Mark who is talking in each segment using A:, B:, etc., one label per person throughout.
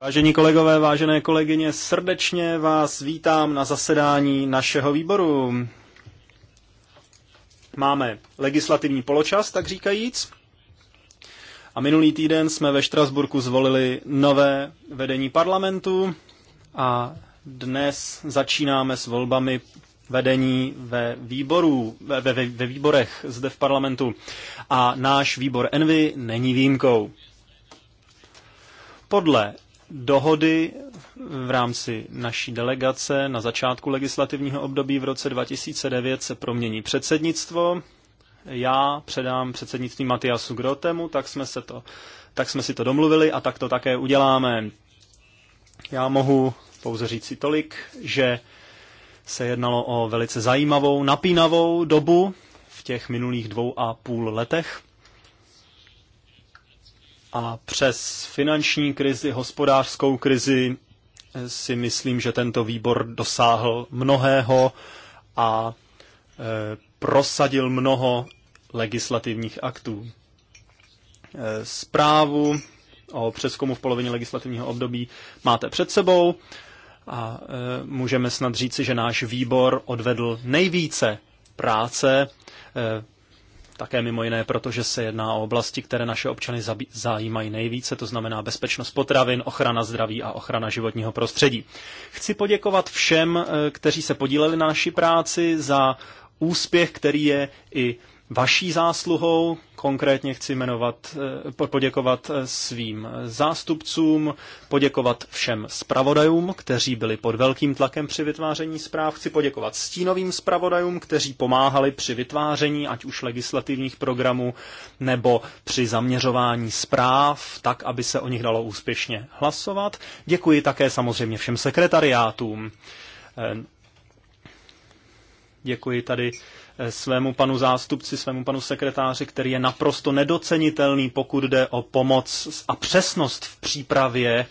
A: Vážení kolegové, vážené kolegyně, srdečně vás vítám na zasedání našeho výboru. Máme legislativní poločas, tak říkajíc. A minulý týden jsme ve Štrasburku zvolili nové vedení parlamentu a dnes začínáme s volbami vedení ve, výboru, ve, ve, ve výborech zde v parlamentu. A náš výbor Envy není výjimkou. Podle dohody v rámci naší delegace na začátku legislativního období v roce 2009 se promění předsednictvo. Já předám předsednictví Matiasu Grotemu, tak jsme, se to, tak jsme si to domluvili a tak to také uděláme. Já mohu pouze říct si tolik, že se jednalo o velice zajímavou, napínavou dobu v těch minulých dvou a půl letech. A přes finanční krizi, hospodářskou krizi eh, si myslím, že tento výbor dosáhl mnohého a eh, prosadil mnoho legislativních aktů. Eh, zprávu o přeskumu v polovině legislativního období máte před sebou a můžeme snad říci, že náš výbor odvedl nejvíce práce také mimo jiné, protože se jedná o oblasti, které naše občany zajímají nejvíce, to znamená bezpečnost potravin, ochrana zdraví a ochrana životního prostředí. Chci poděkovat všem, eh, kteří se podíleli na naší práci za úspěch, který je i vaší zásluhou. Konkrétně chci jmenovat, eh, poděkovat eh, svým zástupcům, poděkovat všem zpravodajům, kteří byli pod velkým tlakem při vytváření zpráv. Chci poděkovat stínovým zpravodajům, kteří pomáhali při vytváření ať už legislativních programů nebo při zaměřování zpráv, tak, aby se o nich dalo úspěšně hlasovat. Děkuji také samozřejmě všem sekretariátům eh, Děkuji tady eh, svému panu zástupci, svému panu sekretáři, který je naprosto nedocenitelný, pokud jde o pomoc a přesnost v přípravě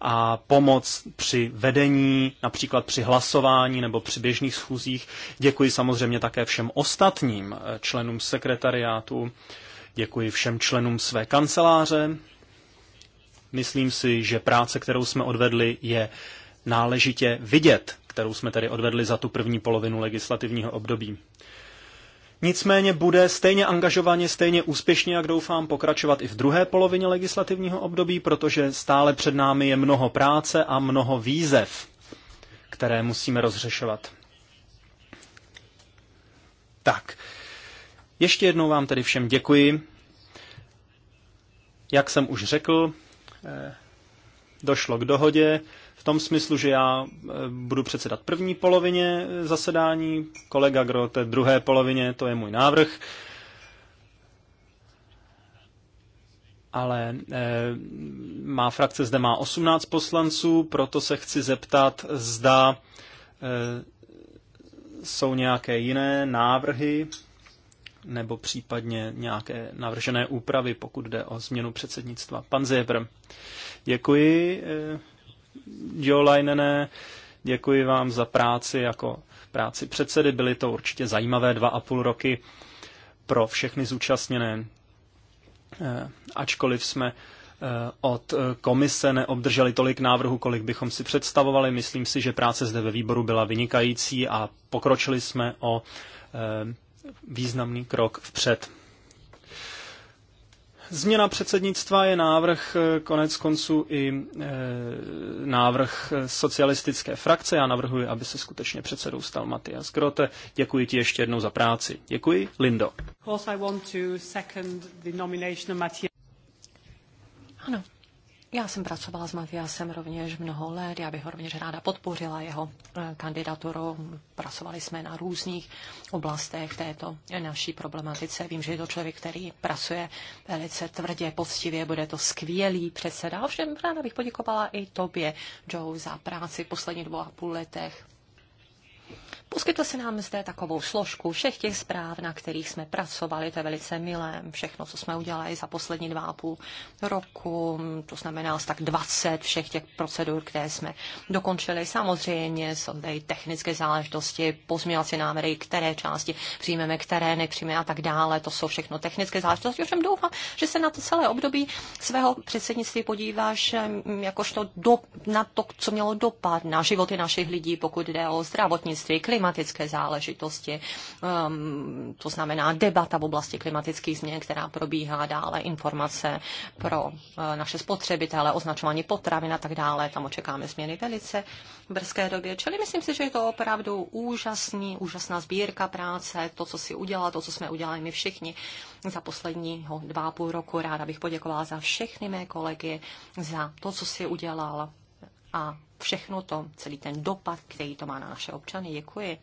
A: a pomoc při vedení, například při hlasování nebo při běžných schůzích. Děkuji samozřejmě také všem ostatním eh, členům sekretariátu, děkuji všem členům své kanceláře. Myslím si, že práce, kterou jsme odvedli, je náležitě vidět kterou jsme tedy odvedli za tu první polovinu legislativního období. Nicméně bude stejně angažovaně, stejně úspěšně, jak doufám, pokračovat i v druhé polovině legislativního období, protože stále před námi je mnoho práce a mnoho výzev, které musíme rozřešovat. Tak, ještě jednou vám tedy všem děkuji. Jak jsem už řekl, eh, došlo k dohodě tom smyslu, že já e, budu předsedat první polovině e, zasedání, kolega Grote druhé polovině, to je můj návrh. ale e, má frakce zde má 18 poslanců, proto se chci zeptat, zda e, jsou nějaké jiné návrhy nebo případně nějaké navržené úpravy, pokud jde o změnu předsednictva. Pan Zebr, děkuji. E, Jo Lainené, děkuji vám za práci jako práci předsedy. Byly to určitě zajímavé dva a půl roky pro všechny zúčastněné. Eh, ačkoliv jsme eh, od komise neobdrželi tolik návrhů, kolik bychom si představovali. Myslím si, že práce zde ve výboru byla vynikající a pokročili jsme o eh, významný krok vpřed. Změna předsednictva je návrh eh, konec konců i e, návrh socialistické frakce. Já navrhuji, aby se skutečně předsedou stal Matias Grote. Děkuji ti ještě jednou za práci. Děkuji, Lindo.
B: Ano, já jsem pracovala s Matiasem rovněž mnoho let, já bych ho rovněž ráda podpořila jeho eh, kandidaturu. Pracovali jsme na různých oblastech této naší problematice. Vím, že je to člověk, který pracuje velice tvrdě, poctivě, bude to skvělý předseda. Ovšem ráda bych poděkovala i tobě, Joe, za práci v posledních dvou a půl letech Poskytl se nám zde takovou složku všech těch zpráv, na kterých jsme pracovali, to je velice milé, všechno, co jsme udělali za poslední dva a půl roku, to znamená asi tak 20 všech těch procedur, které jsme dokončili. Samozřejmě jsou zde i technické záležitosti, pozměňovací návrhy, které části přijmeme, které nepřijmeme a tak dále. To jsou všechno technické záležitosti. Ovšem doufám, že se na to celé období svého předsednictví podíváš jakožto na to, co mělo dopad na životy našich lidí, pokud jde o zdravotnictví, klid, klimatické záležitosti, um, to znamená debata v oblasti klimatických změn, která probíhá dále, informace pro uh, naše spotřebitele, označování potravin a tak dále. Tam očekáme změny velice v brzké době. Čili myslím si, že je to opravdu úžasný, úžasná sbírka práce, to, co si udělala, to, co jsme udělali my všichni za posledního dva a půl roku. Ráda bych poděkovala za všechny mé kolegy, za to, co si udělal a všechno to, celý ten dopad, který to má na naše občany. Děkuji.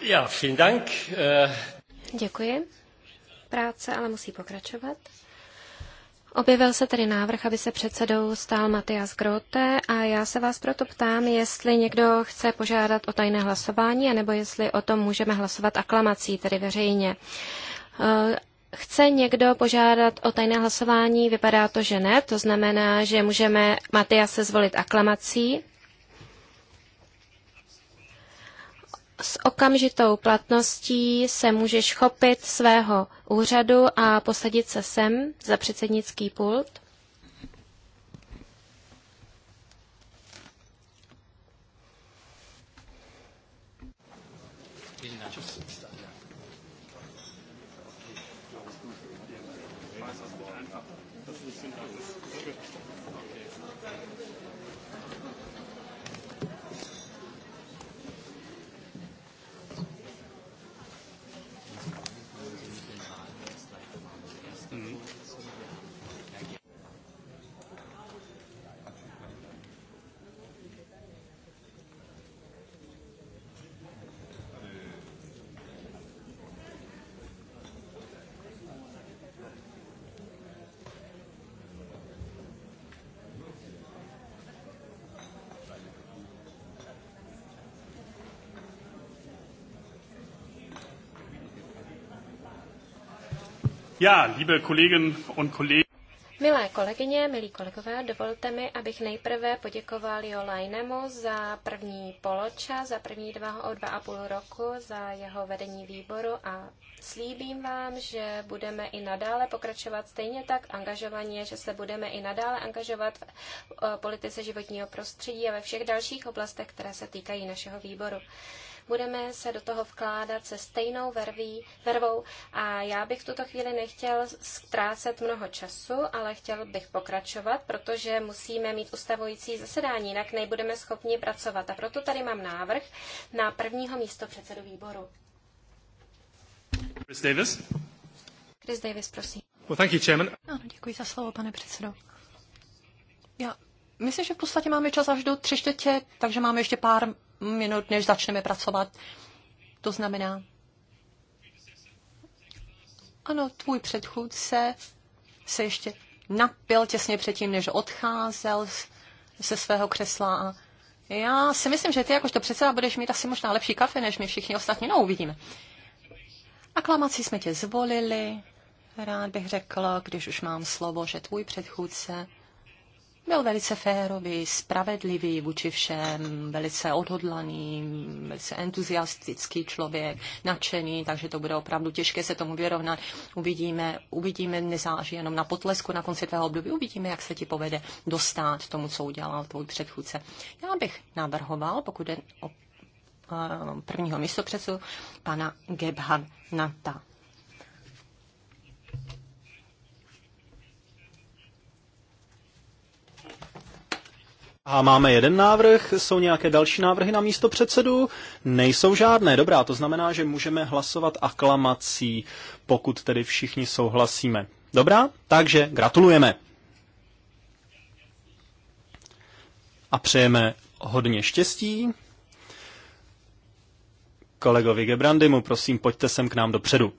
A: Ja, vielen Dank. Äh,
C: Děkuji. Práce ale musí pokračovat. Objevil se tedy návrh, aby se předsedou stál Matias Grote a já se vás proto ptám, jestli někdo chce požádat o tajné hlasování, anebo jestli o tom můžeme hlasovat aklamací, tedy veřejně. Äh, chce někdo požádat o tajné hlasování, vypadá to, že ne. To znamená, že můžeme Matyase zvolit aklamací. S okamžitou platností se můžeš chopit svého úřadu a posadit se sem za předsednický pult.
A: Já, liebe Kolleginnen und Kollegen.
C: Milé kolegyně, milí kolegové, dovolte mi, abych nejprve poděkoval Jo Lajnemu za první poloča, za první dva, o dva a půl roku, za jeho vedení výboru a slíbím vám, že budeme i nadále pokračovat stejně tak angažovaně, že se budeme i nadále angažovat v politice životního prostředí a ve všech dalších oblastech, které se týkají našeho výboru. Budeme se do toho vkládat se stejnou verví, vervou a já bych v tuto chvíli nechtěl ztrácet mnoho času, ale chtěl bych pokračovat, protože musíme mít ustavující zasedání, jinak nebudeme schopni pracovat. A proto tady mám návrh na prvního místo předsedu výboru. Chris Davis. Chris Davis, prosím.
A: Well, thank you, Chairman.
C: Ano, děkuji za slovo, pane
B: předsedo. Já myslím, že v podstatě máme čas až do tři čtvrtě, takže máme ještě pár minut, než začneme pracovat. To znamená, ano, tvůj předchůdce se ještě napil těsně předtím, než odcházel ze svého křesla a já si myslím, že ty jakožto předseda budeš mít asi možná lepší kafe, než my všichni ostatní. No, uvidíme. Aklamací jsme tě zvolili. Rád bych řekl, když už mám slovo, že tvůj předchůdce byl velice férový, spravedlivý vůči všem, velice odhodlaný, velice entuziastický člověk, nadšený, takže to bude opravdu těžké se tomu vyrovnat. Uvidíme, uvidíme, nezáleží jenom na potlesku na konci tvého období, uvidíme, jak se ti povede dostat tomu, co udělal tvůj předchůdce. Já bych navrhoval, pokud je o eh, prvního místopředsedu, pana Gebhan Nata.
A: A máme jeden návrh, jsou nějaké další návrhy na místo předsedu? Nejsou žádné, dobrá, to znamená, že můžeme hlasovat aklamací, pokud tedy všichni souhlasíme. Dobrá, takže gratulujeme. A přejeme hodně štěstí. Kolegovi Gebrandimu, prosím, pojďte sem k nám dopředu.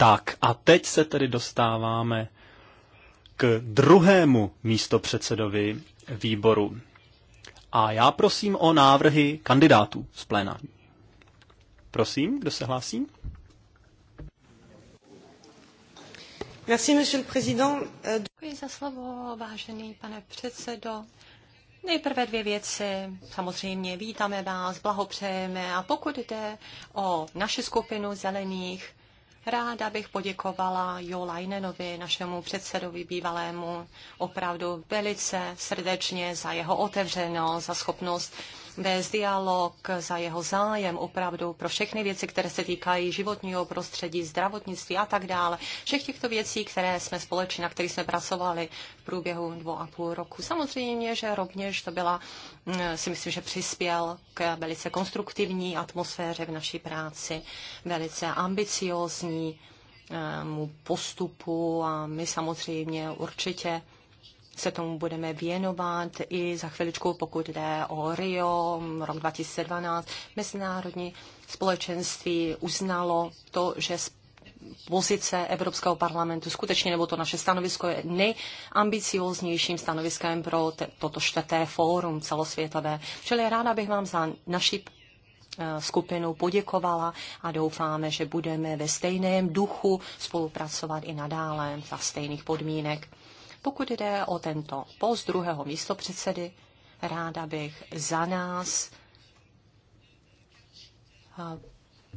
A: Tak a teď se tedy dostáváme k druhému místopředsedovi výboru. A já prosím o návrhy kandidátů z pléna. Prosím, kdo se hlásí?
B: Děkuji za slovo, vážený pane předsedo. Nejprve dvě věci. Samozřejmě vítáme vás, blahopřejeme a pokud jde o naši skupinu zelených, Ráda bych poděkovala Jo Lajnenovi, našemu předsedovi bývalému, opravdu velice srdečně za jeho otevřenost, za schopnost vést dialog, za jeho zájem opravdu pro všechny věci, které se týkají životního prostředí, zdravotnictví a tak dále. Všech těchto věcí, které jsme společně, na kterých jsme pracovali v průběhu dvou a půl roku. Samozřejmě, že rovněž to byla, mm, si myslím, že přispěl k velice konstruktivní atmosféře v naší práci, velice ambiciozní postupu a my samozřejmě určitě se tomu budeme věnovat i za chviličku, pokud jde o Rio, rok 2012. Mezinárodní společenství uznalo to, že pozice Evropského parlamentu skutečně, nebo to naše stanovisko je nejambicióznějším stanoviskem pro te, toto čtvrté fórum celosvětové. Čili ráda bych vám za naši eh, skupinu poděkovala a doufáme, že budeme ve stejném duchu spolupracovat i nadále za stejných podmínek. Pokud jde o tento post druhého místopředsedy, ráda bych za nás eh,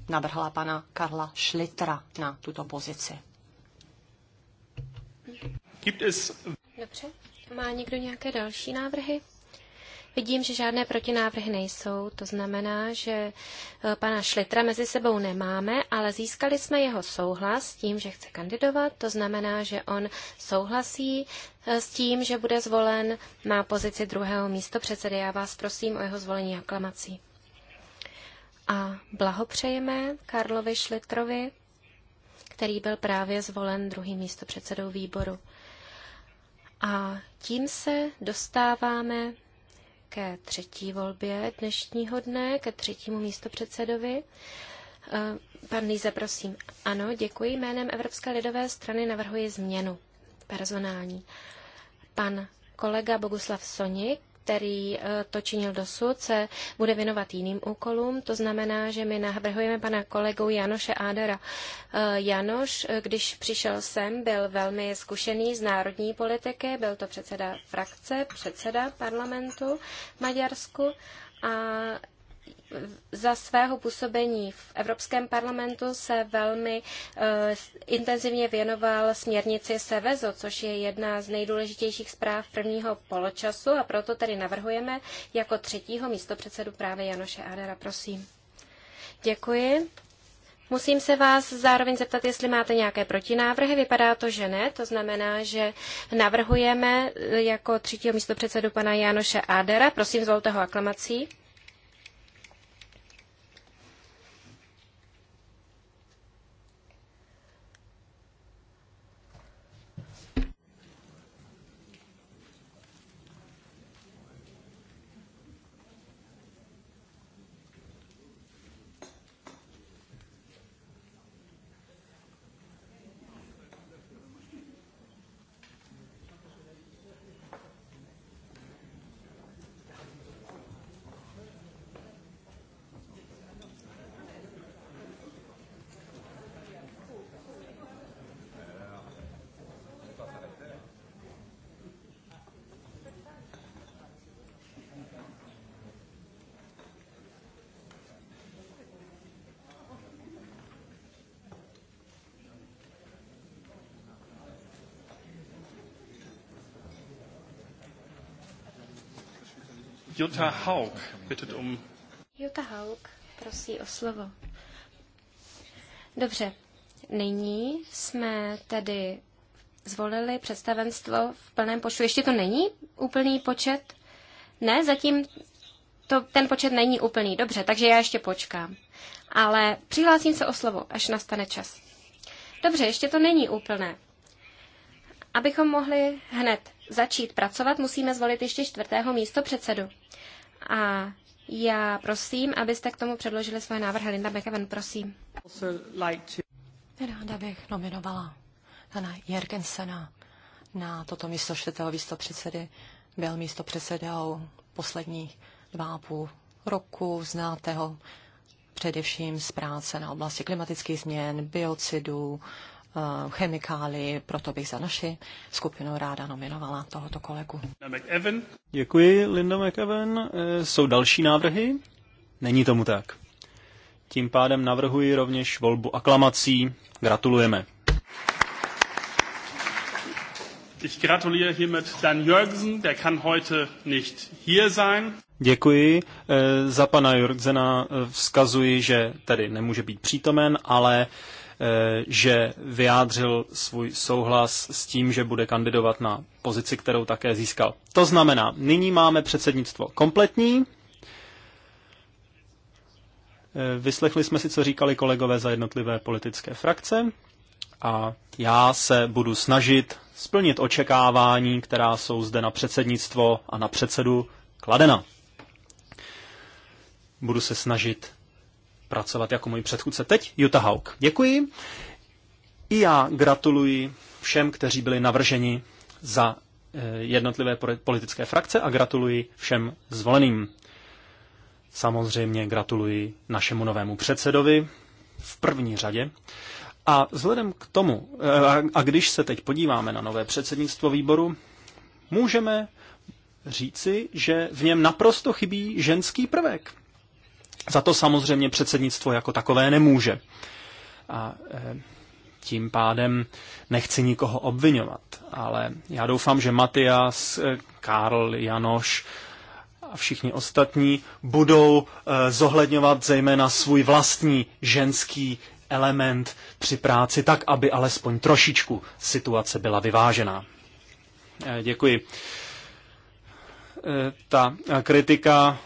B: navrhla pana Karla Šlitra na tuto pozici.
C: Dobře. Má někdo nějaké další návrhy? Vidím, že žádné protinávrhy nejsou, to znamená, že e, pana Šlitra mezi sebou nemáme, ale získali jsme jeho souhlas s tím, že chce kandidovat, to znamená, že on souhlasí e, s tím, že bude zvolen na pozici druhého místo předsedy. Já vás prosím o jeho zvolení aklamací. A blahopřejeme Karlovi Šlitrovi, který byl právě zvolen druhým místo předsedou výboru. A tím se dostáváme ke třetí volbě dnešního dne, ke třetímu místopředsedovi. Eh, pan Líze, prosím. Ano, děkuji. Jménem Evropské lidové strany navrhuji změnu personální. Pan kolega Boguslav Sonik který eh, to činil dosud, se bude věnovat jiným úkolům. To znamená, že my navrhujeme pana kolegu Janoše Ádera. Eh, Janoš, eh, když přišel sem, byl velmi zkušený z národní politiky, byl to předseda frakce, předseda parlamentu v Maďarsku a za svého působení v Evropském parlamentu se velmi uh, intenzivně věnoval směrnici Sevezo, což je jedna z nejdůležitějších zpráv prvního poločasu a proto tedy navrhujeme jako třetího místopředsedu právě Janoše Adera. Prosím. Děkuji. Musím se vás zároveň zeptat, jestli máte nějaké protinávrhy. Vypadá to, že ne. To znamená, že navrhujeme jako třetího místopředsedu pana Janoše Adera. Prosím, zvolte ho aklamací.
A: Jutta Haug bittet um.
C: Jutta Haug prosí o slovo. Dobře, nyní jsme tedy zvolili představenstvo v plném počtu. Ještě to není úplný počet? Ne, zatím to, ten počet není úplný. Dobře, takže já ještě počkám. Ale přihlásím se o slovo, až nastane čas. Dobře, ještě to není úplné. Abychom mohli hned začít pracovat, musíme zvolit ještě čtvrtého místo předsedu. A já prosím, abyste k tomu předložili svoje návrhy. Linda Bekeven, prosím. Ráda bych
B: nominovala pana Jergensena na toto místo čtvrtého místo předsedy. Byl místo předsedou posledních dva a půl roku, znáte ho především z práce na oblasti klimatických změn, biocidů, Eh, chemikály, proto bych za naši skupinu ráda nominovala tohoto kolegu.
A: Děkuji, Linda McEwen. Eh, jsou další návrhy? Není tomu tak. Tím pádem navrhuji rovněž volbu aklamací. Gratulujeme. Ich gratuliere hiermit Dan Jörgensen, der kann heute nicht hier sein. Děkuji. Eh, za pana Jorgzena vzkazuji, že tady nemůže být přítomen, ale Eh, že vyjádřil svůj souhlas s tím, že bude kandidovat na pozici, kterou také získal. To znamená, nyní máme předsednictvo kompletní. Eh, vyslechli jsme si, co říkali kolegové za jednotlivé politické frakce a já se budu snažit splnit očekávání, která jsou zde na předsednictvo a na předsedu kladena. Budu se snažit pracovat jako můj předchůdce. Teď Jutta Hauk. Děkuji. I já gratuluji všem, kteří byli navrženi za eh, jednotlivé politické frakce a gratuluji všem zvoleným. Samozřejmě gratuluji našemu novému předsedovi v první řadě. A vzhledem k tomu, eh, a když se teď podíváme na nové předsednictvo výboru, můžeme říci, že v něm naprosto chybí ženský prvek. Za to samozřejmě předsednictvo jako takové nemůže. A eh, tím pádem nechci nikoho obvinovat, ale já doufám, že Matias, eh, Karl, Janoš a všichni ostatní budou eh, zohledňovat zejména svůj vlastní ženský element při práci tak, aby alespoň trošičku situace byla vyvážená. Děkuji. Ta kritika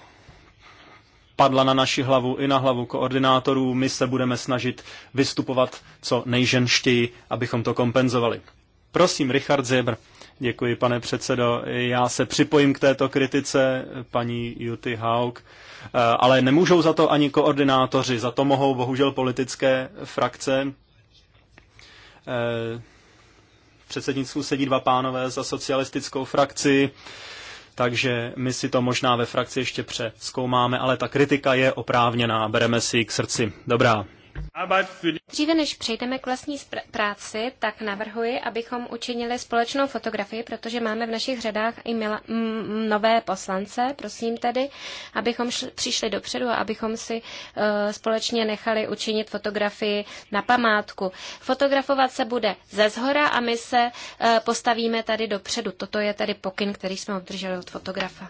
A: padla na naši hlavu i na hlavu koordinátorů. My se budeme snažit vystupovat co nejženštěji, abychom to kompenzovali. Prosím, Richard Zebr. Děkuji, pane předsedo. Já se připojím k této kritice paní Juty Haug, eh, ale nemůžou za to ani koordinátoři, za to mohou bohužel politické frakce. V eh, předsednictvu sedí dva pánové za socialistickou frakci takže my si to možná ve frakci ještě přeskoumáme, ale ta kritika je oprávněná, bereme si ji k srdci. Dobrá,
C: Dříve než přejdeme k vlastní práci, tak navrhuji, abychom učinili společnou fotografii, protože máme v našich řadách i mila, m, nové poslance. Prosím tedy, abychom šli, přišli dopředu a abychom si uh, společně nechali učinit fotografii na památku. Fotografovat se bude ze zhora a my se uh, postavíme tady dopředu. Toto je tedy pokyn, který jsme obdrželi od fotografa.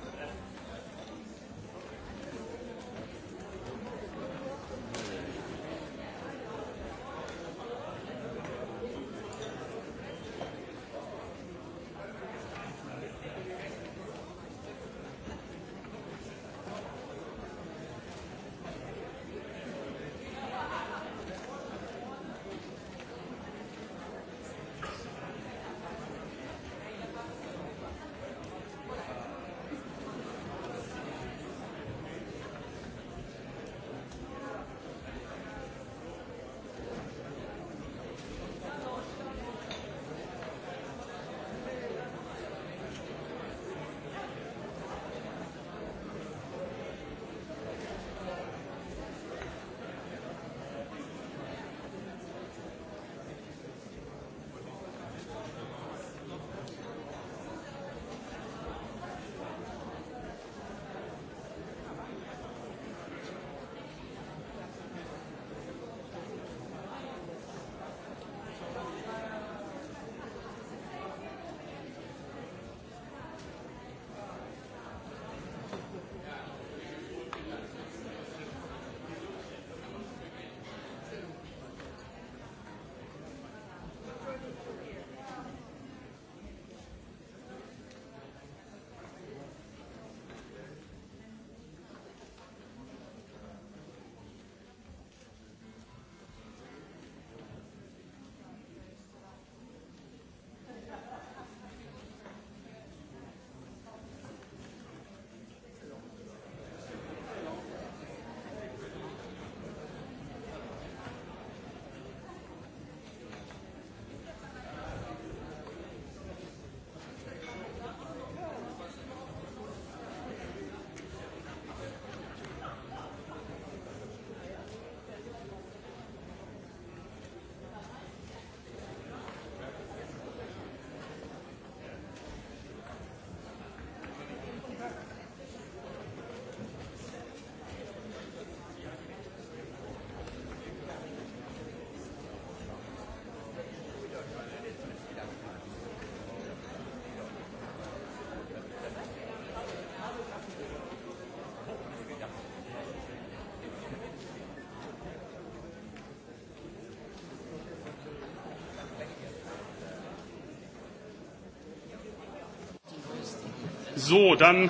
A: So, dann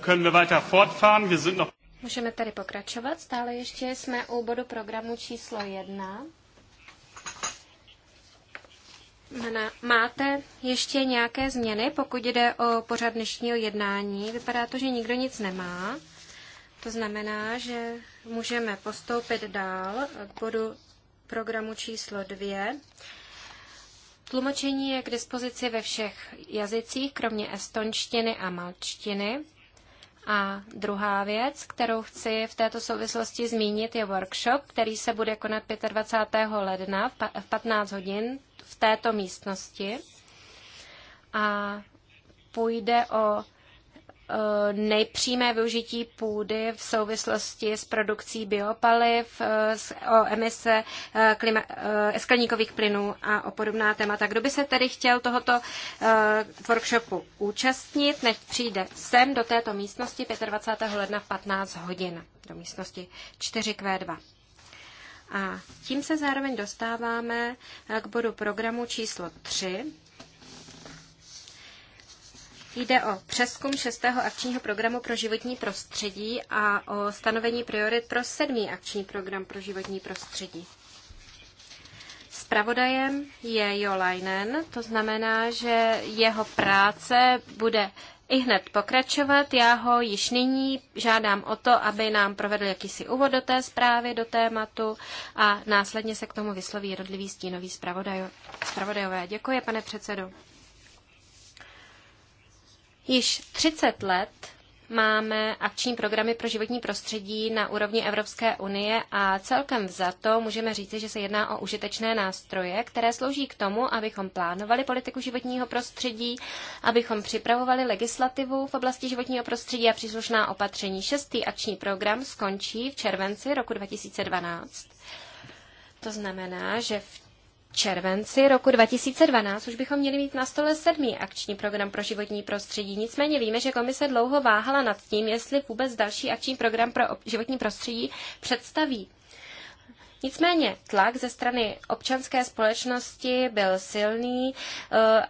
A: können wir weiter fortfahren. Wir sind noch
C: Můžeme tedy pokračovat. Stále ještě jsme u bodu programu číslo jedna. Máte ještě nějaké změny, pokud jde o pořad dnešního jednání? Vypadá to, že nikdo nic nemá. To znamená, že můžeme postoupit dál k bodu programu číslo dvě. Tlumočení je k dispozici ve všech jazycích, kromě estonštiny a malčtiny. A druhá věc, kterou chci v této souvislosti zmínit, je workshop, který se bude konat 25. ledna v 15 hodin v této místnosti. A půjde o Eh, nejpřímé využití půdy v souvislosti s produkcí biopaliv, eh, o emise eh, klima, skleníkových plynů a o podobná témata. Kdo by se tedy chtěl tohoto workshopu účastnit, než přijde sem do této místnosti 25. ledna v 15 hodin do místnosti 4Q2. A tím se zároveň dostáváme k bodu programu číslo 3, Jde o přeskum šestého akčního programu pro životní prostředí a o stanovení priorit pro sedmý akční program pro životní prostředí. Spravodajem je Jo Leinen, to znamená, že jeho práce bude i hned pokračovat. Já ho již nyní žádám o to, aby nám provedl jakýsi úvod do té zprávy, do tématu a následně se k tomu vysloví jednotlivý stínový spravodajové. Děkuji, pane předsedo. Již 30 let máme akční programy pro životní prostředí na úrovni Evropské unie a celkem za to můžeme říci, že se jedná o užitečné nástroje, které slouží k tomu, abychom plánovali politiku životního prostředí, abychom připravovali legislativu v oblasti životního prostředí a příslušná opatření. Šestý akční program skončí v červenci roku 2012. To znamená, že v červenci roku 2012 už bychom měli mít na stole sedmý akční program pro životní prostředí. Nicméně víme, že komise dlouho váhala nad tím, jestli vůbec další akční program pro životní prostředí představí. Nicméně tlak ze strany občanské společnosti byl silný eh,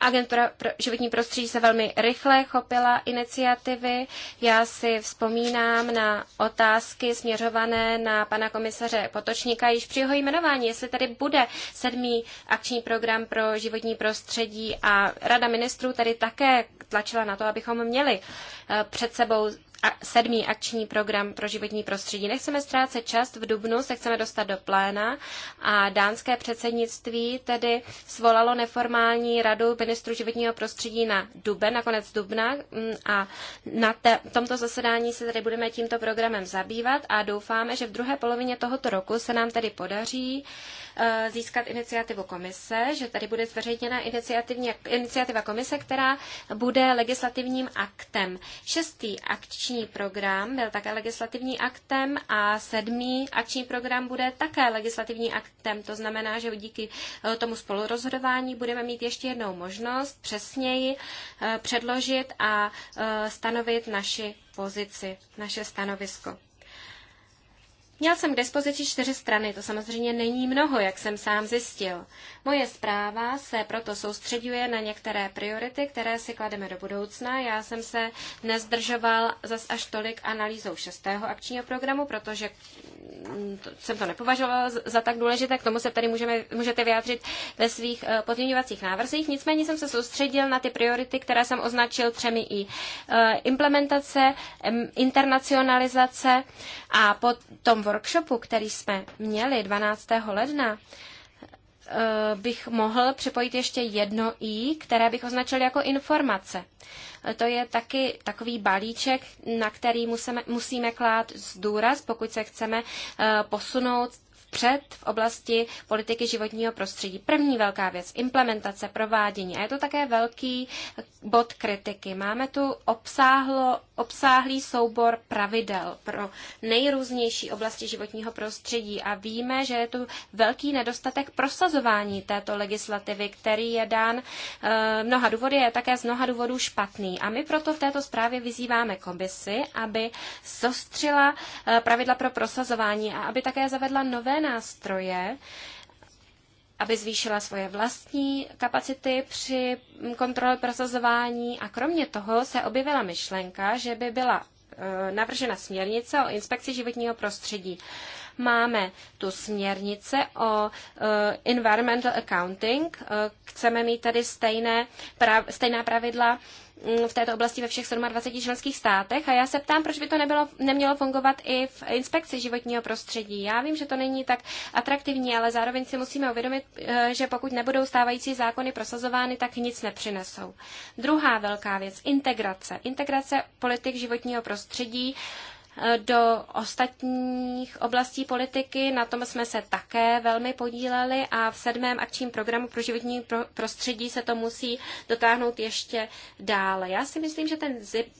C: Agentura pro životní prostředí se velmi rychle chopila iniciativy. Já si vzpomínám na otázky směřované na pana komisaře Potočníka již při jeho jmenování, jestli tady bude sedmý akční program pro životní prostředí a Rada ministrů tady také tlačila na to, abychom měli eh, před sebou sedmý akční program pro životní prostředí. Nechceme ztrácet čas, v Dubnu se chceme dostat do pléna a dánské předsednictví tedy svolalo neformální radu ministru životního prostředí na duben, na konec dubna mm, a na te, tomto zasedání se tedy budeme tímto programem zabývat a doufáme, že v druhé polovině tohoto roku se nám tedy podaří uh, Eh, získat iniciativu komise, že tady bude zveřejněna iniciativa komise, která bude legislativním aktem. Šestý akční program byl také legislativní aktem a sedmý akční program bude také legislativní aktem. To znamená, že díky eh, tomu spolurozhodování budeme mít ještě jednou možnost přesněji eh, předložit a stanovit naši pozici, naše stanovisko. Měl jsem k dispozici čtyři strany, to samozřejmě není mnoho, jak jsem sám zjistil. Moje zpráva se proto soustředuje na některé priority, které si klademe do budoucna. Já jsem se nezdržoval zas až tolik analýzou šestého akčního programu, protože mm, jsem to nepovažoval za tak důležité, k tomu se tady můžeme, můžete vyjádřit ve svých eh, pozměňovacích návrzích. Nicméně jsem se soustředil na ty priority, které jsem označil třemi i eh, implementace, internacionalizace a potom workshopu, který jsme měli 12. ledna, eh, bych mohl připojit ještě jedno i, které bych označil jako informace. Eh, to je taky takový balíček, na který musíme, musíme klát zdůraz, pokud se chceme eh, posunout vpřed v oblasti politiky životního prostředí. První velká věc, implementace, provádění. A je to také velký bod kritiky. Máme tu obsáhlo, obsáhlý soubor pravidel pro nejrůznější oblasti životního prostředí a víme, že je tu velký nedostatek prosazování této legislativy, který je dán e, mnoha důvody, je také z mnoha důvodů špatný. A my proto v této zprávě vyzýváme komisi, aby zostřila eh, pravidla pro prosazování a aby také zavedla nové nástroje, aby zvýšila svoje vlastní kapacity při kontrole prosazování a kromě toho se objevila myšlenka, že by byla eh, navržena směrnice o inspekci životního prostředí. Máme tu směrnice o eh, environmental accounting. Eh, chceme mít tady stejné, prav, stejná pravidla mm, v této oblasti ve všech 27 členských státech a já se ptám, proč by to nebylo, nemělo fungovat i v inspekci životního prostředí. Já vím, že to není tak atraktivní, ale zároveň si musíme uvědomit, eh, že pokud nebudou stávající zákony prosazovány, tak nic nepřinesou. Druhá velká věc, integrace. Integrace politik životního prostředí do ostatních oblastí politiky. Na tom jsme se také velmi podíleli a v sedmém akčním programu pro životní prostředí se to musí dotáhnout ještě dále. Já si myslím, že ten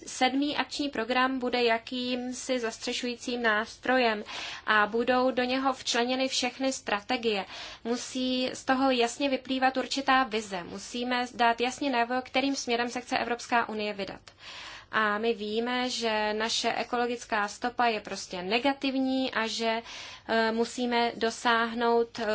C: sedmý akční program bude jakýmsi zastřešujícím nástrojem a budou do něho včleněny všechny strategie. Musí z toho jasně vyplývat určitá vize. Musíme dát jasně najevo, kterým směrem se chce Evropská unie vydat a my víme, že naše ekologická stopa je prostě negativní a že eh, musíme dosáhnout eh,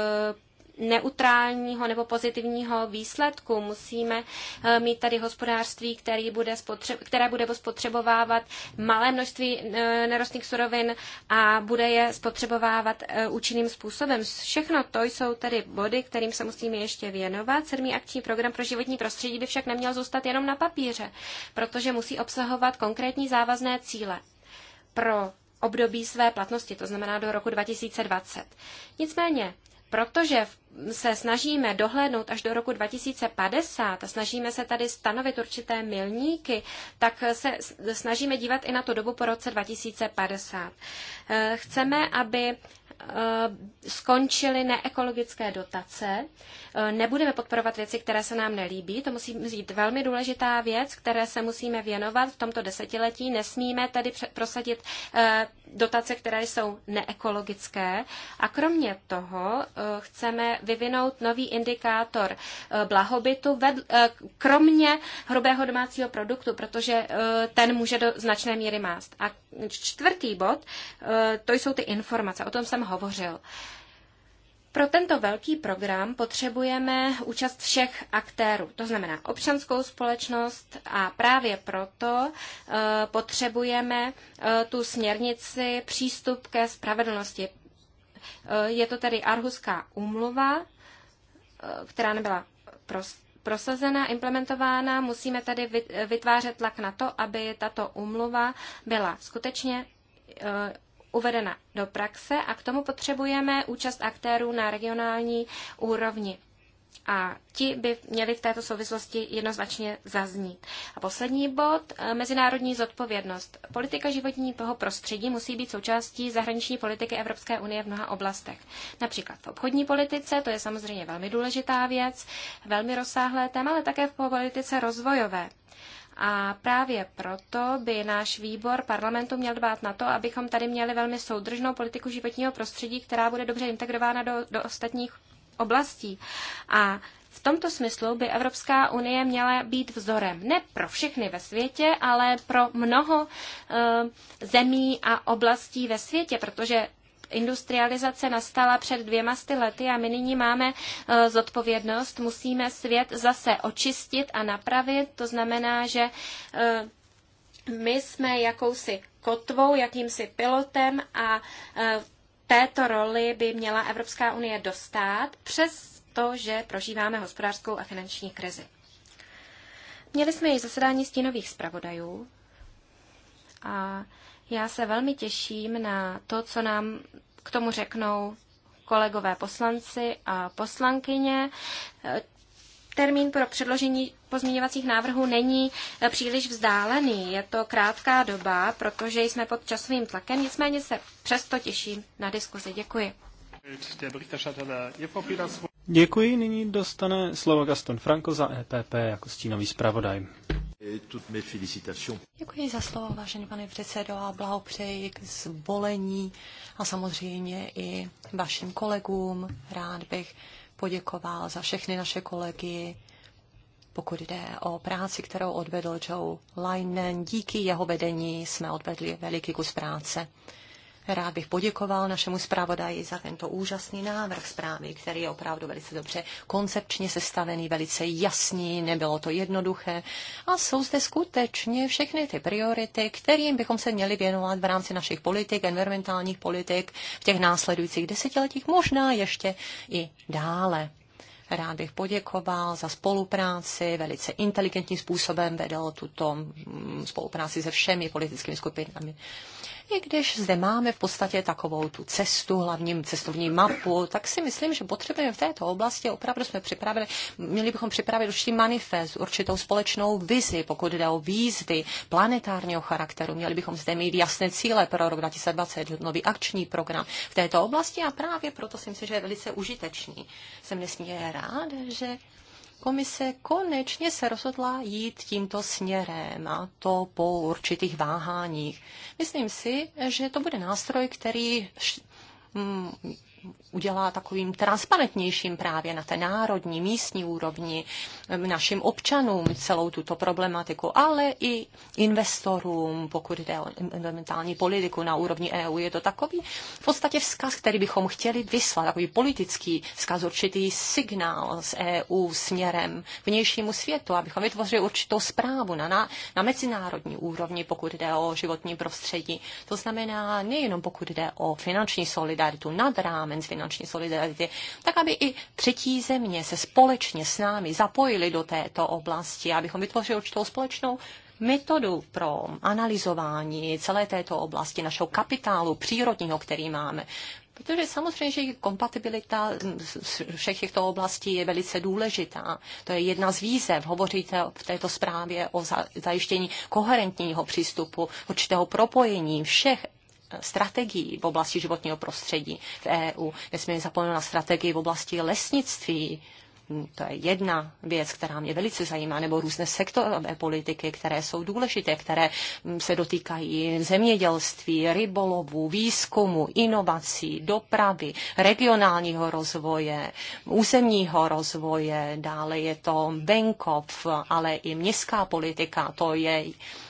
C: neutrálního nebo pozitivního výsledku. Musíme eh, mít tady hospodářství, který bude spotře- které bude spotřebovávat malé množství eh, nerostných surovin a bude je spotřebovávat eh, účinným způsobem. Všechno to jsou tedy body, kterým se musíme ještě věnovat. Sedmý akční program pro životní prostředí by však neměl zůstat jenom na papíře, protože musí obsahovat konkrétní závazné cíle pro období své platnosti, to znamená do roku 2020. Nicméně, protože v se snažíme dohlédnout až do roku 2050 a snažíme se tady stanovit určité milníky, tak se snažíme dívat i na tu dobu po roce 2050. Eh, chceme, aby eh, skončily neekologické dotace, nebudeme podporovat věci, které se nám nelíbí. To musí být velmi důležitá věc, které se musíme věnovat v tomto desetiletí. Nesmíme tedy prosadit eh, dotace, které jsou neekologické. A kromě toho eh, chceme vyvinout nový indikátor eh, blahobytu, kromě hrubého domácího produktu, protože ten může do značné míry mást. A čtvrtý bod, to jsou ty informace, o tom jsem hovořil. Pro tento velký program potřebujeme účast všech aktérů, to znamená občanskou společnost a právě proto e, potřebujeme e, tu směrnici přístup ke spravedlnosti. E, je to tedy Arhuská úmluva, která nebyla prosazena, implementována. Musíme tedy vytvářet tlak na to, aby tato úmluva byla skutečně uvedena do praxe a k tomu potřebujeme účast aktérů na regionální úrovni. A ti by měli v této souvislosti jednoznačně zaznít. A poslední bod, e, mezinárodní zodpovědnost. Politika životního prostředí musí být součástí zahraniční politiky Evropské unie v mnoha oblastech. Například v obchodní politice, to je samozřejmě velmi důležitá věc, velmi rozsáhlé téma, ale také v politice rozvojové. A právě proto by náš výbor parlamentu měl dbát na to, abychom tady měli velmi soudržnou politiku životního prostředí, která bude dobře integrována do, do ostatních oblastí. A v tomto smyslu by Evropská unie měla být vzorem ne pro všechny ve světě, ale pro mnoho e, zemí a oblastí ve světě, protože industrializace nastala před dvěma sty lety a my nyní máme e, zodpovědnost. Musíme svět zase očistit a napravit. To znamená, že e, my jsme jakousi kotvou, jakýmsi pilotem a e, této roli by měla Evropská unie dostat přes to, že prožíváme hospodářskou a finanční krizi. Měli jsme i zasedání stínových zpravodajů a já se velmi těším na to, co nám k tomu řeknou kolegové poslanci a poslankyně. Termín pro předložení pozměňovacích návrhů není eh, příliš vzdálený. Je to krátká doba, protože jsme pod časovým tlakem, nicméně se přesto těším na diskuzi. Děkuji.
A: Děkuji, nyní dostane slovo Gaston Franco za EPP jako stínový zpravodaj.
B: Děkuji za slovo, vážený pane předsedo, a blahopřeji k zvolení a samozřejmě i vašim kolegům. Rád bych poděkoval za všechny naše kolegy, pokud jde o práci, kterou odvedl Joe Leinen. Díky jeho vedení jsme odvedli veliký kus práce. Rád bych poděkoval našemu zpravodaji za tento úžasný návrh zprávy, který je opravdu velice dobře koncepčně sestavený, velice jasný, nebylo to jednoduché. A jsou zde skutečně všechny ty priority, kterým bychom se měli věnovat v rámci našich politik, environmentálních politik v těch následujících desetiletích, možná ještě i dále. Rád bych poděkoval za spolupráci, velice inteligentním způsobem vedl tuto mm, spolupráci se všemi politickými skupinami. I když zde máme v podstatě takovou tu cestu, hlavním cestovní mapu, tak si myslím, že potřebujeme v této oblasti opravdu jsme připravili, měli bychom připravit určitý manifest, určitou společnou vizi, pokud jde o výzvy planetárního charakteru. Měli bychom zde mít jasné cíle pro rok 2020, nový akční program v této oblasti a právě proto si myslím, že je velice užitečný. Jsem nesmírně rád, že komise konečně se rozhodla jít tímto směrem a to po určitých váháních. Myslím si, že to bude nástroj, který udělá takovým transparentnějším právě na té národní, místní úrovni eh, našim občanům celou tuto problematiku, ale i investorům, pokud jde o environmentální politiku na úrovni EU. Je to takový v podstatě vzkaz, který bychom chtěli vyslat, takový politický vzkaz, určitý signál z EU směrem vnějšímu světu, abychom vytvořili určitou zprávu na, na, na mezinárodní úrovni, pokud jde o životní prostředí. To znamená nejenom pokud jde o finanční solidaritu nad rámec, kámen finanční solidarity, tak aby i třetí země se společně s námi zapojili do této oblasti, abychom vytvořili určitou společnou metodu pro analyzování celé této oblasti, našeho kapitálu přírodního, který máme. Protože samozřejmě, že kompatibilita všech těchto oblastí je velice důležitá. To je jedna z výzev. Hovoříte v této zprávě o zajištění koherentního přístupu, určitého propojení všech strategií v oblasti životního prostředí v EU. Nesmíme zapomenout na strategii v oblasti lesnictví. Hmm, to je jedna věc, která mě velice zajímá, nebo různé sektorové politiky, které jsou důležité, které hmm, se dotýkají zemědělství, rybolovu, výzkumu, inovací, dopravy, regionálního rozvoje, územního rozvoje, dále je to venkov, ale i městská politika, to je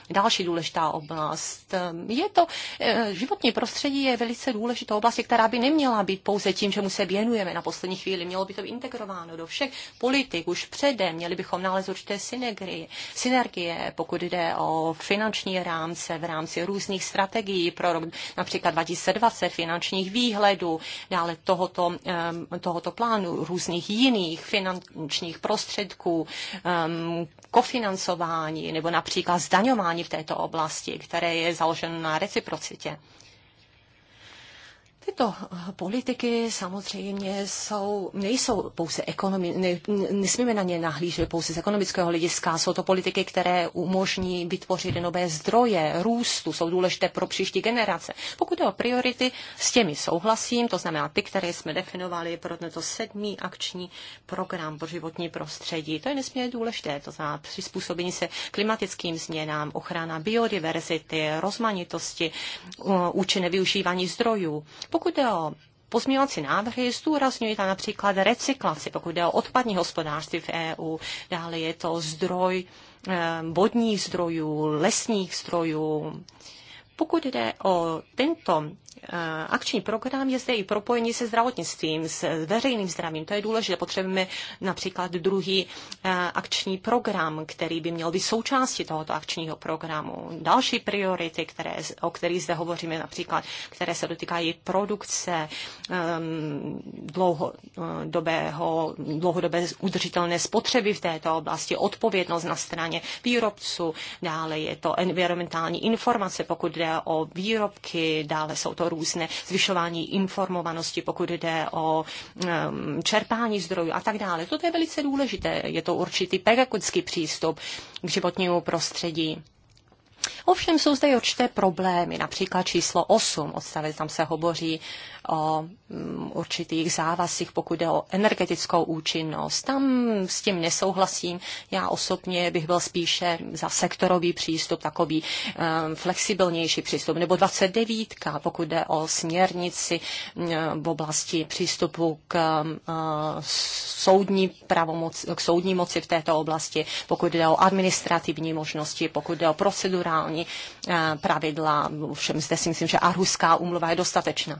B: další důležitá oblast. Je to, eh, životní prostředí je velice důležitá oblast, která by neměla být pouze tím, že mu se věnujeme na poslední chvíli. Mělo by to být integrováno do všech politik už předem. Měli bychom nalézt určité synergie, synergie pokud jde o finanční rámce v rámci různých strategií pro rok například 2020, finančních výhledů, dále tohoto, ehm, tohoto plánu, různých jiných finančních prostředků, ehm, kofinancování nebo například zdaňování v této oblasti, které je založeno na reciprocitě. Tyto eh, politiky samozřejmě jsou, nejsou pouze ekonomi, ne, nesmíme na ně nahlížet pouze z ekonomického hlediska. Jsou to politiky, které umožní vytvořit nové zdroje růstu, jsou důležité pro příští generace. Pokud je o priority, s těmi souhlasím, to znamená ty, které jsme definovali pro tento sedmý akční program pro životní prostředí. To je nesmírně důležité, to znamená přizpůsobení se klimatickým změnám, ochrana biodiverzity, rozmanitosti, účinné využívání zdrojů pokud jde o pozměňovací návrhy zdůrazňují tam například recyklaci, pokud jde o odpadní hospodářství v EU, dále je to zdroj eh, vodních zdrojů, lesních zdrojů. Pokud jde o tento akční program je zde i propojení se zdravotnictvím, s veřejným zdravím. To je důležité. Potřebujeme například druhý akční program, který by měl být součástí tohoto akčního programu. Další priority, které, o kterých zde hovoříme například, které se dotýkají produkce um, dlouhodobého, uh, dlouhodobé udržitelné spotřeby v této oblasti, odpovědnost na straně výrobců, dále je to environmentální informace, pokud jde o výrobky, dále jsou to to různé zvyšování informovanosti, pokud jde o čerpání zdrojů a tak dále. Toto je velice důležité. Je to určitý pedagogický přístup k životnímu prostředí. Ovšem jsou zde určité problémy, například číslo 8, odstavec tam se hovoří o mm, určitých závazcích, pokud jde o energetickou účinnost. Tam s tím nesouhlasím. Já osobně bych byl spíše za sektorový přístup, takový um, flexibilnější přístup. Nebo 29, pokud jde o směrnici v oblasti přístupu k, e, soudní pravomoc, k soudní moci v této oblasti, pokud jde o administrativní možnosti, pokud jde o procedurální e, pravidla. Všem zde si myslím, že Arhuská umluva je dostatečná.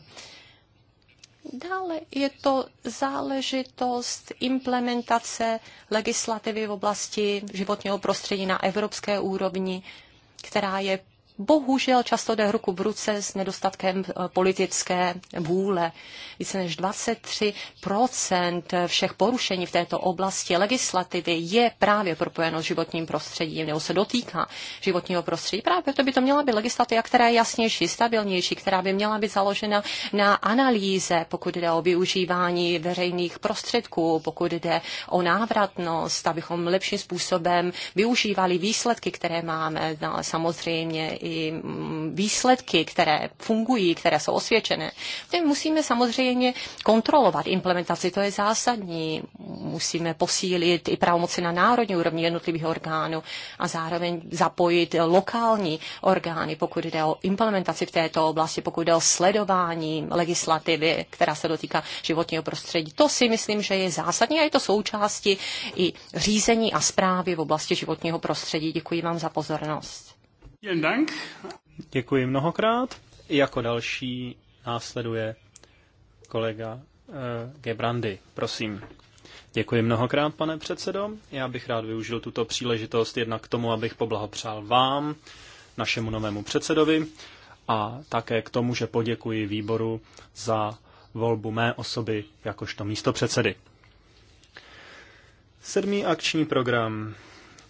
B: Dále je to záležitost implementace legislativy v oblasti životního prostředí na evropské úrovni, která je bohužel často jde ruku v ruce s nedostatkem eh, politické vůle. Více než 23 všech porušení v této oblasti legislativy je právě propojeno s životním prostředím nebo se dotýká životního prostředí. Právě to by to měla být legislativa, která je jasnější, stabilnější, která by měla být založena na analýze, pokud jde o využívání veřejných prostředků, pokud jde o návratnost, abychom lepším způsobem využívali výsledky, které máme. No, samozřejmě i mm, výsledky, které fungují, které jsou osvědčené. My musíme samozřejmě kontrolovat implementaci, to je zásadní. Musíme posílit i pravomoci na národní úrovni jednotlivých orgánů a zároveň zapojit lokální orgány, pokud jde o implementaci v této oblasti, pokud jde o sledování legislativy, která se dotýká životního prostředí. To si myslím, že je zásadní a je to součástí i řízení a zprávy v oblasti životního prostředí. Děkuji vám za pozornost.
A: Děkuji mnohokrát. Jako další následuje kolega eh, Gebrandy. Prosím. Děkuji mnohokrát, pane předsedo. Já bych rád využil tuto příležitost jednak k tomu, abych poblahopřál vám, našemu novému předsedovi, a také k tomu, že poděkuji výboru za volbu mé osoby jakožto místo předsedy. Sedmý akční program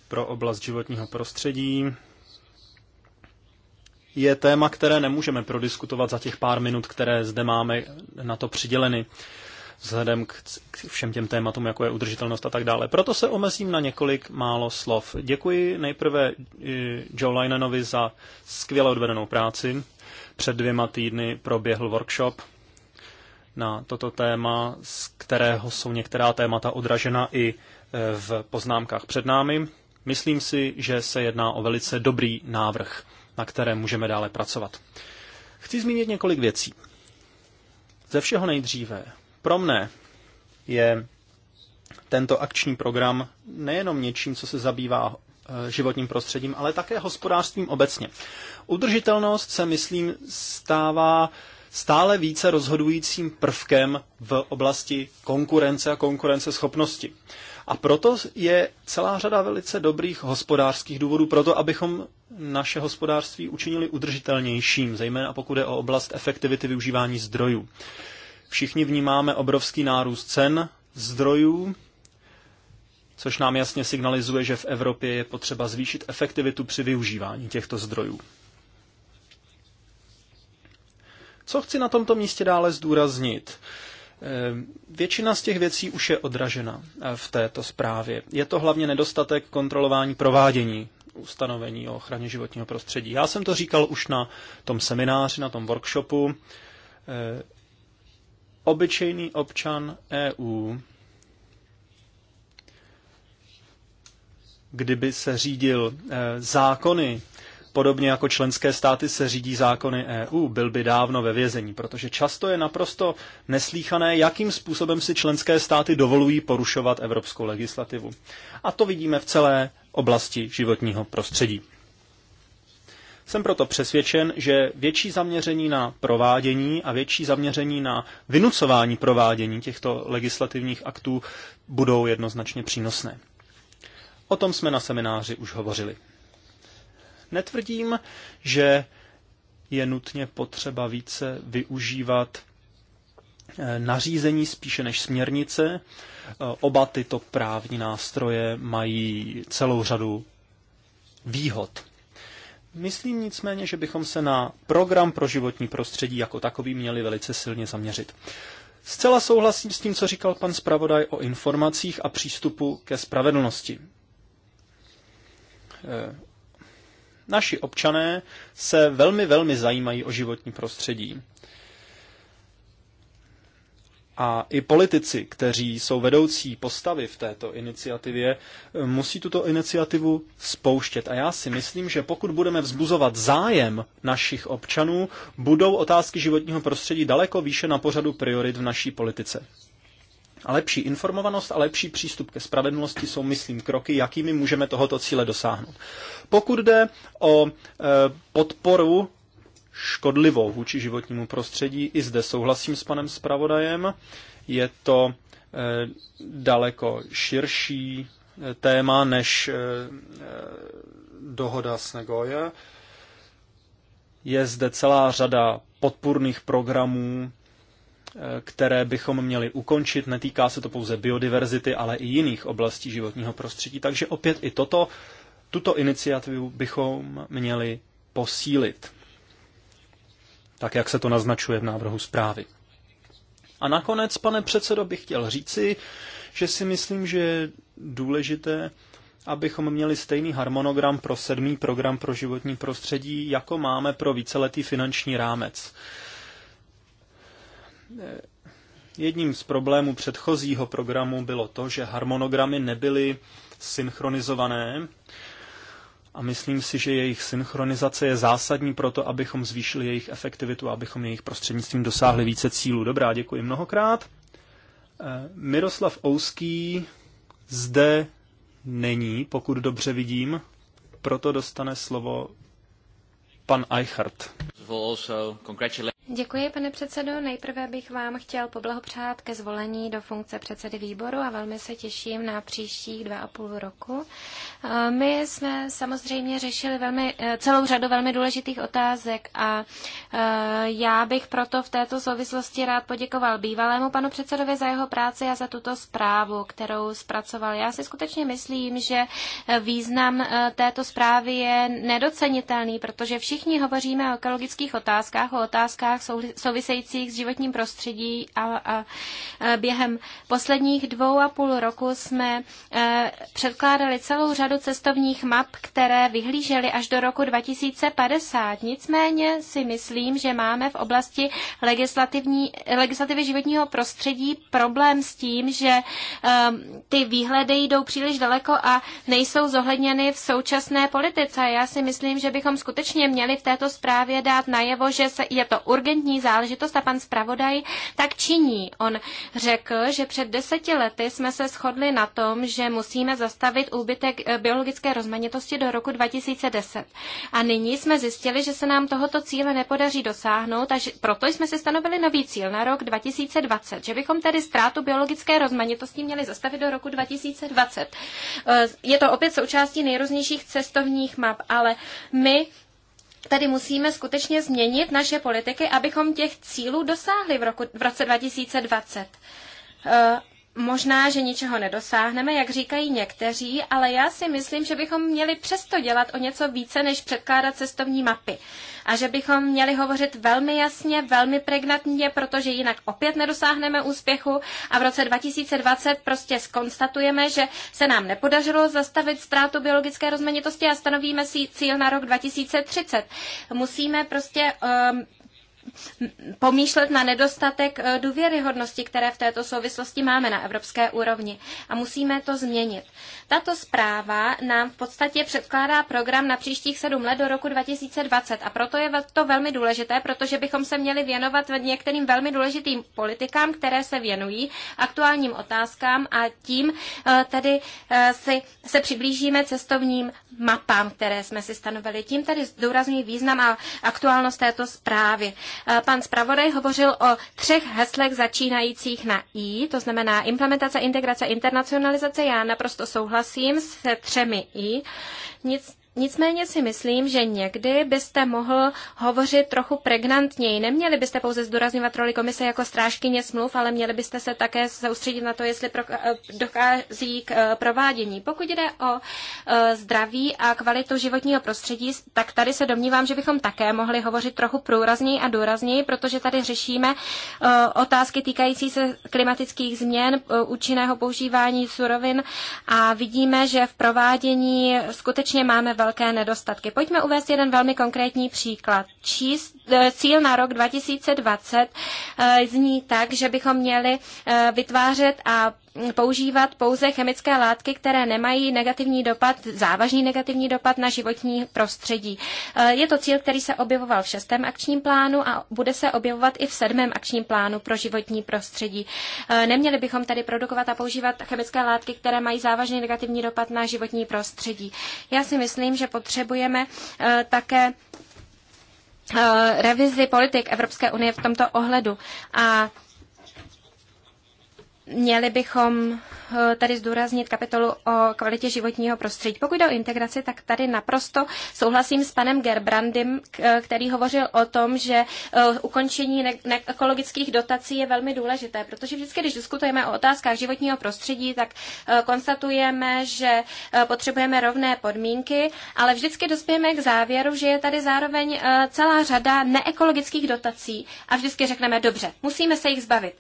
A: pro oblast životního prostředí je téma, které nemůžeme prodiskutovat za těch pár minut, které zde máme na to přiděleny vzhledem k všem těm tématům, jako je udržitelnost a tak dále. Proto se omezím na několik málo slov. Děkuji nejprve eh, Joe Linenovi za skvěle odvedenou práci. Před dvěma týdny proběhl workshop na toto téma, z kterého jsou některá témata odražena i eh, v poznámkách před námi. Myslím si, že se jedná o velice dobrý návrh na kterém můžeme dále pracovat. Chci zmínit několik věcí. Ze všeho nejdříve. Pro mne je tento akční program nejenom něčím, co se zabývá eh, životním prostředím, ale také hospodářstvím obecně. Udržitelnost se, myslím, stává stále více rozhodujícím prvkem v oblasti konkurence a konkurenceschopnosti. A proto je celá řada velice dobrých hospodářských důvodů pro to, abychom naše hospodářství učinili udržitelnějším, zejména pokud je o oblast efektivity využívání zdrojů. Všichni vnímáme obrovský nárůst cen zdrojů, což nám jasně signalizuje, že v Evropě je potřeba zvýšit efektivitu při využívání těchto zdrojů. Co chci na tomto místě dále zdůraznit? Ehm, většina z těch věcí už je odražena eh, v této zprávě. Je to hlavně nedostatek kontrolování provádění ustanovení o ochraně životního prostředí. Já jsem to říkal už na tom semináři, na tom workshopu. Ehm, obyčejný občan EU, kdyby se řídil eh, zákony Podobně jako členské státy se řídí zákony EU, byl by dávno ve vězení, protože často je naprosto neslíchané, jakým způsobem si členské státy dovolují porušovat evropskou legislativu. A to vidíme v celé oblasti životního prostředí. Jsem proto přesvědčen, že větší zaměření na provádění a větší zaměření na vynucování provádění těchto legislativních aktů budou jednoznačně přínosné. O tom jsme na semináři už hovořili. Netvrdím, že je nutně potřeba více využívat eh, nařízení spíše než směrnice. Eh, oba tyto právní nástroje mají celou řadu výhod. Myslím nicméně, že bychom se na program pro životní prostředí jako takový měli velice silně zaměřit. Zcela souhlasím s tím, co říkal pan zpravodaj o informacích a přístupu ke spravedlnosti. Eh, Naši občané se velmi, velmi zajímají o životní prostředí. A i politici, kteří jsou vedoucí postavy v této iniciativě, musí tuto iniciativu spouštět. A já si myslím, že pokud budeme vzbuzovat zájem našich občanů, budou otázky životního prostředí daleko výše na pořadu priorit v naší politice. A lepší informovanost a lepší přístup ke spravedlnosti jsou, myslím, kroky, jakými můžeme tohoto cíle dosáhnout. Pokud jde o e, podporu škodlivou vůči životnímu prostředí, i zde souhlasím s panem zpravodajem, je to e, daleko širší e, téma než e, e dohoda s Negoje. Je zde celá řada podpůrných programů, které bychom měli ukončit. Netýká se to pouze biodiverzity, ale i jiných oblastí životního prostředí. Takže opět i toto, tuto iniciativu bychom měli posílit, tak jak se to naznačuje v návrhu zprávy. A nakonec, pane předsedo, bych chtěl říci, že si myslím, že je důležité, abychom měli stejný harmonogram pro sedmý program pro životní prostředí, jako máme pro víceletý finanční rámec. Jedním z problémů předchozího programu bylo to, že harmonogramy nebyly synchronizované a myslím si, že jejich synchronizace je zásadní pro to, abychom zvýšili jejich efektivitu a abychom jejich prostřednictvím dosáhli více cílů. Dobrá, děkuji mnohokrát. Eh, Miroslav Ouský zde není, pokud dobře vidím, proto dostane slovo pan Eichhardt.
C: Děkuji, pane předsedo. Nejprve bych vám chtěl poblahopřát ke zvolení do funkce předsedy výboru a velmi se těším na příštích dva a půl roku. Eh, my jsme samozřejmě řešili velmi, eh, celou řadu velmi důležitých otázek a eh, já bych proto v této souvislosti rád poděkoval bývalému panu předsedovi za jeho práci a za tuto zprávu, kterou zpracoval. Já si skutečně myslím, že význam této zprávy je nedocenitelný, protože všichni hovoříme o ekologických otázkách, o otázkách, otázkách souvisejících s životním prostředí a, a během posledních dvou a půl roku jsme e, předkládali celou řadu cestovních map, které vyhlížely až do roku 2050. Nicméně si myslím, že máme v oblasti legislativní, legislativy životního prostředí problém s tím, že e, ty výhledy jdou příliš daleko a nejsou zohledněny v současné politice. Já si myslím, že bychom skutečně měli v této zprávě dát najevo, že se, je to urgentní urgentní záležitost a pan zpravodaj tak činí. On řekl, že před deseti lety jsme se shodli na tom, že musíme zastavit úbytek eh, biologické rozmanitosti do roku 2010. A nyní jsme zjistili, že se nám tohoto cíle nepodaří dosáhnout Takže proto jsme si stanovili nový cíl na rok 2020, že bychom tedy ztrátu biologické rozmanitosti měli zastavit do roku 2020. Eh, je to opět součástí nejrůznějších cestovních map, ale my Tady musíme skutečně změnit naše politiky, abychom těch cílů dosáhli v, roku, v roce 2020. Možná, že ničeho nedosáhneme, jak říkají někteří, ale já si myslím, že bychom měli přesto dělat o něco více, než předkládat cestovní mapy. A že bychom měli hovořit velmi jasně, velmi pregnantně, protože jinak opět nedosáhneme úspěchu a v roce 2020 prostě skonstatujeme, že se nám nepodařilo zastavit ztrátu biologické rozmanitosti a stanovíme si cíl na rok 2030. Musíme prostě um, pomýšlet na nedostatek eh, důvěryhodnosti, které v této souvislosti máme na evropské úrovni. A musíme to změnit. Tato zpráva nám v podstatě předkládá program na příštích sedm let do roku 2020 a proto je to velmi důležité, protože bychom se měli věnovat některým velmi důležitým politikám, které se věnují aktuálním otázkám a tím eh, tedy eh, si, se přiblížíme cestovním mapám, které jsme si stanovili. Tím tedy zdůrazňuji význam a aktuálnost této zprávy. Eh, pan zpravodaj hovořil o třech heslech začínajících na I, to znamená implementace, integrace, internacionalizace. Já naprosto souhlasím se třemi I. Nic, Nicméně si myslím, že někdy byste mohl hovořit trochu pregnantněji. Neměli byste pouze zdůrazňovat roli komise jako strážkyně smluv, ale měli byste se také soustředit na to, jestli eh, dochází k eh, provádění. Pokud jde o eh, zdraví a kvalitu životního prostředí, tak tady se domnívám, že bychom také mohli hovořit trochu průrazněji a důrazněji, protože tady řešíme otázky týkající se klimatických změn, účinného používání surovin a vidíme, že v provádění skutečně máme velké nedostatky. Pojďme uvést jeden velmi konkrétní příklad. E, cíl na rok 2020 e, zní tak, že bychom měli e, vytvářet a používat pouze chemické látky, které nemají negativní dopad, závažný negativní dopad na životní prostředí. Eh, je to cíl, který se objevoval v šestém akčním plánu a bude se objevovat i v sedmém akčním plánu pro životní prostředí. Eh, neměli bychom tady produkovat a používat chemické látky, které mají závažný negativní dopad na životní prostředí. Já si myslím, že potřebujeme eh, také revizi politik Evropské unie v tomto ohledu. A měli bychom eh, tady zdůraznit kapitolu o kvalitě životního prostředí. Pokud jde o integraci, tak tady naprosto souhlasím s panem Gerbrandem, eh, který hovořil o tom, že eh, ukončení ekologických dotací je velmi důležité, protože vždycky, když diskutujeme o otázkách životního prostředí, tak konstatujeme, že potřebujeme rovné podmínky, ale vždycky dospějeme k závěru, že je tady zároveň celá řada neekologických dotací a vždycky řekneme, dobře, musíme se jich zbavit.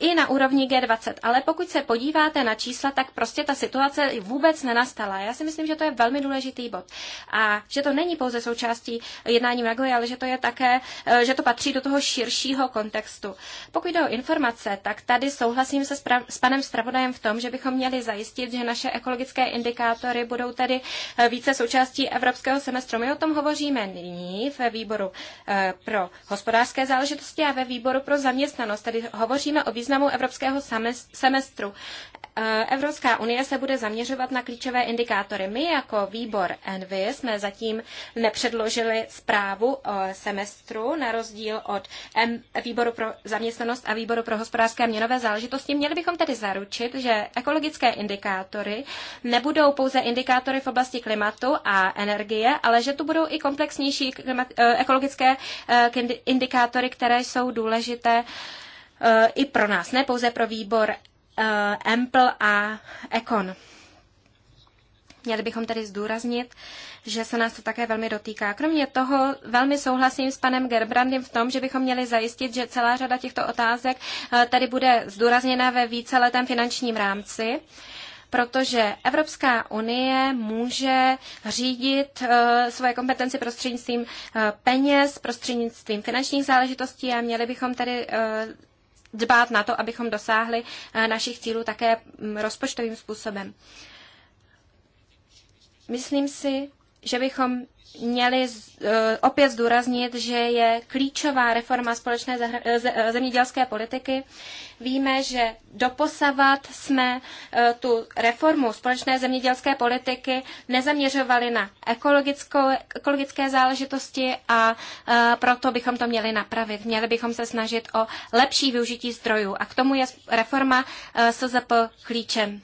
C: I na úrovni úrovni G20. Ale pokud se podíváte na čísla, tak prostě ta situace vůbec nenastala. Já si myslím, že to je velmi důležitý bod. A že to není pouze součástí jednání v Nagoji, ale že to je také, eh, že to patří do toho širšího kontextu. Pokud jde o informace, tak tady souhlasím se s panem Stravodajem v tom, že bychom měli zajistit, že naše ekologické indikátory budou tedy eh, více součástí evropského semestru. My o tom hovoříme nyní ve výboru eh, pro hospodářské záležitosti a ve výboru pro zaměstnanost. Tedy hovoříme o významu evropského evropského semestru. Eh, Evropská unie se bude zaměřovat na klíčové indikátory. My jako výbor Envy jsme zatím nepředložili zprávu o semestru na rozdíl od výboru pro zaměstnanost a výboru pro hospodářské a měnové záležitosti. Měli bychom tedy zaručit, že ekologické indikátory nebudou pouze indikátory v oblasti klimatu a energie, ale že tu budou i komplexnější klimat, eh, ekologické eh, indikátory, které jsou důležité i pro nás, ne pouze pro výbor eh, Ample a Econ. Měli bychom tedy zdůraznit, že se nás to také velmi dotýká. Kromě toho velmi souhlasím s panem Gerbrandem v tom, že bychom měli zajistit, že celá řada těchto otázek eh, tady bude zdůrazněna ve víceletém finančním rámci protože Evropská unie může řídit eh, svoje kompetenci prostřednictvím peněz, prostřednictvím finančních záležitostí a měli bychom tady dbát na to, abychom dosáhli eh, našich cílů také mm, rozpočtovým způsobem. Myslím si, že bychom měli e, opět zdůraznit, že je klíčová reforma společné e, e, zemědělské politiky. Víme, že doposavat jsme tu reformu společné zemědělské politiky nezaměřovali na ekologické záležitosti a proto bychom to měli napravit. Měli bychom se snažit o lepší využití zdrojů a k tomu je reforma SZP klíčem.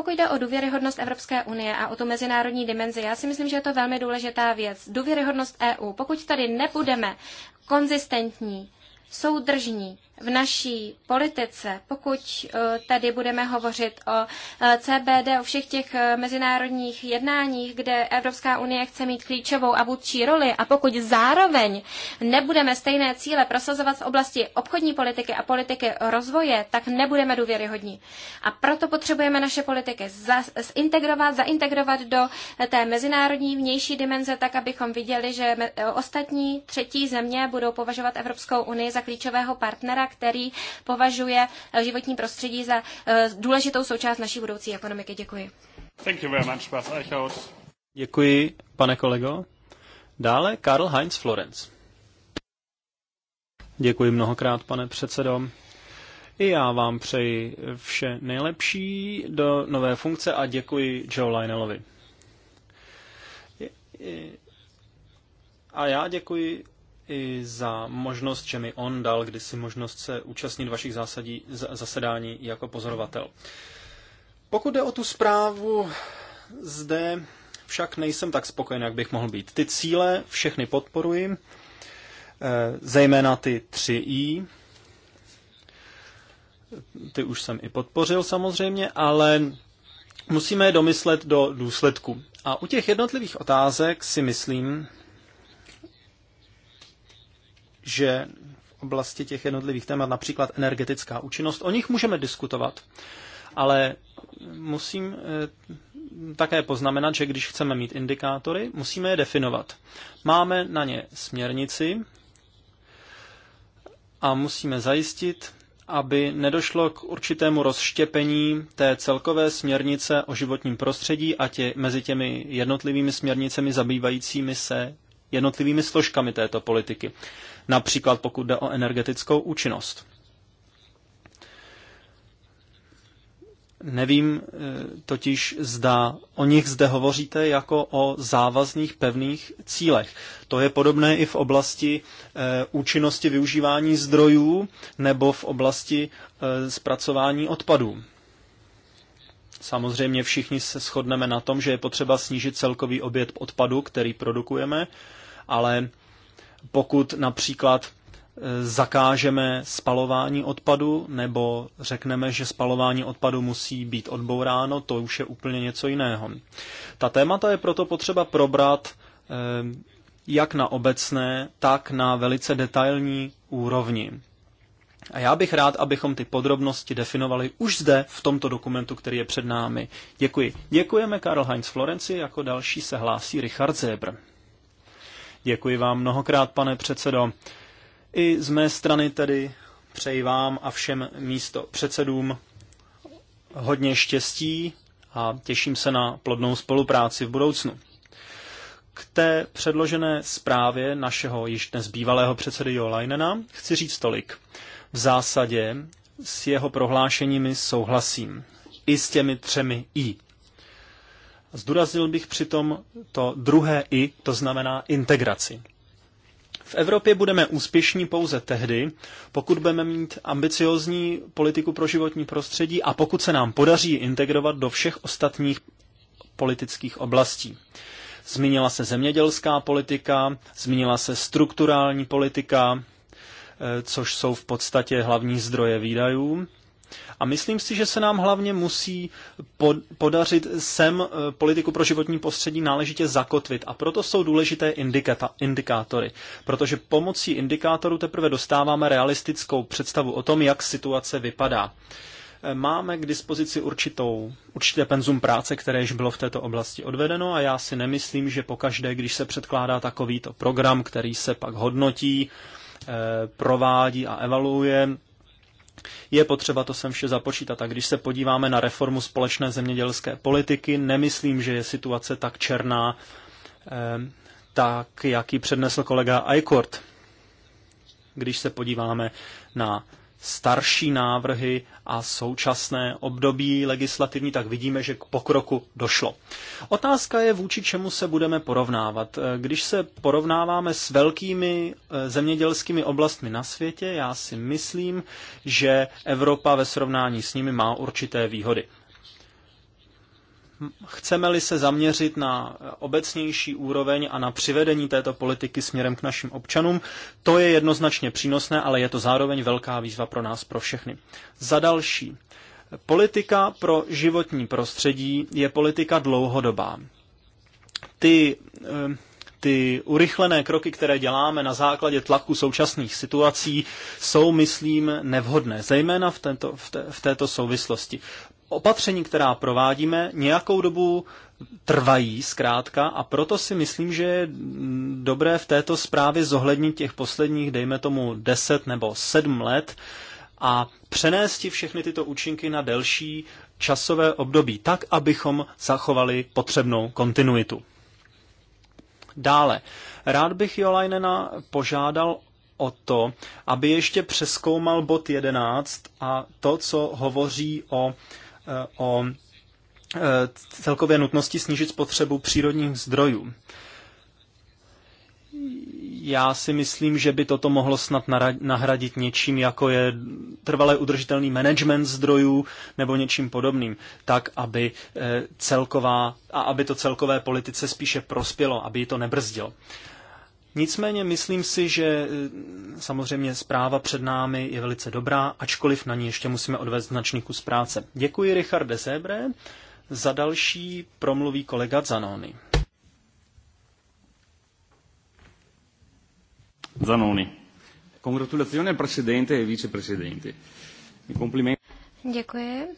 C: Pokud jde o důvěryhodnost Evropské unie a o tu mezinárodní dimenzi, já si myslím, že je to velmi důležitá věc. Důvěryhodnost EU. Pokud tady nebudeme konzistentní, soudržní, v naší politice, pokud eh, tady budeme hovořit o eh, CBD, o všech těch eh, mezinárodních jednáních, kde Evropská unie chce mít klíčovou a vůdčí roli, a pokud zároveň nebudeme stejné cíle prosazovat v oblasti obchodní politiky a politiky rozvoje, tak nebudeme důvěryhodní. A proto potřebujeme naše politiky zintegrovat, zaintegrovat do té mezinárodní vnější dimenze, tak abychom viděli, že ostatní třetí země budou považovat Evropskou unii za klíčového partnera, který považuje eh, životní prostředí za eh, důležitou součást naší budoucí ekonomiky. Děkuji. Thank you very much,
A: Děkuji, pane kolego. Dále Karl Heinz Florenz. Děkuji mnohokrát, pane předsedo. I já vám přeji vše nejlepší do nové funkce a děkuji Joe Lionelovi. A já děkuji i za možnost, že mi on dal kdysi možnost se účastnit vašich zásadí, zasedání jako pozorovatel. Pokud jde o tu zprávu, zde však nejsem tak spokojen, jak bych mohl být. Ty cíle všechny podporuji, eh, zejména ty 3i, ty už jsem i podpořil samozřejmě, ale musíme je domyslet do důsledku. A u těch jednotlivých otázek si myslím, že v oblasti těch jednotlivých témat, například energetická účinnost, o nich můžeme diskutovat, ale musím eh, také poznamenat, že když chceme mít indikátory, musíme je definovat. Máme na ně směrnici a musíme zajistit, aby nedošlo k určitému rozštěpení té celkové směrnice o životním prostředí a tě, mezi těmi jednotlivými směrnicemi zabývajícími se jednotlivými složkami této politiky například pokud jde o energetickou účinnost. Nevím eh, totiž, zda o nich zde hovoříte jako o závazných pevných cílech. To je podobné i v oblasti eh, účinnosti využívání zdrojů nebo v oblasti eh, zpracování odpadů. Samozřejmě všichni se shodneme na tom, že je potřeba snížit celkový oběd odpadu, který produkujeme, ale pokud například eh, zakážeme spalování odpadu nebo řekneme, že spalování odpadu musí být odbouráno, to už je úplně něco jiného. Ta témata je proto potřeba probrat eh, jak na obecné, tak na velice detailní úrovni. A já bych rád, abychom ty podrobnosti definovali už zde v tomto dokumentu, který je před námi. Děkuji. Děkujeme Karl Heinz Florenci, jako další se hlásí Richard Zebr. Děkuji vám mnohokrát, pane předsedo. I z mé strany tedy přeji vám a všem místo předsedům hodně štěstí a těším se na plodnou spolupráci v budoucnu. K té předložené zprávě našeho již dnes bývalého předsedy Jo Leinena chci říct tolik. V zásadě s jeho prohlášeními souhlasím. I s těmi třemi I. Zdůraznil bych přitom to druhé I, to znamená integraci. V Evropě budeme úspěšní pouze tehdy, pokud budeme mít ambiciozní politiku pro životní prostředí a pokud se nám podaří integrovat do všech ostatních politických oblastí. Zmínila se zemědělská politika, zmínila se strukturální politika, eh, což jsou v podstatě hlavní zdroje výdajů, a myslím si, že se nám hlavně musí podařit sem eh, politiku pro životní prostředí náležitě zakotvit. A proto jsou důležité indikata, indikátory. Protože pomocí indikátorů teprve dostáváme realistickou představu o tom, jak situace vypadá. Eh, máme k dispozici určitou, určité penzum práce, které již bylo v této oblasti odvedeno a já si nemyslím, že pokaždé, když se předkládá takovýto program, který se pak hodnotí, eh, provádí a evaluuje, je potřeba to sem vše započítat. A když se podíváme na reformu společné zemědělské politiky, nemyslím, že je situace tak černá, eh, tak jak ji přednesl kolega Eichort. Když se podíváme na starší návrhy a současné období legislativní, tak vidíme, že k pokroku došlo. Otázka je, vůči čemu se budeme porovnávat. Když se porovnáváme s velkými eh, zemědělskými oblastmi na světě, já si myslím, že Evropa ve srovnání s nimi má určité výhody. Chceme-li se zaměřit na obecnější úroveň a na přivedení této politiky směrem k našim občanům, to je jednoznačně přínosné, ale je to zároveň velká výzva pro nás, pro všechny. Za další, politika pro životní prostředí je politika dlouhodobá. Ty eh, ty urychlené kroky, které děláme na základě tlaku současných situací, jsou, myslím, nevhodné, zejména v, tento, v, te, v této souvislosti opatření, která provádíme, nějakou dobu trvají zkrátka a proto si myslím, že je dobré v této zprávě zohlednit těch posledních, dejme tomu, 10 nebo 7 let a přenést všechny tyto účinky na delší časové období, tak, abychom zachovali potřebnou kontinuitu. Dále, rád bych Jolajnena požádal o to, aby ještě přeskoumal bod 11 a to, co hovoří o o e, celkově nutnosti snížit spotřebu přírodních zdrojů. Já si myslím, že by toto mohlo snad nahradit něčím, jako je trvalé udržitelný management zdrojů nebo něčím podobným, tak aby, e, celková, a aby to celkové politice spíše prospělo, aby ji to nebrzdilo. Nicméně myslím si, že eh, samozřejmě zpráva před námi je velice dobrá, ačkoliv na ní ještě musíme odvést značný kus práce. Děkuji Richarde Zebre. Za další promluví kolega Zanoni. Zanoni. Congratulazione al presidente e vicepresidente. Complimenti.
C: Děkuji.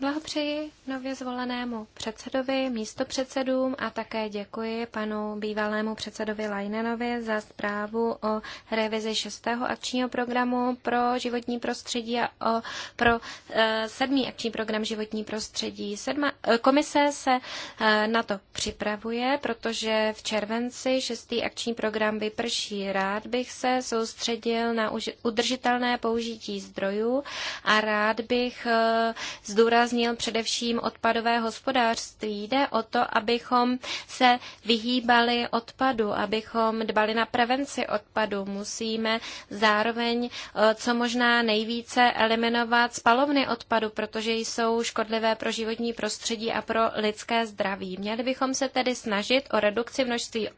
C: Blahopřeji nově zvolenému předsedovi, místopředsedům a také děkuji panu bývalému předsedovi Lajnenovi za zprávu o revizi 6. akčního programu pro životní prostředí a o, pro e, akční program životní prostředí. Sedma, e, komise se e, na to připravuje, protože v červenci 6. akční program vyprší. Rád bych se soustředil na udržitelné použití zdrojů a rád bych e, zdůraznil především odpadové hospodářství. Jde o to, abychom se vyhýbali odpadu, abychom dbali na prevenci odpadu. Musíme zároveň eh, co možná nejvíce eliminovat spalovny odpadu, protože jsou škodlivé pro životní prostředí a pro lidské zdraví. Měli bychom se tedy snažit o redukci množství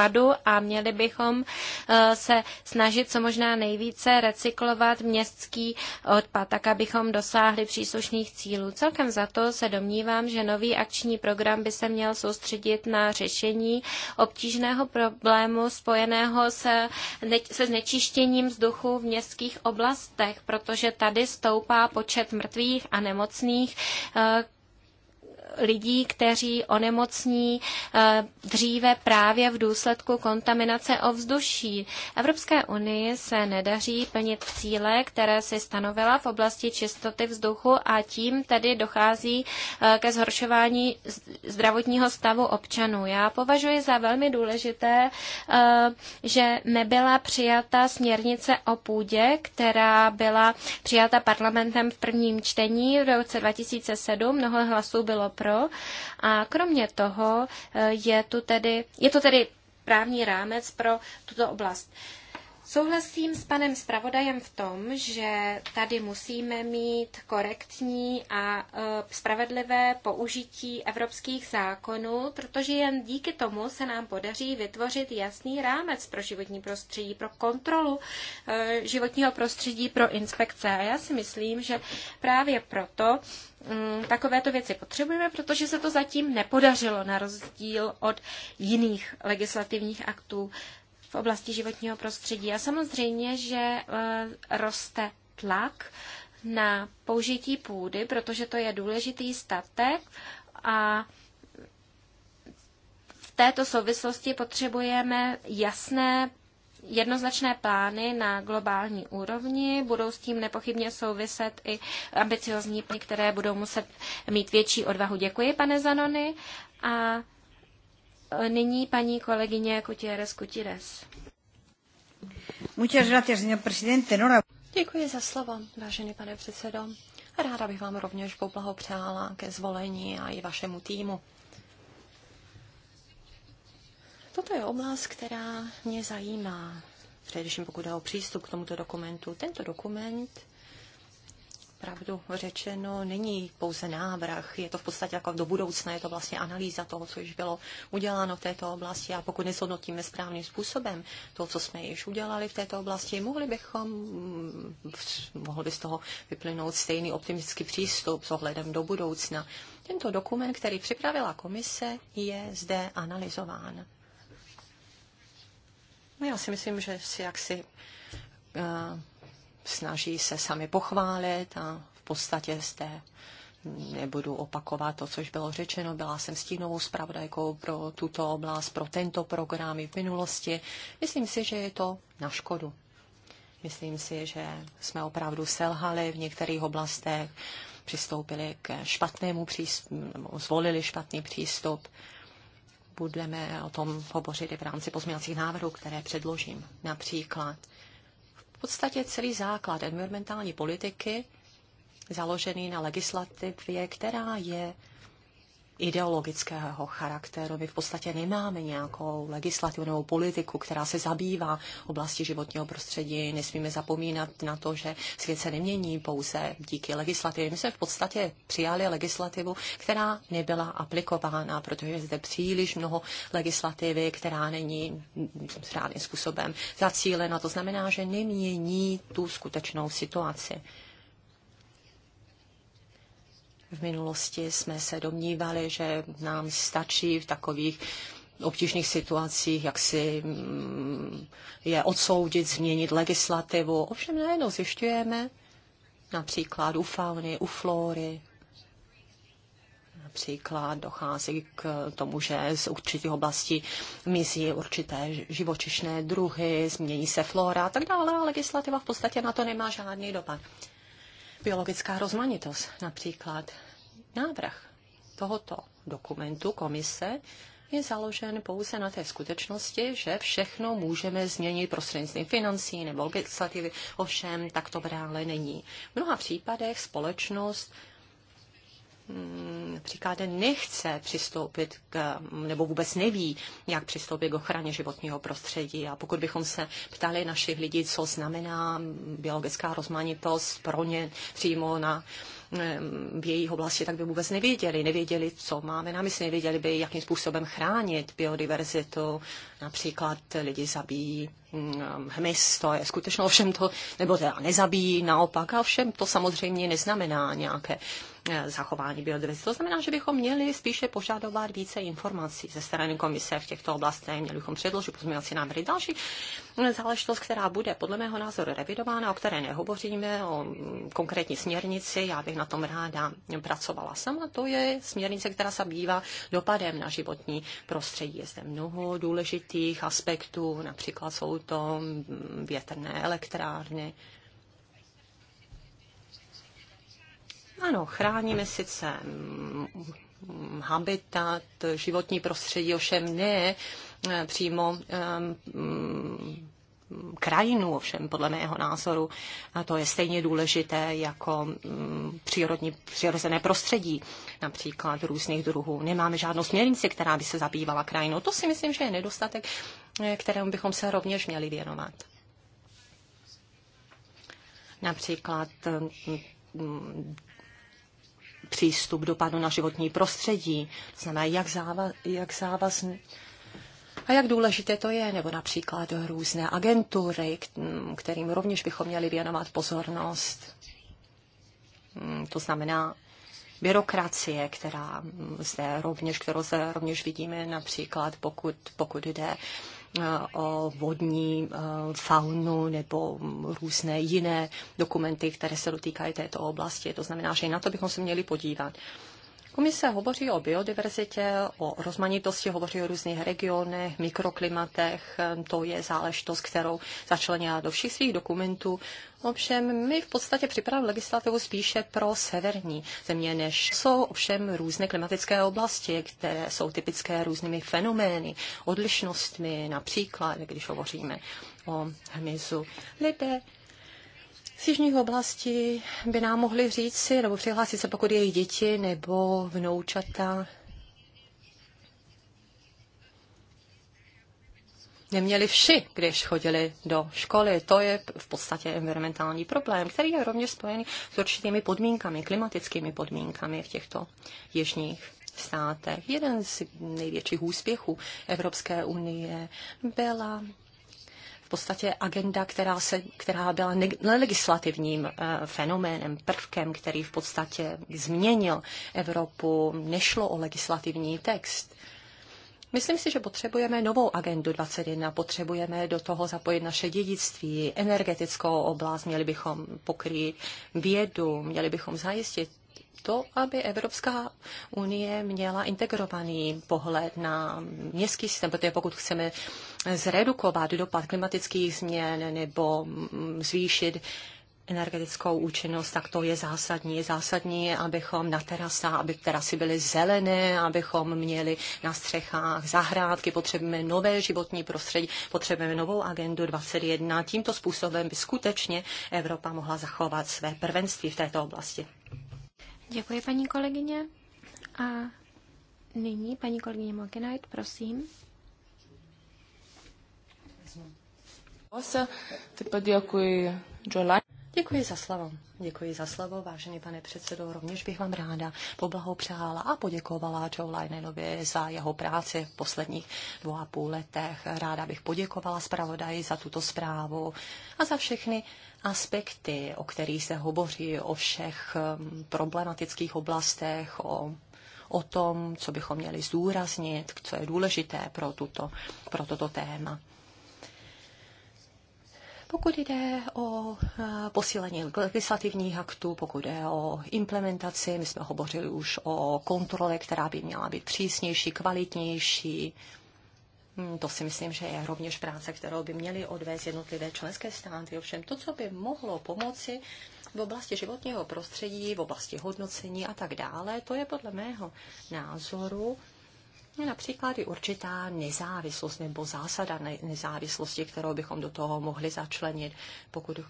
C: odpadu a měli bychom eh, se snažit co možná nejvíce recyklovat městský odpad, tak abychom dosáhli příslušných cílů. Celkem za to se domnívám, že nový akční program by se měl soustředit na řešení obtížného problému spojeného se, se znečištěním vzduchu v městských oblastech, protože tady stoupá počet mrtvých a nemocných, eh, lidí, kteří onemocní eh, dříve právě v důsledku kontaminace ovzduší. Evropské unii se nedaří plnit cíle, které si stanovila v oblasti čistoty vzduchu a tím tedy dochází eh, ke zhoršování zdravotního stavu občanů. Já považuji za velmi důležité, eh, že nebyla přijata směrnice o půdě, která byla přijata parlamentem v prvním čtení v roce 2007. Mnoho hlasů bylo pro euro. A kromě toho eh, je, tu tedy, je to tedy právní rámec pro tuto oblast. Souhlasím s panem zpravodajem v tom, že tady musíme mít korektní a e, spravedlivé použití evropských zákonů, protože jen díky tomu se nám podaří vytvořit jasný rámec pro životní prostředí, pro kontrolu e, životního prostředí, pro inspekce. A já si myslím, že právě proto mm, takovéto věci potřebujeme, protože se to zatím nepodařilo na rozdíl od jiných legislativních aktů v oblasti životního prostředí. A samozřejmě, že e, roste tlak na použití půdy, protože to je důležitý statek a v této souvislosti potřebujeme jasné jednoznačné plány na globální úrovni. Budou s tím nepochybně souviset i ambiciozní plány, které budou muset mít větší odvahu. Děkuji, pane Zanony. A Nyní paní kolegyně Gutierrez Gutierrez. Muchas gracias,
B: señor presidente.
C: Děkuji za slovo, vážený pane předsedo. Ráda bych vám rovněž
B: poblahopřála ke zvolení a i vašemu týmu. Toto je oblast, která mě zajímá, především pokud je o přístup k tomuto dokumentu. Tento dokument pravdu řečeno, není pouze návrh, je to v podstatě jako do budoucna, je to vlastně analýza toho, co již bylo uděláno v této oblasti a pokud nezhodnotíme správným způsobem to, co jsme již udělali v této oblasti, mohli bychom, mm, mohl by z toho vyplynout stejný optimistický přístup s ohledem do budoucna. Tento dokument, který připravila komise, je zde analyzován. No já si myslím, že si jaksi eh, snaží se sami pochválit a v podstatě jste nebudu opakovat to, což bylo řečeno. Byla jsem stínovou zpravodajkou pro tuto oblast, pro tento program i v minulosti. Myslím si, že je to na škodu. Myslím si, že jsme opravdu selhali v některých oblastech, přistoupili k špatnému přístupu, zvolili špatný přístup. Budeme o tom hovořit i v rámci pozměňovacích návrhů, které předložím. Například podstatě celý základ environmentální politiky založený na legislativě, která je ideologického charakteru. My v podstatě nemáme nějakou legislativnou politiku, která se zabývá oblasti životního prostředí. Nesmíme zapomínat na to, že svět se nemění pouze díky legislativě. My jsme v podstatě přijali legislativu, která nebyla aplikována, protože je zde příliš mnoho legislativy, která není správným způsobem zacílena. To znamená, že nemění tu skutečnou situaci. V minulosti jsme se domnívali, že nám stačí v takových obtížných situacích, jak si mm, je odsoudit, změnit legislativu. Ovšem najednou zjišťujeme, například u fauny, u flóry, například dochází k tomu, že z určitých oblastí mizí určité živočišné druhy, změní se flora a tak dále a legislativa v podstatě na to nemá žádný dopad biologická rozmanitost například. Návrh tohoto dokumentu komise je založen pouze na té skutečnosti, že všechno můžeme změnit prostřednictvím financí nebo legislativy, ovšem tak to dále není. V mnoha případech společnost například mm, nechce přistoupit k, nebo vůbec neví, jak přistoupit k ochraně životního prostředí. A pokud bychom se ptali našich lidí, co znamená biologická rozmanitost pro ně přímo na mm, v jejich oblasti, tak by vůbec nevěděli. Nevěděli, co máme na mysli, nevěděli by, jakým způsobem chránit biodiverzitu. Například lidi zabíjí mm, hmyz, to je skutečně ovšem to, nebo teda nezabíjí naopak, a ovšem to samozřejmě neznamená nějaké E, zachování biodiverzity. To znamená, že bychom měli spíše požadovat více informací ze strany komise v těchto oblastech, měli bychom předložit pozměňovací návrhy. Další záležitost, která bude podle mého názoru revidována, o které nehovoříme, o konkrétní směrnici, já bych na tom ráda pracovala sama, to je směrnice, která se bývá dopadem na životní prostředí. Je zde mnoho důležitých aspektů, například jsou to větrné elektrárny, Ano, chráníme sice mm, habitat, životní prostředí, ovšem ne eh, přímo eh, mm, krajinu, ovšem podle mého názoru a to je stejně důležité jako mm, přírodní, přirozené prostředí, například různých druhů. Nemáme žádnou směrnici, která by se zabývala krajinou. To si myslím, že je nedostatek, eh, kterému bychom se rovněž měli věnovat. Například přístup dopadu na životní prostředí, to znamená, jak, záva, jak závazný a jak důležité to je, nebo například různé agentury, kterým rovněž bychom měli věnovat pozornost. Hmm, to znamená byrokracie, která zde rovněž, kterou zde rovněž vidíme, například pokud, pokud jde Eh, o vodní eh, faunu nebo různé jiné dokumenty, které se dotýkají této oblasti. To znamená, že i na to bychom se měli podívat. Komise hovoří o biodiverzitě, o rozmanitosti, hovoří o různých regionech, mikroklimatech. To je záležitost, kterou začlenila do všech svých dokumentů. Ovšem, my v podstatě připravujeme legislativu spíše pro severní země, než jsou ovšem různé klimatické oblasti, které jsou typické různými fenomény, odlišnostmi, například, když hovoříme o hmyzu. Lidé z jižních oblastí by nám mohli říct si, nebo přihlásit se, pokud jejich děti nebo vnoučata neměli vši, když chodili do školy. To je v podstatě environmentální problém, který je rovněž spojený s určitými podmínkami, klimatickými podmínkami v těchto jižních státech. Jeden z největších úspěchů Evropské unie byla podstatě agenda, která, se, která byla nelegislativním eh, fenoménem, prvkem, který v podstatě změnil Evropu. Nešlo o legislativní text. Myslím si, že potřebujeme novou agendu 21, potřebujeme do toho zapojit naše dědictví, energetickou oblast, měli bychom pokrýt vědu, měli bychom zajistit to, aby Evropská unie měla integrovaný pohled na městský systém, protože pokud chceme zredukovat dopad klimatických změn nebo zvýšit energetickou účinnost, tak to je zásadní. Je zásadní, abychom na terasách, aby terasy byly zelené, abychom měli na střechách zahrádky, potřebujeme nové životní prostředí, potřebujeme novou agendu 21. Tímto způsobem by skutečně Evropa mohla zachovat své prvenství v této oblasti.
C: Děkuji, paní kolegyně. A nyní paní kolegyně Mokinajt, prosím.
B: Děkuji za slovo. Děkuji za slovo, vážený pane předsedo. Rovněž bych vám ráda poblahopřála a poděkovala Joe Linenovi za jeho práci v posledních dvou a půl letech. Ráda bych poděkovala zpravodaji za tuto zprávu a za všechny aspekty, o kterých se hovoří, o všech um, problematických oblastech, o, o tom, co bychom měli zdůraznit, co je důležité pro, tuto, pro toto téma. Pokud jde o eh, posílení legislativních aktů, pokud jde o implementaci, my jsme hovořili už o kontrole, která by měla být přísnější, kvalitnější, Hmm, to si myslím, že je rovněž práce, kterou by měly odvést jednotlivé členské státy. Ovšem to, co by mohlo pomoci v oblasti životního prostředí, v oblasti hodnocení a tak dále, to je podle mého názoru například i určitá nezávislost nebo zásada nezávislosti, kterou bychom do toho mohli začlenit, pokud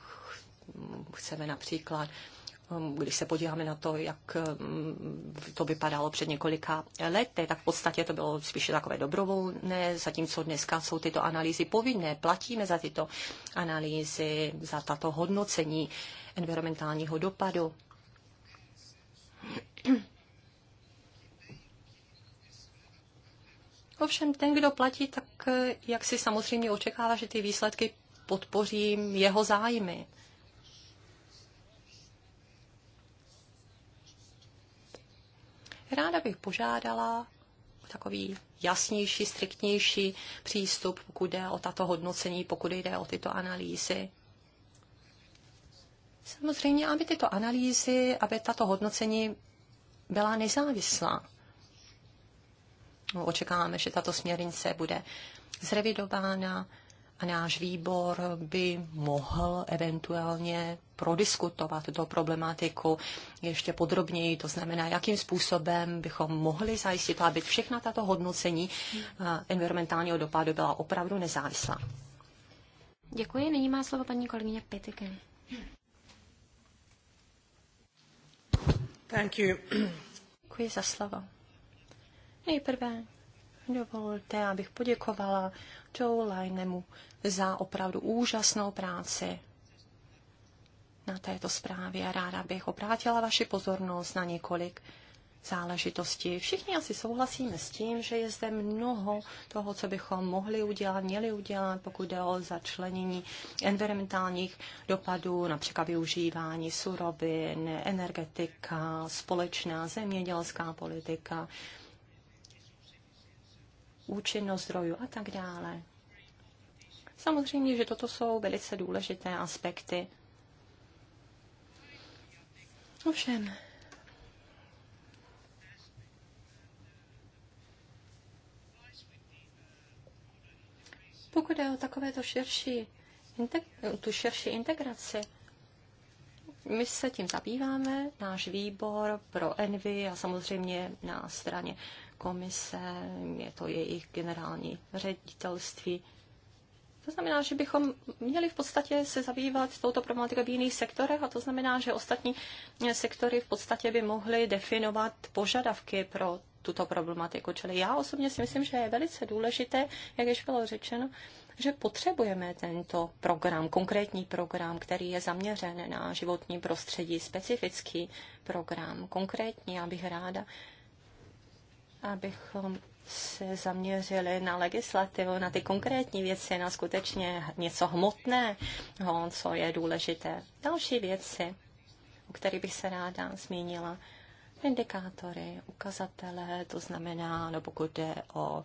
B: chceme například Ehm, když se podíváme na to, jak ehm, to vypadalo před několika lety, tak v podstatě to bylo spíše takové dobrovolné, zatímco dneska jsou tyto analýzy povinné, platíme za tyto analýzy, za tato hodnocení environmentálního dopadu. Ovšem ten, kdo platí, tak eh, jak si samozřejmě očekává, že ty výsledky podpoří jeho zájmy. Ráda bych požádala takový jasnější, striktnější přístup, pokud jde o tato hodnocení, pokud jde o tyto analýzy. Samozřejmě, aby tyto analýzy, aby tato hodnocení byla nezávislá. No, očekáváme, že tato směrnice bude zrevidována a náš výbor by mohl eventuálně prodiskutovat tuto problematiku ještě podrobněji, to znamená, jakým způsobem bychom mohli zajistit, aby všechna tato hodnocení eh, environmentálního dopadu byla opravdu nezávislá.
C: Děkuji. Nyní má slovo paní kolegyně Pětiken. Thank you.
B: Děkuji za slovo. Nejprve dovolte, abych poděkovala Joe Linemu za opravdu úžasnou práci na této zprávě. Ráda bych obrátila vaši pozornost na několik záležitostí. Všichni asi souhlasíme s tím, že je zde mnoho toho, co bychom mohli udělat, měli udělat, pokud jde o začlenění environmentálních dopadů, například využívání surovin, energetika, společná zemědělská politika, účinnost zdrojů a tak dále. Samozřejmě, že toto jsou velice důležité aspekty. Ovšem, pokud je o takovéto širší, tu širší integraci, my se tím zabýváme, náš výbor pro Envy a samozřejmě na straně komise, je to jejich generální ředitelství. To znamená, že bychom měli v podstatě se zabývat touto problematikou v jiných sektorech a to znamená, že ostatní sektory v podstatě by mohly definovat požadavky pro tuto problematiku. Čili já osobně si myslím, že je velice důležité, jak již bylo řečeno, že potřebujeme tento program, konkrétní program, který je zaměřen na životní prostředí, specifický program, konkrétní, abych ráda, abychom se zaměřili na legislativu, na ty konkrétní věci, na skutečně něco hmotného, co je důležité. Další věci, o kterých bych se ráda zmínila, indikátory, ukazatele, to znamená, no pokud jde o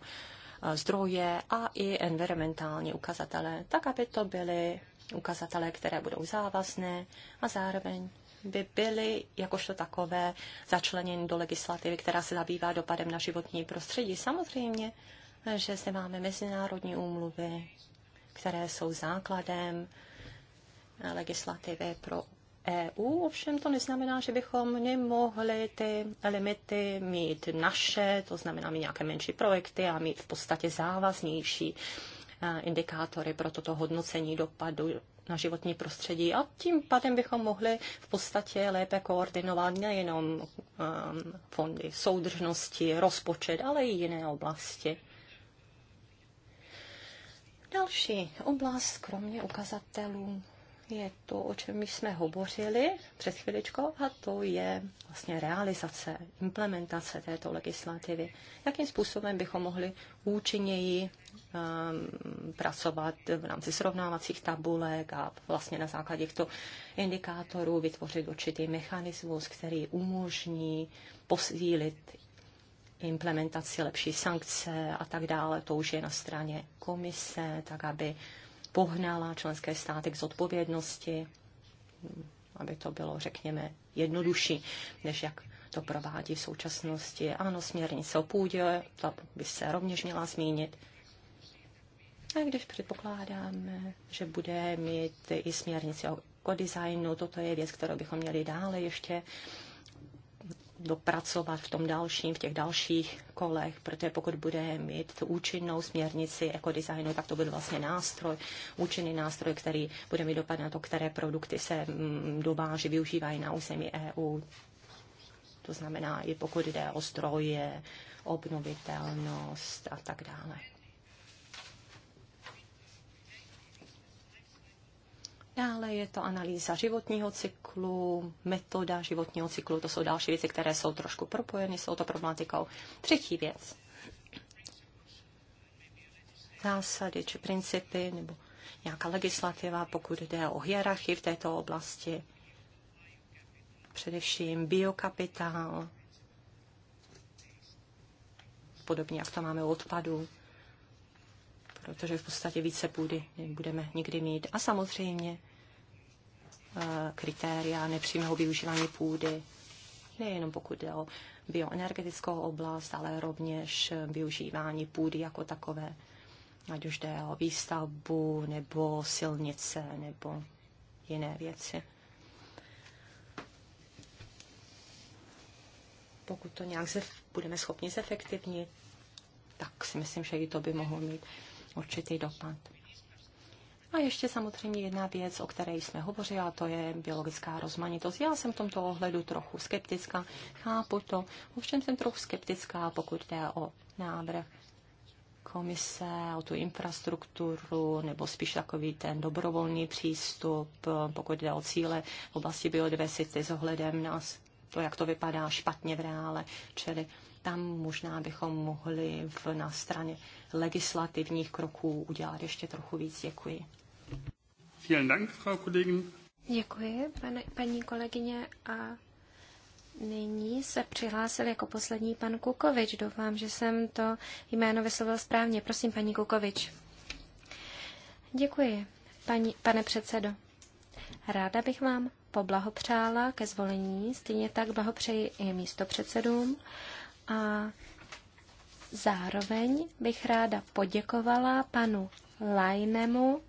B: e, zdroje a i environmentální ukazatele, tak aby to byly ukazatele, které budou závazné a zároveň by byly jakožto takové začleněny do legislativy, která se zabývá dopadem na životní prostředí. Samozřejmě, že zde máme mezinárodní úmluvy, které jsou základem legislativy pro EU, ovšem to neznamená, že bychom nemohli ty limity mít naše, to znamená mít nějaké menší projekty a mít v podstatě závaznější eh, indikátory pro toto hodnocení dopadu na životní prostředí a tím pádem bychom mohli v podstatě lépe koordinovat nejenom um, fondy soudržnosti, rozpočet, ale i jiné oblasti. Další oblast, kromě ukazatelů je to, o čem jsme hovořili před chviličkou, a to je vlastně realizace, implementace této legislativy. Jakým způsobem bychom mohli účinněji um, pracovat v rámci srovnávacích tabulek a vlastně na základě těchto indikátorů vytvořit určitý mechanismus, který umožní posílit implementaci lepší sankce a tak dále. To už je na straně komise, tak aby pohnala členské státy k zodpovědnosti, aby to bylo, řekněme, jednodušší, než jak to provádí v současnosti. Ano, směrnice o půdě, ta by se rovněž měla zmínit. A když předpokládáme, že bude mít i směrnici o ekodesignu, toto je věc, kterou bychom měli dále ještě dopracovat v tom dalším, v těch dalších kolech, protože pokud bude mít účinnou směrnici ekodesignu, tak to bude vlastně nástroj, účinný nástroj, který bude mít dopad na to, které produkty se mm, dováží, využívají na území EU. To znamená, i pokud jde o stroje, obnovitelnost a tak dále. Dále je to analýza životního cyklu, metoda životního cyklu, to jsou další věci, které jsou trošku propojeny s touto problematikou. Třetí věc. Zásady či principy nebo nějaká legislativa, pokud jde o hierarchii v této oblasti, především biokapitál, podobně jak to máme u odpadu protože v podstatě více půdy budeme nikdy mít. A samozřejmě eh, kritéria nepřímého využívání půdy, nejenom pokud jde o bioenergetickou oblast, ale rovněž eh, využívání půdy jako takové, ať už jde o výstavbu nebo silnice nebo jiné věci. Pokud to nějak budeme schopni zefektivnit, tak si myslím, že i to by mohlo mít určitý dopad. A ještě samozřejmě jedna věc, o které jsme hovořili, a to je biologická rozmanitost. Já jsem v tomto ohledu trochu skeptická, chápu to, ovšem jsem trochu skeptická, pokud jde o návrh komise, o tu infrastrukturu, nebo spíš takový ten dobrovolný přístup, pokud jde o cíle v oblasti biodiversity s ohledem na to, jak to vypadá špatně v reále. Čili tam možná bychom mohli v, na straně legislativních kroků udělat ještě trochu víc. Děkuji.
A: Vielen Dank, Frau Kollegin.
C: Děkuji, pane, paní kolegyně. A nyní se přihlásil jako poslední pan Kukovič. Doufám, že jsem to jméno vyslovil správně. Prosím, paní Kukovič. Děkuji, paní, pane předsedo. Ráda bych vám poblahopřála ke zvolení, stejně tak blahopřeji i místopředsedům a zároveň bych ráda poděkovala panu Lajnemu.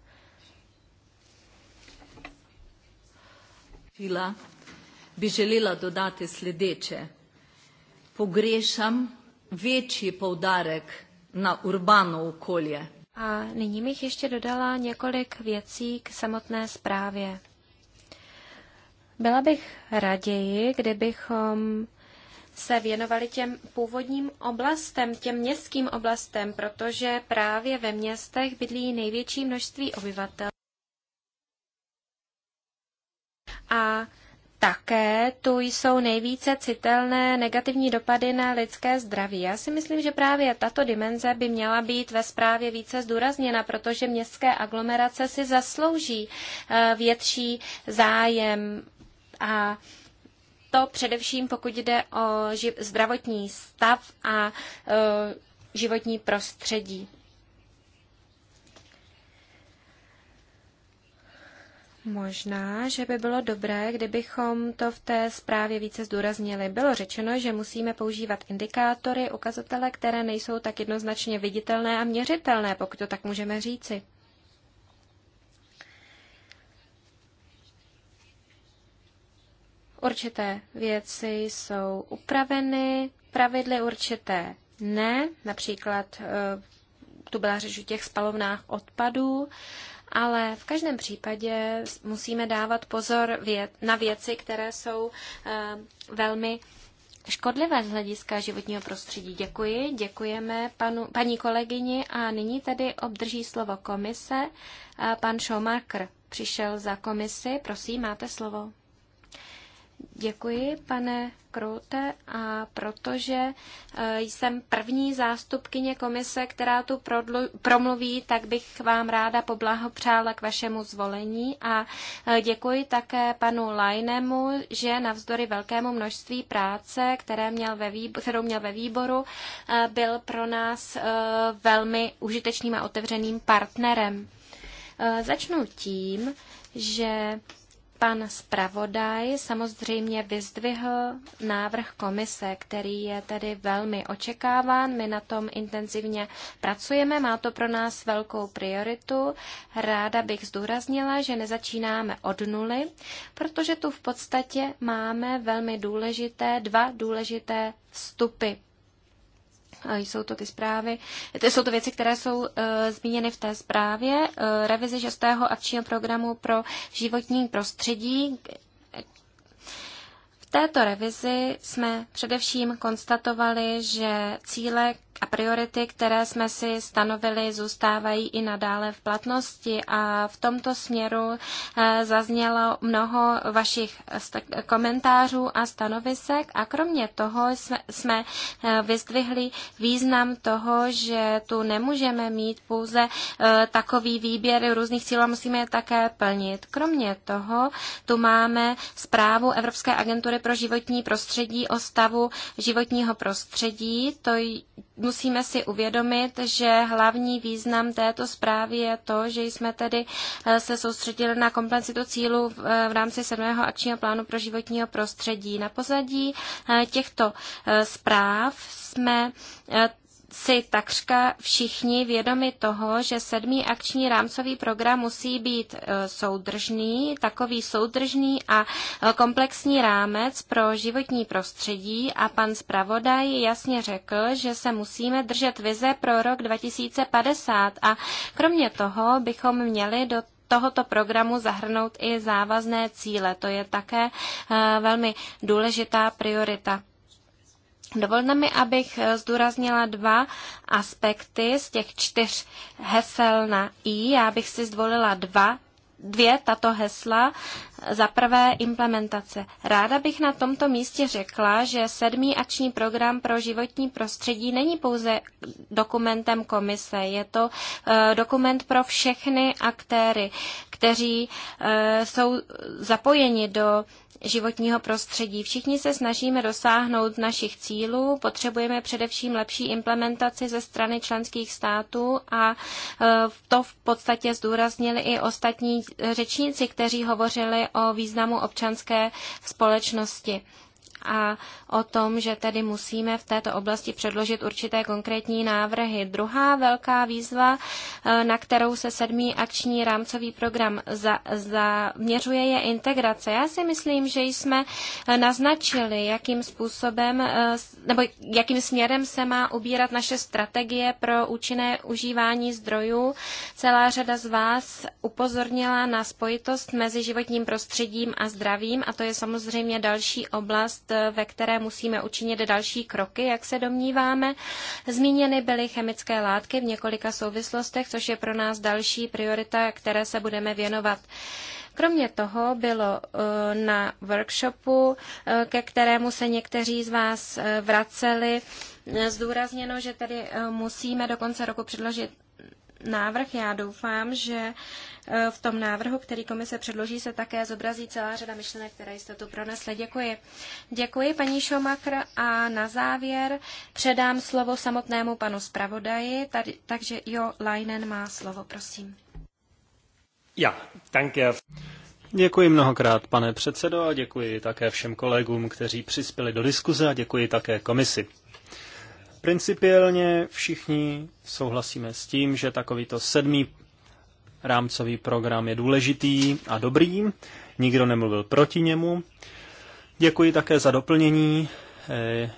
C: Fila by
B: želela dodati sledeče. Pogrešam větší poudarek na urbano okolje.
C: A nyní bych ještě dodala několik věcí k samotné zprávě. Byla bych raději, kdybychom se věnovali těm původním oblastem, těm městským oblastem, protože právě ve městech bydlí největší množství obyvatel. A také tu jsou nejvíce citelné negativní dopady na lidské zdraví. Já si myslím, že právě tato dimenze by měla být ve zprávě více zdůrazněna, protože městské aglomerace si zaslouží eh, větší zájem a to především pokud jde o zdravotní stav a e, životní prostředí. Možná, že by bylo dobré, kdybychom to v té zprávě více zdůraznili. Bylo řečeno, že musíme používat indikátory, ukazatele, které nejsou tak jednoznačně viditelné a měřitelné, pokud to tak můžeme říci. Určité věci jsou upraveny, pravidly určité ne, například eh, tu byla řeč o těch spalovnách odpadů, ale v každém případě musíme dávat pozor na věci, které jsou eh, velmi škodlivé z hlediska životního prostředí. Děkuji, děkujeme panu, paní kolegyni a nyní tedy obdrží slovo komise. Eh, pan Schomaker přišel za komisi, prosím, máte slovo. Děkuji, pane Kroute, a protože e, jsem první zástupkyně komise, která tu promluví, tak bych vám ráda poblahopřála k vašemu zvolení a e, děkuji také panu Lajnemu, že navzdory velkému množství práce, které měl ve výboru, kterou měl ve výboru, e, byl pro nás velmi užitečným a otevřeným partnerem. Začnu tím, že Pan zpravodaj samozřejmě vyzdvihl návrh komise, který je tedy velmi očekáván. My na tom intenzivně pracujeme, má to pro nás velkou prioritu. Ráda bych zdůraznila, že nezačínáme od nuly, protože tu v podstatě máme velmi důležité, dva důležité vstupy jsou to ty zprávy, to jsou to věci, které jsou uh, zmíněny v té zprávě. Uh, e, revize šestého akčního programu pro životní prostředí. V této revizi jsme především konstatovali, že cíle, a priority, které jsme si stanovili, zůstávají i nadále v platnosti a v tomto směru eh, zaznělo mnoho vašich komentářů a stanovisek a kromě toho jsme, jsme eh, vyzdvihli význam toho, že tu nemůžeme mít pouze eh, takový výběr různých cílů a musíme je také plnit. Kromě toho tu máme zprávu Evropské agentury pro životní prostředí o stavu životního prostředí. To musíme si uvědomit, že hlavní význam této zprávy je to, že jsme tedy eh, se soustředili na kompenzitu cílu v eh, rámci 7. akčního plánu pro životního prostředí. Na pozadí eh, těchto zpráv jsme si takřka všichni vědomi toho, že sedmý akční rámcový program musí být e, soudržný, takový soudržný a e, komplexní rámec pro životní prostředí a pan zpravodaj jasně řekl, že se musíme držet vize pro rok 2050 a kromě toho bychom měli do tohoto programu zahrnout i závazné cíle. To je také e, velmi důležitá priorita Dovolte mi, abych eh, zdůraznila dva aspekty z těch čtyř hesel na I. Já bych si zvolila dva dvě tato hesla. Za prvé implementace. Ráda bych na tomto místě řekla, že sedmý akční program pro životní prostředí není pouze dokumentem komise, je to eh, dokument pro všechny aktéry, kteří eh, jsou zapojeni do životního prostředí. Všichni se snažíme dosáhnout našich cílů, potřebujeme především lepší implementaci ze strany členských států a e, to v podstatě zdůraznili i ostatní řečníci, kteří hovořili o významu občanské společnosti a o tom, že tedy musíme v této oblasti předložit určité konkrétní návrhy. Druhá velká výzva, e, na kterou se sedmý akční rámcový program zaměřuje, za je integrace. Já si myslím, že jsme e, naznačili, jakým způsobem e, nebo jakým směrem se má ubírat naše strategie pro účinné užívání zdrojů. Celá řada z vás upozornila na spojitost mezi životním prostředím a zdravím a to je samozřejmě další oblast, oblast, ve které musíme učinit další kroky, jak se domníváme. Zmíněny byly chemické látky v několika souvislostech, což je pro nás další priorita, které se budeme věnovat. Kromě toho bylo eh, na workshopu, eh, ke kterému se někteří z vás eh, vraceli, zdůrazněno, že tedy musíme do konce roku předložit návrh. Já doufám, že e, v tom návrhu, který komise předloží, se také zobrazí celá řada myšlenek, které jste tu pronesli. Děkuji. Děkuji, paní Šomakr. A na závěr předám slovo samotnému panu zpravodaji, tady, takže Jo Leinen má slovo, prosím.
A: Ja, danke. Děkuji mnohokrát, pane předsedo, a děkuji také všem kolegům, kteří přispěli do diskuze a děkuji také komisi. Principiálně všichni souhlasíme s tím, že takovýto sedmý rámcový program je důležitý a dobrý. Nikdo nemluvil proti němu. Děkuji také za doplnění. Eh,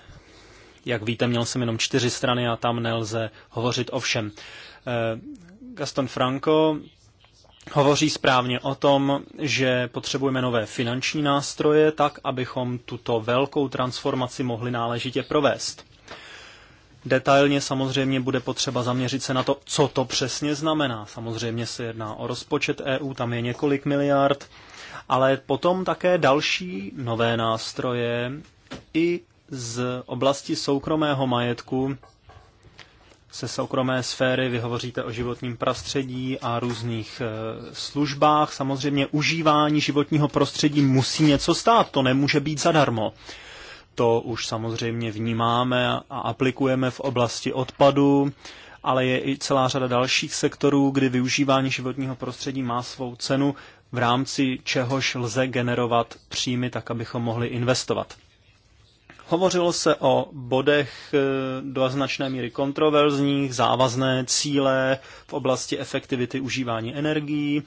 A: jak víte, měl jsem jenom čtyři strany a tam nelze hovořit o všem. Eh, Gaston Franco hovoří správně o tom, že potřebujeme nové finanční nástroje tak, abychom tuto velkou transformaci mohli náležitě provést. Detailně samozřejmě bude potřeba zaměřit se na to, co to přesně znamená. Samozřejmě se jedná o rozpočet EU, tam je několik miliard, ale potom také další nové nástroje i z oblasti soukromého majetku, se soukromé sféry, vy hovoříte o životním prostředí a různých e, službách. Samozřejmě užívání životního prostředí musí něco stát, to nemůže být zadarmo to už samozřejmě vnímáme a aplikujeme v oblasti odpadu, ale je i celá řada dalších sektorů, kdy využívání životního prostředí má svou cenu, v rámci čehož lze generovat příjmy tak, abychom mohli investovat. Hovořilo se o bodech eh, do značné míry kontroverzních, závazné cíle v oblasti efektivity užívání energií.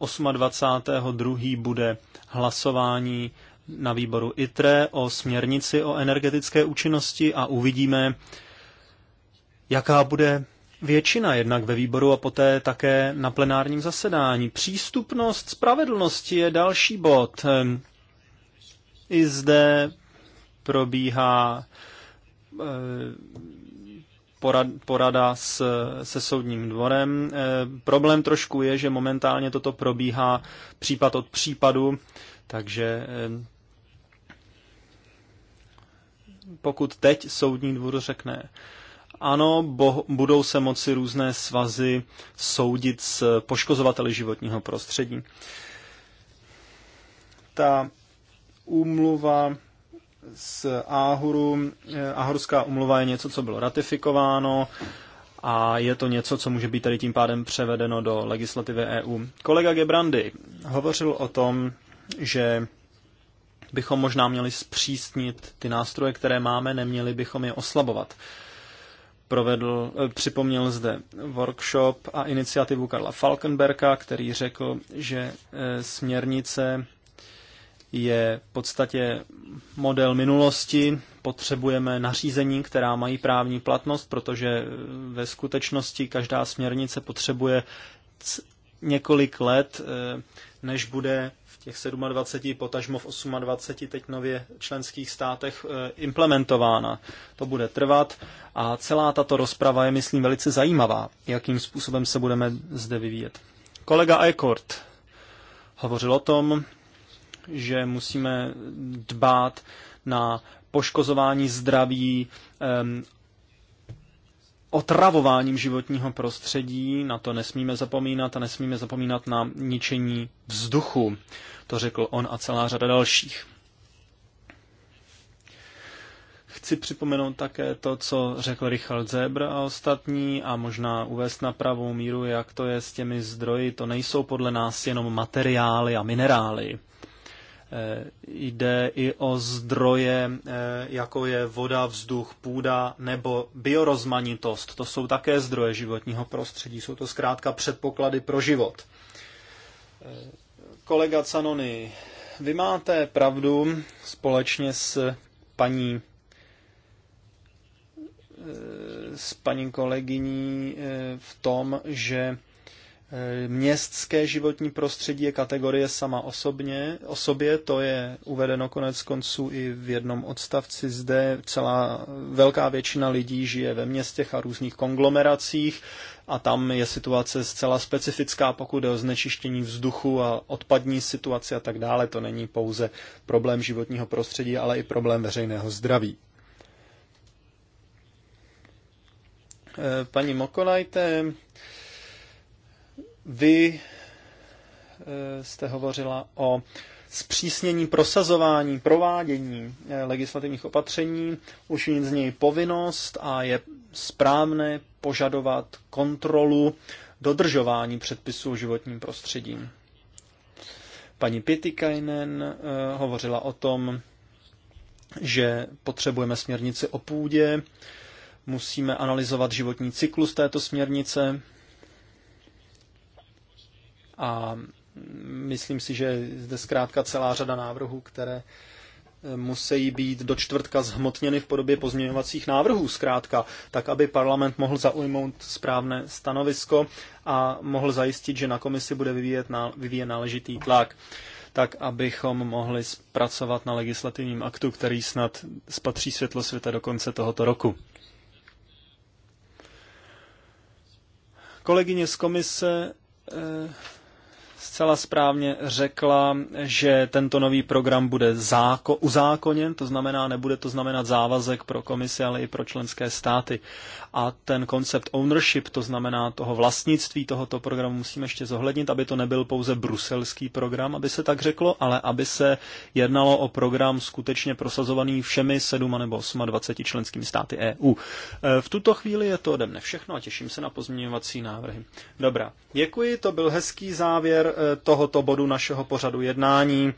A: 28.2. Eh, bude hlasování na výboru ITRE o směrnici o energetické účinnosti a uvidíme, jaká bude většina jednak ve výboru a poté také na plenárním zasedání. Přístupnost spravedlnosti je další bod. I zde probíhá eh, porada s, se soudním dvorem. Eh, problém trošku je, že momentálně toto probíhá případ od případu, takže eh, pokud teď soudní dvůr řekne, ano, bo, budou se moci různé svazy soudit s poškozovateli životního prostředí. Ta úmluva z Áhuru, Áhurská eh, umluva je něco, co bylo ratifikováno a je to něco, co může být tady tím pádem převedeno do legislativy EU. Kolega Gebrandy hovořil o tom, že bychom možná měli zpřísnit ty nástroje, které máme, neměli bychom je oslabovat. Provedl, eh, připomněl zde workshop a iniciativu Karla Falkenberka, který řekl, že eh, směrnice je v podstatě model minulosti. Potřebujeme nařízení, která mají právní platnost, protože eh, ve skutečnosti každá směrnice potřebuje několik let, než bude těch 27, potažmo v 28 teď nově členských státech eh, implementována. To bude trvat a celá tato rozprava je, myslím, velice zajímavá, jakým způsobem se budeme zde vyvíjet. Kolega Eckort hovořil o tom, že musíme dbát na poškozování zdraví ehm, otravováním životního prostředí, na to nesmíme zapomínat a nesmíme zapomínat na ničení vzduchu. To řekl on a celá řada dalších. Chci připomenout také to, co řekl Richard Zebr a ostatní a možná uvést na pravou míru, jak to je s těmi zdroji. To nejsou podle nás jenom materiály a minerály. Eh, jde i o zdroje, eh, jako je voda, vzduch, půda nebo biorozmanitost. To jsou také zdroje životního prostředí, jsou to zkrátka předpoklady pro život. Eh, kolega Canony, vy máte pravdu společně s paní s paní kolegyní v tom, že Eh, městské životní prostředí je kategorie sama osobně, osobě, to je uvedeno konec konců i v jednom odstavci. Zde celá velká většina lidí žije ve městech a různých konglomeracích a tam je situace zcela specifická, pokud je o znečištění vzduchu a odpadní situaci a tak dále. To není pouze problém životního prostředí, ale i problém veřejného zdraví. Eh, paní Mokolajte, vy eh, jste hovořila o zpřísnění prosazování, provádění eh, legislativních opatření, už z něj povinnost a je správné požadovat kontrolu dodržování předpisů o životním prostředí. Paní Pitikainen eh, hovořila o tom, že potřebujeme směrnici o půdě, musíme analyzovat životní cyklus této směrnice, a myslím si, že zde zkrátka celá řada návrhů, které eh, musí být do čtvrtka zhmotněny v podobě pozměňovacích návrhů, zkrátka, tak aby parlament mohl zaujmout správné stanovisko a mohl zajistit, že na komisi bude vyvíjet, náležitý tlak, tak abychom mohli zpracovat na legislativním aktu, který snad spatří světlo světa do konce tohoto roku. Kolegyně z komise eh zcela správně řekla, že tento nový program bude záko- uzákoněn, to znamená, nebude to znamenat závazek pro komisi, ale i pro členské státy. A ten koncept ownership, to znamená toho vlastnictví tohoto programu, musíme ještě zohlednit, aby to nebyl pouze bruselský program, aby se tak řeklo, ale aby se jednalo o program skutečně prosazovaný všemi 7 nebo 28 členskými státy EU. E, v tuto chvíli je to ode mne všechno a těším se na pozměňovací návrhy. Dobrá, děkuji, to byl hezký závěr tohoto bodu našeho pořadu jednání.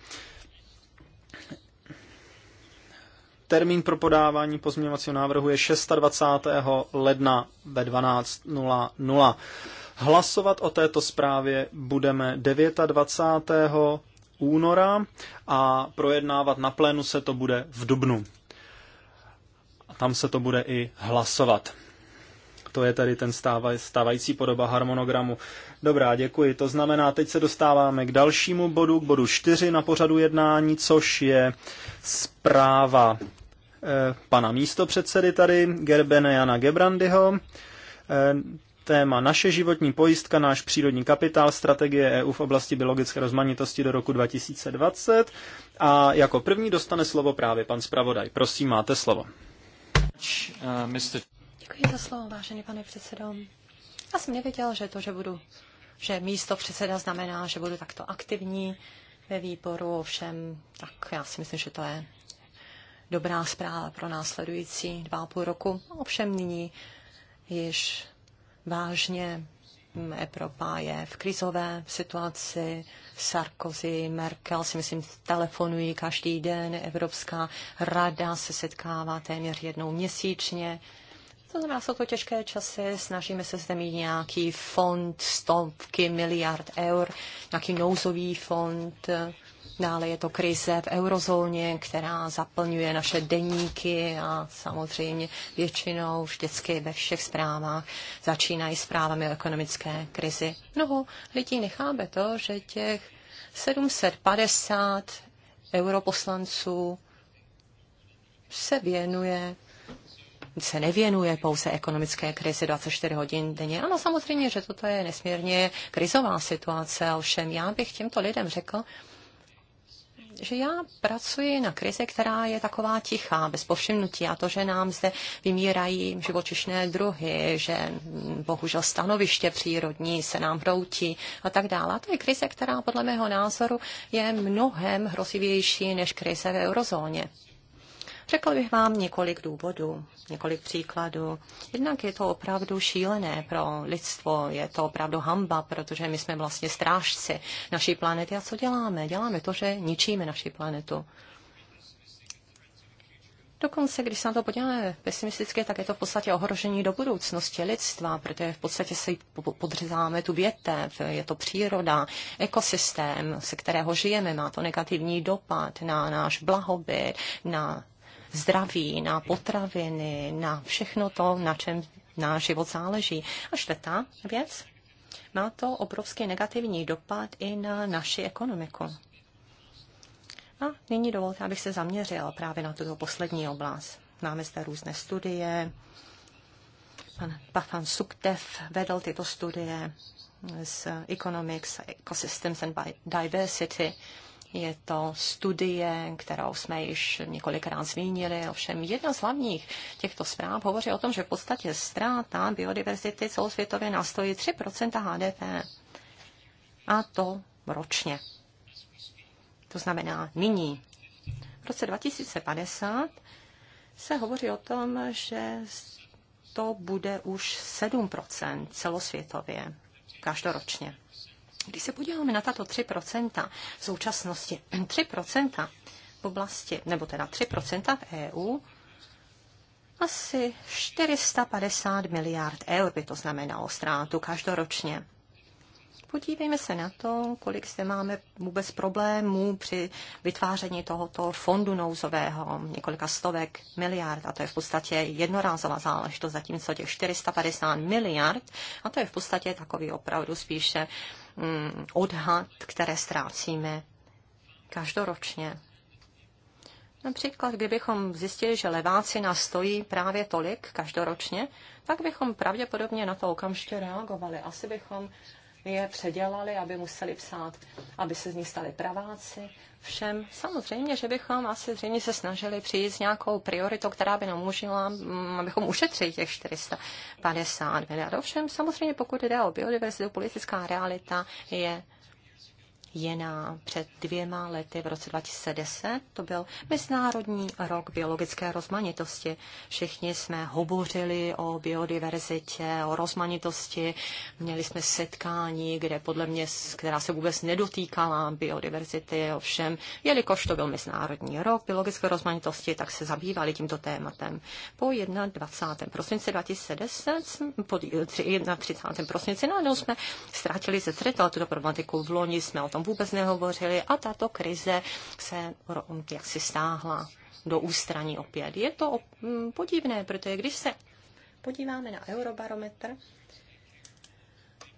A: Termín pro podávání pozměňovacího návrhu je 26. ledna ve 12.00. Hlasovat o této zprávě budeme 29. února a projednávat na plénu se to bude v dubnu. A tam se to bude i hlasovat. To je tedy ten stávaj, stávající podoba harmonogramu. Dobrá, děkuji. To znamená, teď se dostáváme k dalšímu bodu, k bodu 4 na pořadu jednání, což je zpráva eh, pana místopředsedy tady, Gerbene Jana Gebrandyho. Eh, téma naše životní pojistka, náš přírodní kapitál, strategie EU v oblasti biologické rozmanitosti do roku 2020. A jako první dostane slovo právě pan zpravodaj. Prosím, máte slovo.
B: Děkuji za slovo, vážený pane předsedo. Já jsem nevěděl, že to, že budu že místo předseda znamená, že budu takto aktivní ve výboru, ovšem, tak já si myslím, že to je dobrá zpráva pro následující dva a půl roku. Ovšem nyní již vážně Evropa je v krizové situaci. Sarkozy, Merkel si myslím telefonují každý den. Evropská rada se setkává téměř jednou měsíčně. To znamená, jsou to těžké časy, snažíme se zde mít nějaký fond, stovky miliard eur, nějaký nouzový fond, Dále je to krize v eurozóně, která zaplňuje naše deníky a samozřejmě většinou vždycky ve všech zprávách začínají zprávami o ekonomické krizi. Mnoho lidí nechápe to, že těch 750 europoslanců se věnuje se nevěnuje pouze ekonomické krizi 24 hodin denně. Ano, samozřejmě, že toto je nesmírně krizová situace, ovšem já bych těmto lidem řekl, že já pracuji na krizi, která je taková tichá, bez povšimnutí a to, že nám zde vymírají živočišné druhy, že mm, bohužel stanoviště přírodní se nám hroutí a tak dále. A to je krize, která podle mého názoru je mnohem hrozivější než krize v eurozóně. Řekl bych vám několik důvodů, několik příkladů. Jednak je to opravdu šílené pro lidstvo, je to opravdu hamba, protože my jsme vlastně strážci naší planety. A co děláme? Děláme to, že ničíme naši planetu. Dokonce, když se na to podíváme pesimisticky, tak je to v podstatě ohrožení do budoucnosti lidstva, protože v podstatě si podřezáme tu větev, je to příroda, ekosystém, se kterého žijeme, má to negativní dopad na náš blahobyt, na zdraví, na potraviny, na všechno to, na čem náš život záleží. A čtvrtá věc, má to obrovský negativní dopad i na naši ekonomiku. A nyní dovolte, abych se zaměřil právě na tuto poslední oblast. Máme zde různé studie. Pan Pafan Suktev vedl tyto studie z Economics, Ecosystems and Diversity. Je to studie, kterou jsme již několikrát zmínili, ovšem jedna z hlavních těchto zpráv hovoří o tom, že v podstatě ztráta biodiverzity celosvětově nastojí 3 HDP. A to ročně. To znamená nyní. V roce 2050 se hovoří o tom, že to bude už 7 celosvětově každoročně. Když se podíváme na tato 3% v současnosti, 3% v oblasti, nebo teda 3% v EU, asi 450 miliard eur by to znamenalo ztrátu každoročně. Podívejme se na to, kolik zde máme vůbec problémů při vytváření tohoto fondu nouzového, několika stovek miliard, a to je v podstatě jednorázová záležitost, zatímco těch 450 miliard, a to je v podstatě takový opravdu spíše Mm, odhad, které ztrácíme každoročně. Například, kdybychom zjistili, že leváci nás stojí právě tolik každoročně, tak bychom pravděpodobně na to okamžitě reagovali. Asi bychom je předělali, aby museli psát, aby se z ní stali praváci. Všem samozřejmě, že bychom asi zřejmě se snažili přijít s nějakou prioritou, která by nám umožnila, mm, abychom ušetřili těch 450 miliard. Ovšem samozřejmě, pokud jde o biodiverzitu, politická realita je jiná. Před dvěma lety, v roce 2010, to byl Mezinárodní rok biologické rozmanitosti. Všichni jsme hovořili o biodiverzitě, o rozmanitosti. Měli jsme setkání, kde podle mě, která se vůbec nedotýkala biodiverzity, ovšem, jelikož to byl Mezinárodní rok biologické rozmanitosti, tak se zabývali tímto tématem. Po 21. prosinci 2010, po 31. prosinci, no, jsme ztratili ze zřetele tuto problematiku. V loni jsme o tom vůbec nehovořili a tato krize se jaksi stáhla do ústraní opět. Je to mm, podivné, protože když se podíváme na eurobarometr,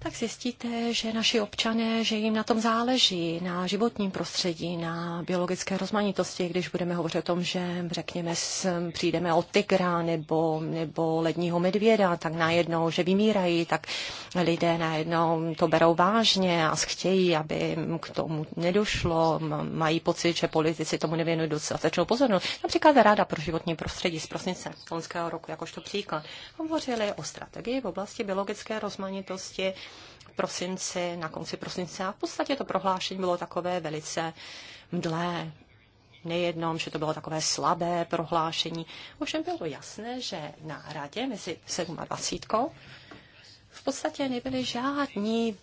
B: tak zjistíte, že naši občané, že jim na tom záleží, na životním prostředí, na biologické rozmanitosti, když budeme hovořit o tom, že řekněme, přijdeme o tygra nebo, nebo ledního medvěda, tak najednou, že vymírají, tak lidé najednou to berou vážně a chtějí, aby k tomu nedošlo, mají pocit, že politici tomu nevěnují dostatečnou pozornost. Například Rada pro životní prostředí z prosince loňského roku, jakožto příklad, hovořili o strategii v oblasti biologické rozmanitosti prosinci, na konci prosince a v podstatě to prohlášení bylo takové velice mdlé. Nejednom, že to bylo takové slabé prohlášení. Ovšem bylo jasné, že na radě mezi 27. v podstatě nebyli žádní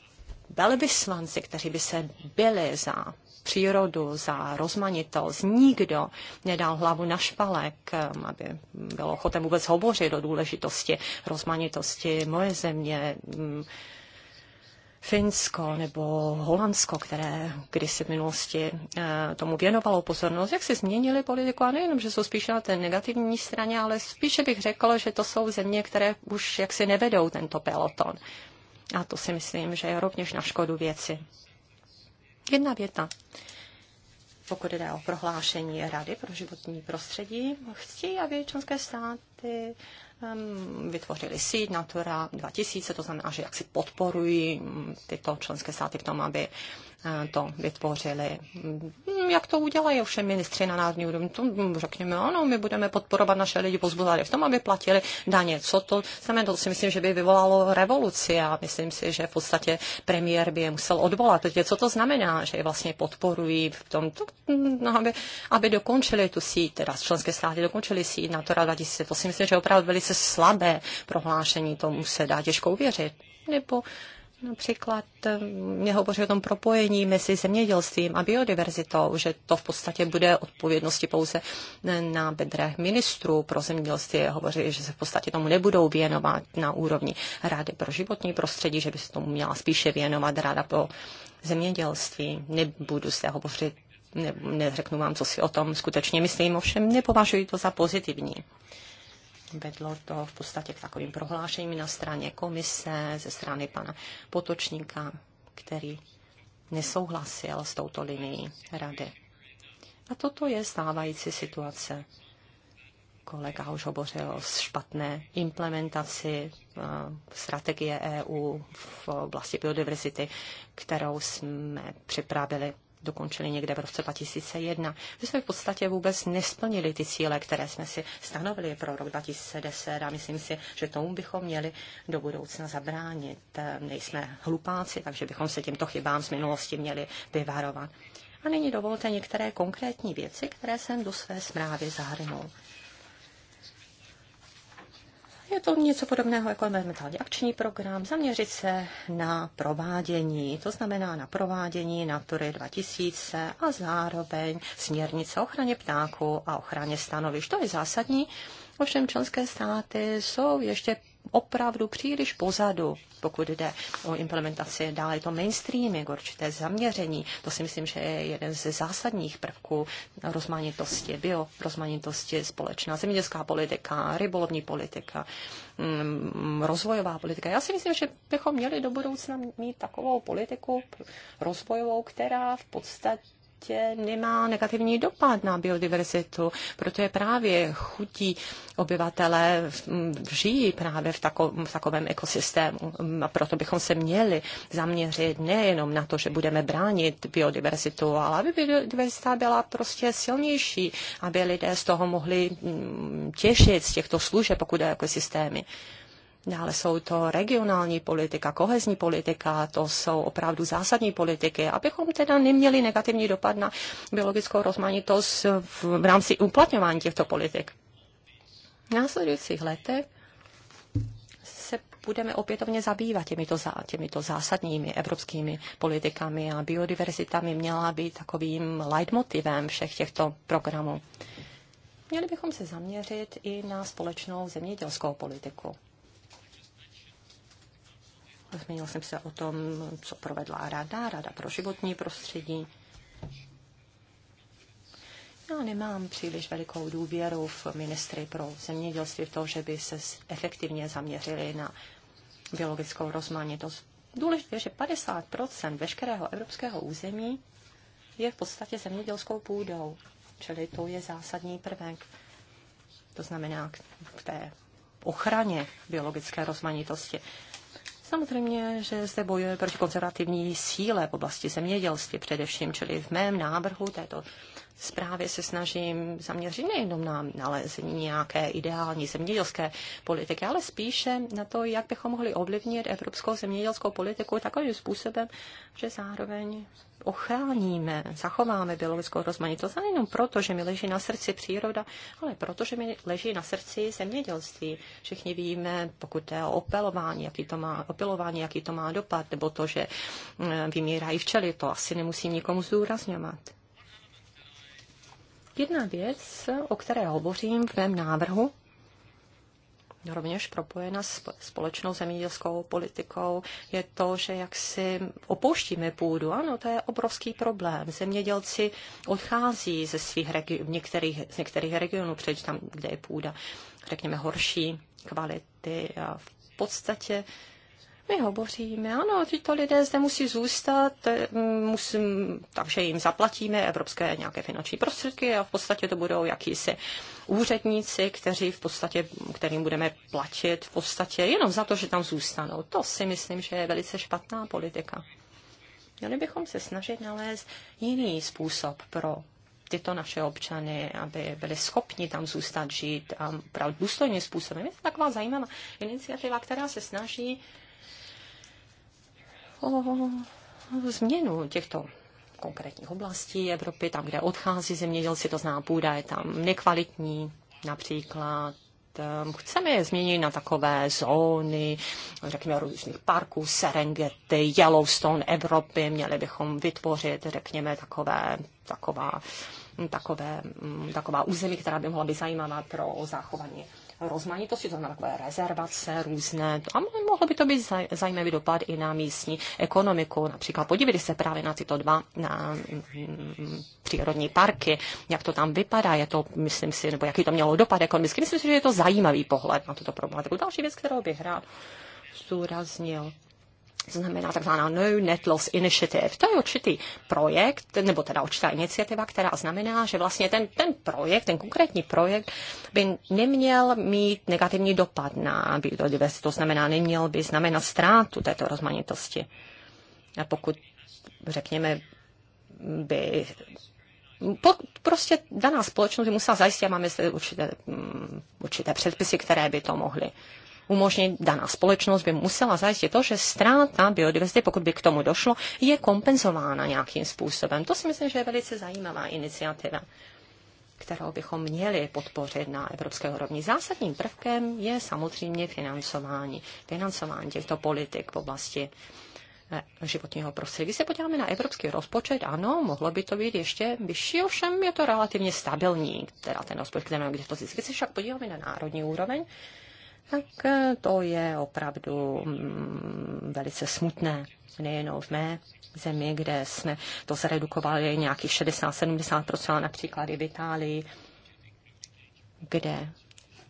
B: velvyslanci, kteří by se byli za přírodu, za rozmanitost. Nikdo nedal hlavu na špalek, um, aby bylo ochoten vůbec hovořit o důležitosti rozmanitosti moje země, um, Finsko nebo Holandsko, které kdysi v minulosti eh, tomu věnovalo pozornost, jak se změnili politiku a nejenom, že jsou spíše na té negativní straně, ale spíše bych řekla, že to jsou země, které už jaksi nevedou tento peloton. A to si myslím, že je rovněž na škodu věci. Jedna věta. Pokud jde o prohlášení Rady pro životní prostředí, chci, aby členské státy vytvořili síť Natura 2000, to znamená, že jak si podporují mm, tyto členské státy v tom, aby Eh, to vytvořili. Mm, jak to udělají ovšem ministři na národní úrovni? To mm, řekněme, ano, my budeme podporovat naše lidi, pozbuzovat v tom, aby platili daně. Co to znamená? To si myslím, že by vyvolalo revoluci a myslím si, že v podstatě premiér by je musel odvolat. Teď co to znamená, že je vlastně podporují v tom, to, mm, no, aby, aby dokončili tu síť, teda členské státy dokončili síť na to 2000. To si myslím, že opravdu velice slabé prohlášení tomu se dá těžko uvěřit. Nebo Například eh, mě hovoří o tom propojení mezi zemědělstvím a biodiverzitou, že to v podstatě bude odpovědnosti pouze na bedrech ministrů pro zemědělství. Hovoří, že se v podstatě tomu nebudou věnovat na úrovni Rady pro životní prostředí, že by se tomu měla spíše věnovat Rada pro zemědělství. Nebudu se hovořit, ne, neřeknu vám, co si o tom skutečně myslím, ovšem nepovažuji to za pozitivní vedlo to v podstatě k takovým prohlášením na straně komise, ze strany pana Potočníka, který nesouhlasil s touto linií rady. A toto je stávající situace. Kolega už hovořil o špatné implementaci eh, strategie EU v oblasti biodiverzity, kterou jsme připravili dokončili někde v roce 2001. My jsme v podstatě vůbec nesplnili ty cíle, které jsme si stanovili pro rok 2010 a myslím si, že tomu bychom měli do budoucna zabránit. Nejsme hlupáci, takže bychom se těmto chybám z minulosti měli vyvarovat. A nyní dovolte některé konkrétní věci, které jsem do své zprávy zahrnul. Je to něco podobného jako environmentální akční program, zaměřit se na provádění, to znamená na provádění Natury 2000 a zároveň směrnice ochraně ptáků a ochraně stanovišť. To je zásadní, ovšem členské státy jsou ještě opravdu příliš pozadu, pokud jde o implementaci. Dále to mainstream, jako určité zaměření. To si myslím, že je jeden ze zásadních prvků rozmanitosti, bio rozmanitosti, společná zemědělská politika, rybolovní politika, mm, rozvojová politika. Já si myslím, že bychom měli do budoucna mít takovou politiku rozvojovou, která v podstatě podstatě nemá negativní dopad na biodiverzitu, proto je právě chutí obyvatele žijí právě v, takovém, v takovém ekosystému. A proto bychom se měli zaměřit nejenom na to, že budeme bránit biodiverzitu, ale aby biodiverzita byla prostě silnější, aby lidé z toho mohli těšit z těchto služeb, pokud je ekosystémy. Dále jsou to regionální politika, kohezní politika, to jsou opravdu zásadní politiky, abychom teda neměli negativní dopad na biologickou rozmanitost v, v rámci uplatňování těchto politik. V následujících letech se budeme opětovně zabývat těmito, zá, těmito zásadními evropskými politikami a biodiverzita měla být takovým leitmotivem všech těchto programů. Měli bychom se zaměřit i na společnou zemědělskou politiku. Zmínil jsem se o tom, co provedla Rada, Rada pro životní prostředí. Já nemám příliš velikou důvěru v ministry pro zemědělství v to, že by se efektivně zaměřili na biologickou rozmanitost. Důležité je, že 50 veškerého evropského území je v podstatě zemědělskou půdou, čili to je zásadní prvek. To znamená k té ochraně biologické rozmanitosti. Samozřejmě, že zde bojuje proti konzervativní síle v oblasti zemědělství především, čili v mém návrhu této zprávě se snažím zaměřit nejenom na nalezení nějaké ideální zemědělské politiky, ale spíše na to, jak bychom mohli ovlivnit evropskou zemědělskou politiku takovým způsobem, že zároveň ochráníme, zachováme biologickou rozmanitost. A nejenom proto, že mi leží na srdci příroda, ale proto, že mi leží na srdci zemědělství. Všichni víme, pokud je o opelování, jaký to má, opilování, jaký to má dopad, nebo to, že mm, vymírají včely, to asi nemusím nikomu zdůrazňovat. Jedna věc, o které hovořím v mém návrhu, rovněž propojena s společnou zemědělskou politikou, je to, že jak si opouštíme půdu. Ano, to je obrovský problém. Zemědělci odchází ze svých regi- některých, z některých regionů, přeč tam, kde je půda, řekněme, horší kvality. A v podstatě my hovoříme, ano, tyto lidé zde musí zůstat, mm, Musím takže jim zaplatíme evropské nějaké finanční prostředky a v podstatě to budou jakýsi úředníci, kteří v podstatě, kterým budeme platit v podstatě jenom za to, že tam zůstanou. To si myslím, že je velice špatná politika. Měli bychom se snažit nalézt jiný způsob pro tyto naše občany, aby byli schopni tam zůstat žít a opravdu důstojným způsobem. Je to taková zajímavá iniciativa, která se snaží o změnu těchto konkrétních oblastí Evropy, tam, kde odchází zemědělci, to zná půda, je tam nekvalitní například. Ehm, chceme je změnit na takové zóny, řekněme, různých parků, Serengeti, Yellowstone, Evropy. Měli bychom vytvořit, řekněme, takové, taková, takové, mm, taková území, která by mohla být zajímavá pro zachování rozmanitosti, to znamená takové rezervace různé. A mohlo by to být zajímavý dopad i na místní ekonomiku. Například podívejte se právě na tyto dva na, mm, přírodní parky, jak to tam vypadá, je to, myslím si, nebo jaký to mělo dopad ekonomicky. Myslím si, že je to zajímavý pohled na tuto problematiku. Další věc, kterou bych rád zdůraznil, to znamená takzvaná No Net Loss Initiative. To je určitý projekt, nebo teda určitá iniciativa, která znamená, že vlastně ten, ten projekt, ten konkrétní projekt by neměl mít negativní dopad na biodiverzitu, to znamená, neměl by znamenat ztrátu této rozmanitosti. A pokud, řekněme, by po, prostě daná společnost by musela zajistit a máme zde určité, mm, určité předpisy, které by to mohly umožnit, daná společnost by musela zajistit to, že ztráta biodiverzity, pokud by k tomu došlo, je kompenzována nějakým způsobem. To si myslím, že je velice zajímavá iniciativa kterou bychom měli podpořit na evropské úrovni. Zásadním prvkem je samozřejmě financování. Financování těchto politik v oblasti eh, životního prostředí. Když se podíváme na evropský rozpočet, ano, mohlo by to být ještě vyšší, ovšem je to relativně stabilní, teda ten rozpočet, který máme k dispozici. Když se však podíváme na národní úroveň, tak eh, to je opravdu mm, velice smutné. Nejenom v mé zemi, kde jsme to zredukovali nějakých 60-70%, například i v Itálii, kde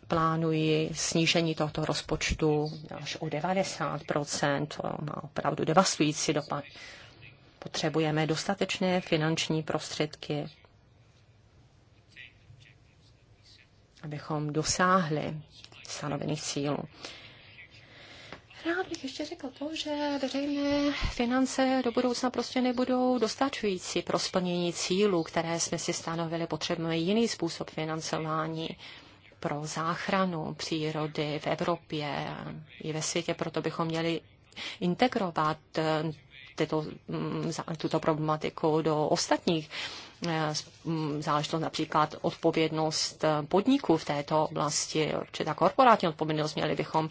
B: plánují snížení tohoto rozpočtu až o 90%. To má opravdu devastující dopad. Potřebujeme dostatečné finanční prostředky, abychom dosáhli stanovených cílů. Rád bych ještě řekl to, že veřejné finance do budoucna prostě nebudou dostačující pro splnění cílů, které jsme si stanovili. Potřebujeme jiný způsob financování pro záchranu přírody v Evropě i ve světě. Proto bychom měli integrovat eh, tyto, mm, tuto problematiku do ostatních Eh, záležitost například odpovědnost eh, podniků v této oblasti, určitá korporátní odpovědnost, měli bychom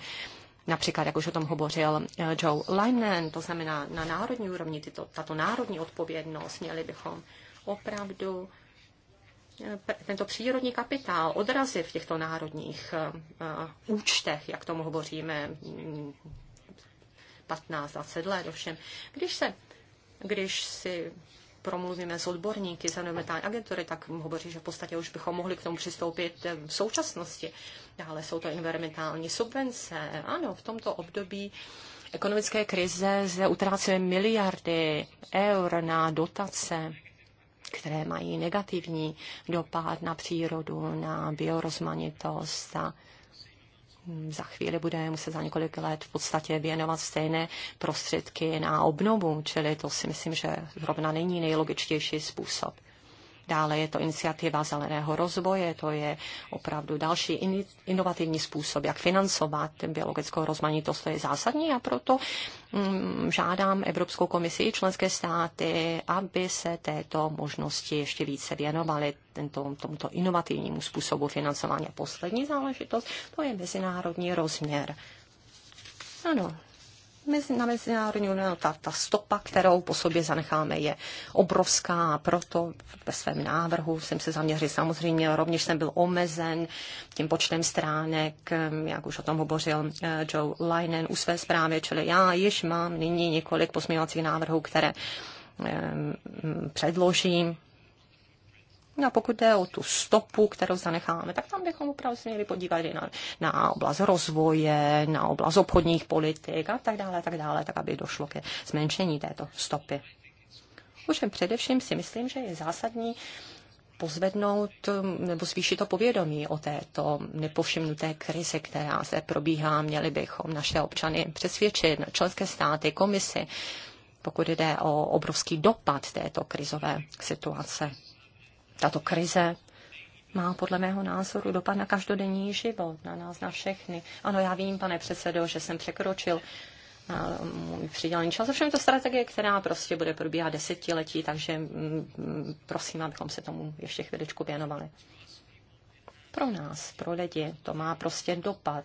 B: například, jak už o tom hovořil eh, Joe Lineman, to znamená na národní úrovni tyto, tato národní odpovědnost, měli bychom opravdu tento přírodní kapitál odrazy v těchto národních uh, účtech, jak tomu hovoříme, 15, 20 let, ovšem. Když se když si promluvíme s odborníky z environmentální agentury, tak hovoří, že v podstatě už bychom mohli k tomu přistoupit eh, v současnosti. Dále jsou to environmentální subvence. Ano, v tomto období ekonomické krize se utrácíme miliardy eur na dotace které mají negativní dopad na přírodu, na biorozmanitost a za chvíli budeme muset za několik let v podstatě věnovat stejné prostředky na obnovu, čili to si myslím, že zrovna není nejlogičtější způsob. Dále je to iniciativa zeleného rozvoje, to je opravdu další inovativní způsob, jak financovat biologickou rozmanitost, to je zásadní a proto mm, žádám Evropskou komisi i členské státy, aby se této možnosti ještě více věnovaly tento, tomuto inovativnímu způsobu financování. A poslední záležitost, to je mezinárodní rozměr. Ano, na mezinárodní unii, no, ta, ta stopa, kterou po sobě zanecháme, je obrovská a proto ve svém návrhu jsem se zaměřil samozřejmě, rovněž jsem byl omezen tím počtem stránek, eh, jak už o tom hovořil eh, Joe Linen u své zprávy, čili já již mám nyní několik pozměňovacích návrhů, které eh, předložím No a pokud jde o tu stopu, kterou zanecháme, tak tam bychom opravdu se měli podívat i na, na oblast rozvoje, na oblast obchodních politik a tak dále, tak dále, tak aby došlo ke zmenšení této stopy. Už především si myslím, že je zásadní pozvednout nebo zvýšit to povědomí o této nepovšimnuté krizi, která se probíhá. Měli bychom naše občany přesvědčit, členské státy, komisy, pokud jde o obrovský dopad této krizové situace tato krize má podle mého názoru dopad na každodenní život, na nás, na všechny. Ano, já vím, pane předsedo, že jsem překročil eh, můj přidělený čas. Ovšem je to strategie, která prostě bude probíhat desetiletí, takže mm, mm, prosím, abychom se tomu ještě chviličku věnovali. Pro nás, pro lidi, to má prostě dopad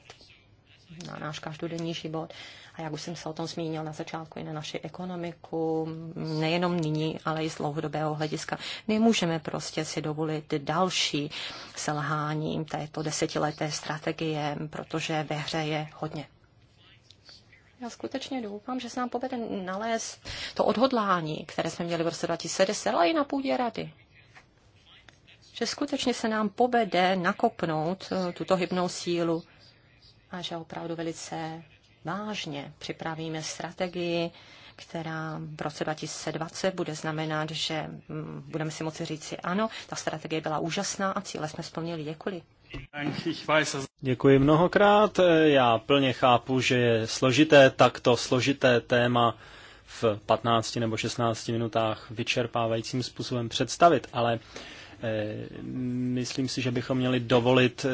B: na náš každodenní život a jak už jsem se o tom zmínil na začátku, i na naši ekonomiku, nejenom nyní, ale i z dlouhodobého hlediska. Nemůžeme prostě si dovolit další selhání této desetileté strategie, protože ve hře je hodně. Já skutečně doufám, že se nám povede nalézt to odhodlání, které jsme měli v roce 2010, ale i na půdě rady že skutečně se nám povede nakopnout eh, tuto hybnou sílu a že opravdu velice vážně připravíme strategii, která v roce 2020 bude znamenat, že mm, budeme si moci říci ano, ta strategie byla úžasná a cíle jsme splnili. Děkuji.
A: Děkuji mnohokrát. Já plně chápu, že je složité takto složité téma v 15 nebo 16 minutách vyčerpávajícím způsobem představit, ale Eh, myslím si, že bychom měli dovolit eh,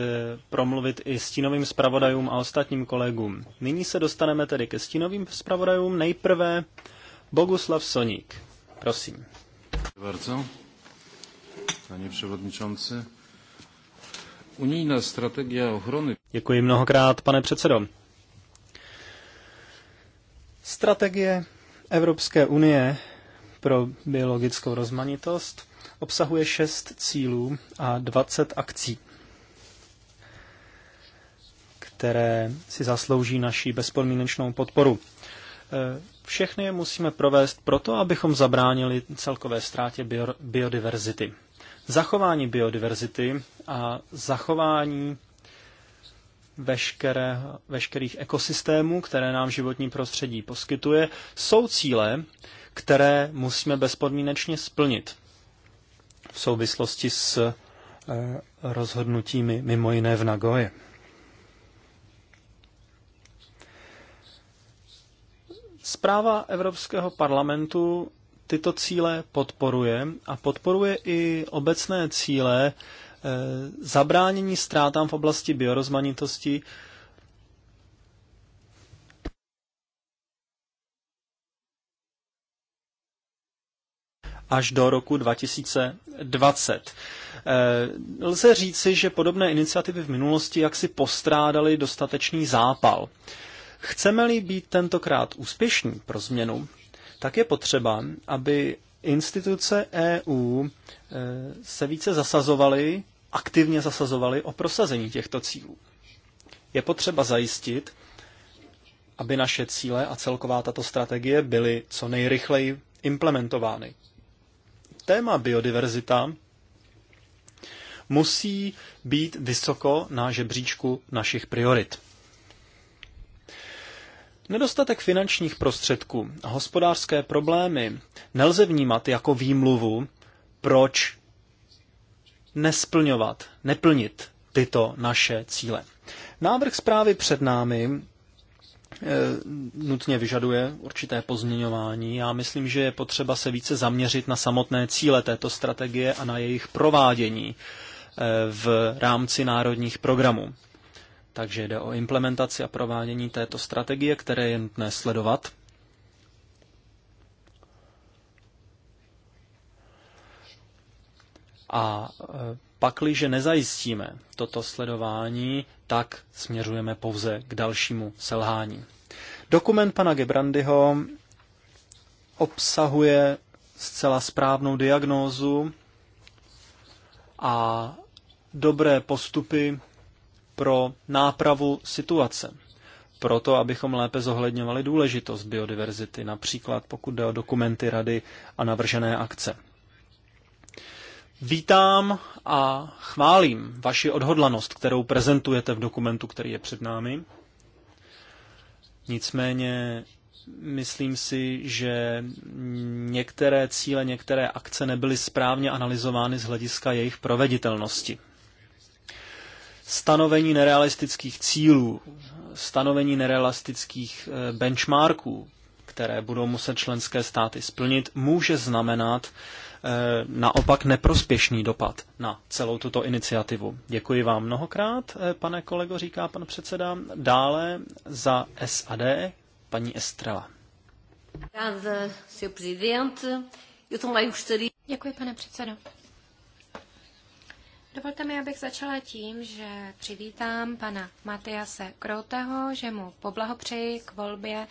A: promluvit i stínovým zpravodajům a ostatním kolegům. Nyní se dostaneme tedy ke stínovým zpravodajům. Nejprve Boguslav Soník. Prosím. Bardzo. Pani przewodniczący. Unijna strategie ochrany. Děkuji mnohokrát, pane předsedo. Strategie Evropské unie pro biologickou rozmanitost obsahuje šest cílů a 20 akcí, které si zaslouží naší bezpodmínečnou podporu. E, všechny je musíme provést proto, abychom zabránili celkové ztrátě biodiverzity. Zachování biodiverzity a zachování veškeré, veškerých ekosystémů, které nám životní prostředí poskytuje, jsou cíle, které musíme bezpodmínečně splnit v souvislosti s eh, rozhodnutími mimo jiné v Nagoje. Zpráva Evropského parlamentu tyto cíle podporuje a podporuje i obecné cíle eh, zabránění ztrátám v oblasti biorozmanitosti až do roku 2020. Eh, lze říci, že podobné iniciativy v minulosti jaksi postrádaly dostatečný zápal. Chceme-li být tentokrát úspěšní pro změnu, tak je potřeba, aby instituce EU eh, se více zasazovaly, aktivně zasazovaly o prosazení těchto cílů. Je potřeba zajistit, aby naše cíle a celková tato strategie byly co nejrychleji implementovány téma biodiverzita musí být vysoko na žebříčku našich priorit. Nedostatek finančních prostředků a hospodářské problémy nelze vnímat jako výmluvu, proč nesplňovat, neplnit tyto naše cíle. Návrh zprávy před námi Eh, nutně vyžaduje určité pozměňování. Já myslím, že je potřeba se více zaměřit na samotné cíle této strategie a na jejich provádění eh, v rámci národních programů. Takže jde o implementaci a provádění této strategie, které je nutné sledovat. A eh, Pakliže nezajistíme toto sledování, tak směřujeme pouze k dalšímu selhání. Dokument pana Gebrandyho obsahuje zcela správnou diagnózu a dobré postupy pro nápravu situace. Proto, abychom lépe zohledňovali důležitost biodiverzity, například pokud jde o dokumenty rady a navržené akce. Vítám a chválím vaši odhodlanost, kterou prezentujete v dokumentu, který je před námi. Nicméně myslím si, že některé cíle, některé akce nebyly správně analyzovány z hlediska jejich proveditelnosti. Stanovení nerealistických cílů, stanovení nerealistických eh, benchmarků, které budou muset členské státy splnit, může znamenat, Eh, naopak neprospěšný dopad na celou tuto iniciativu. Děkuji vám mnohokrát, eh, pane kolego, říká pan předseda. Dále za SAD paní Estrela.
C: Děkuji, pane předsedo. Dovolte mi, abych začala tím, že přivítám pana Matiase Kroteho, že mu poblahopřeji k volbě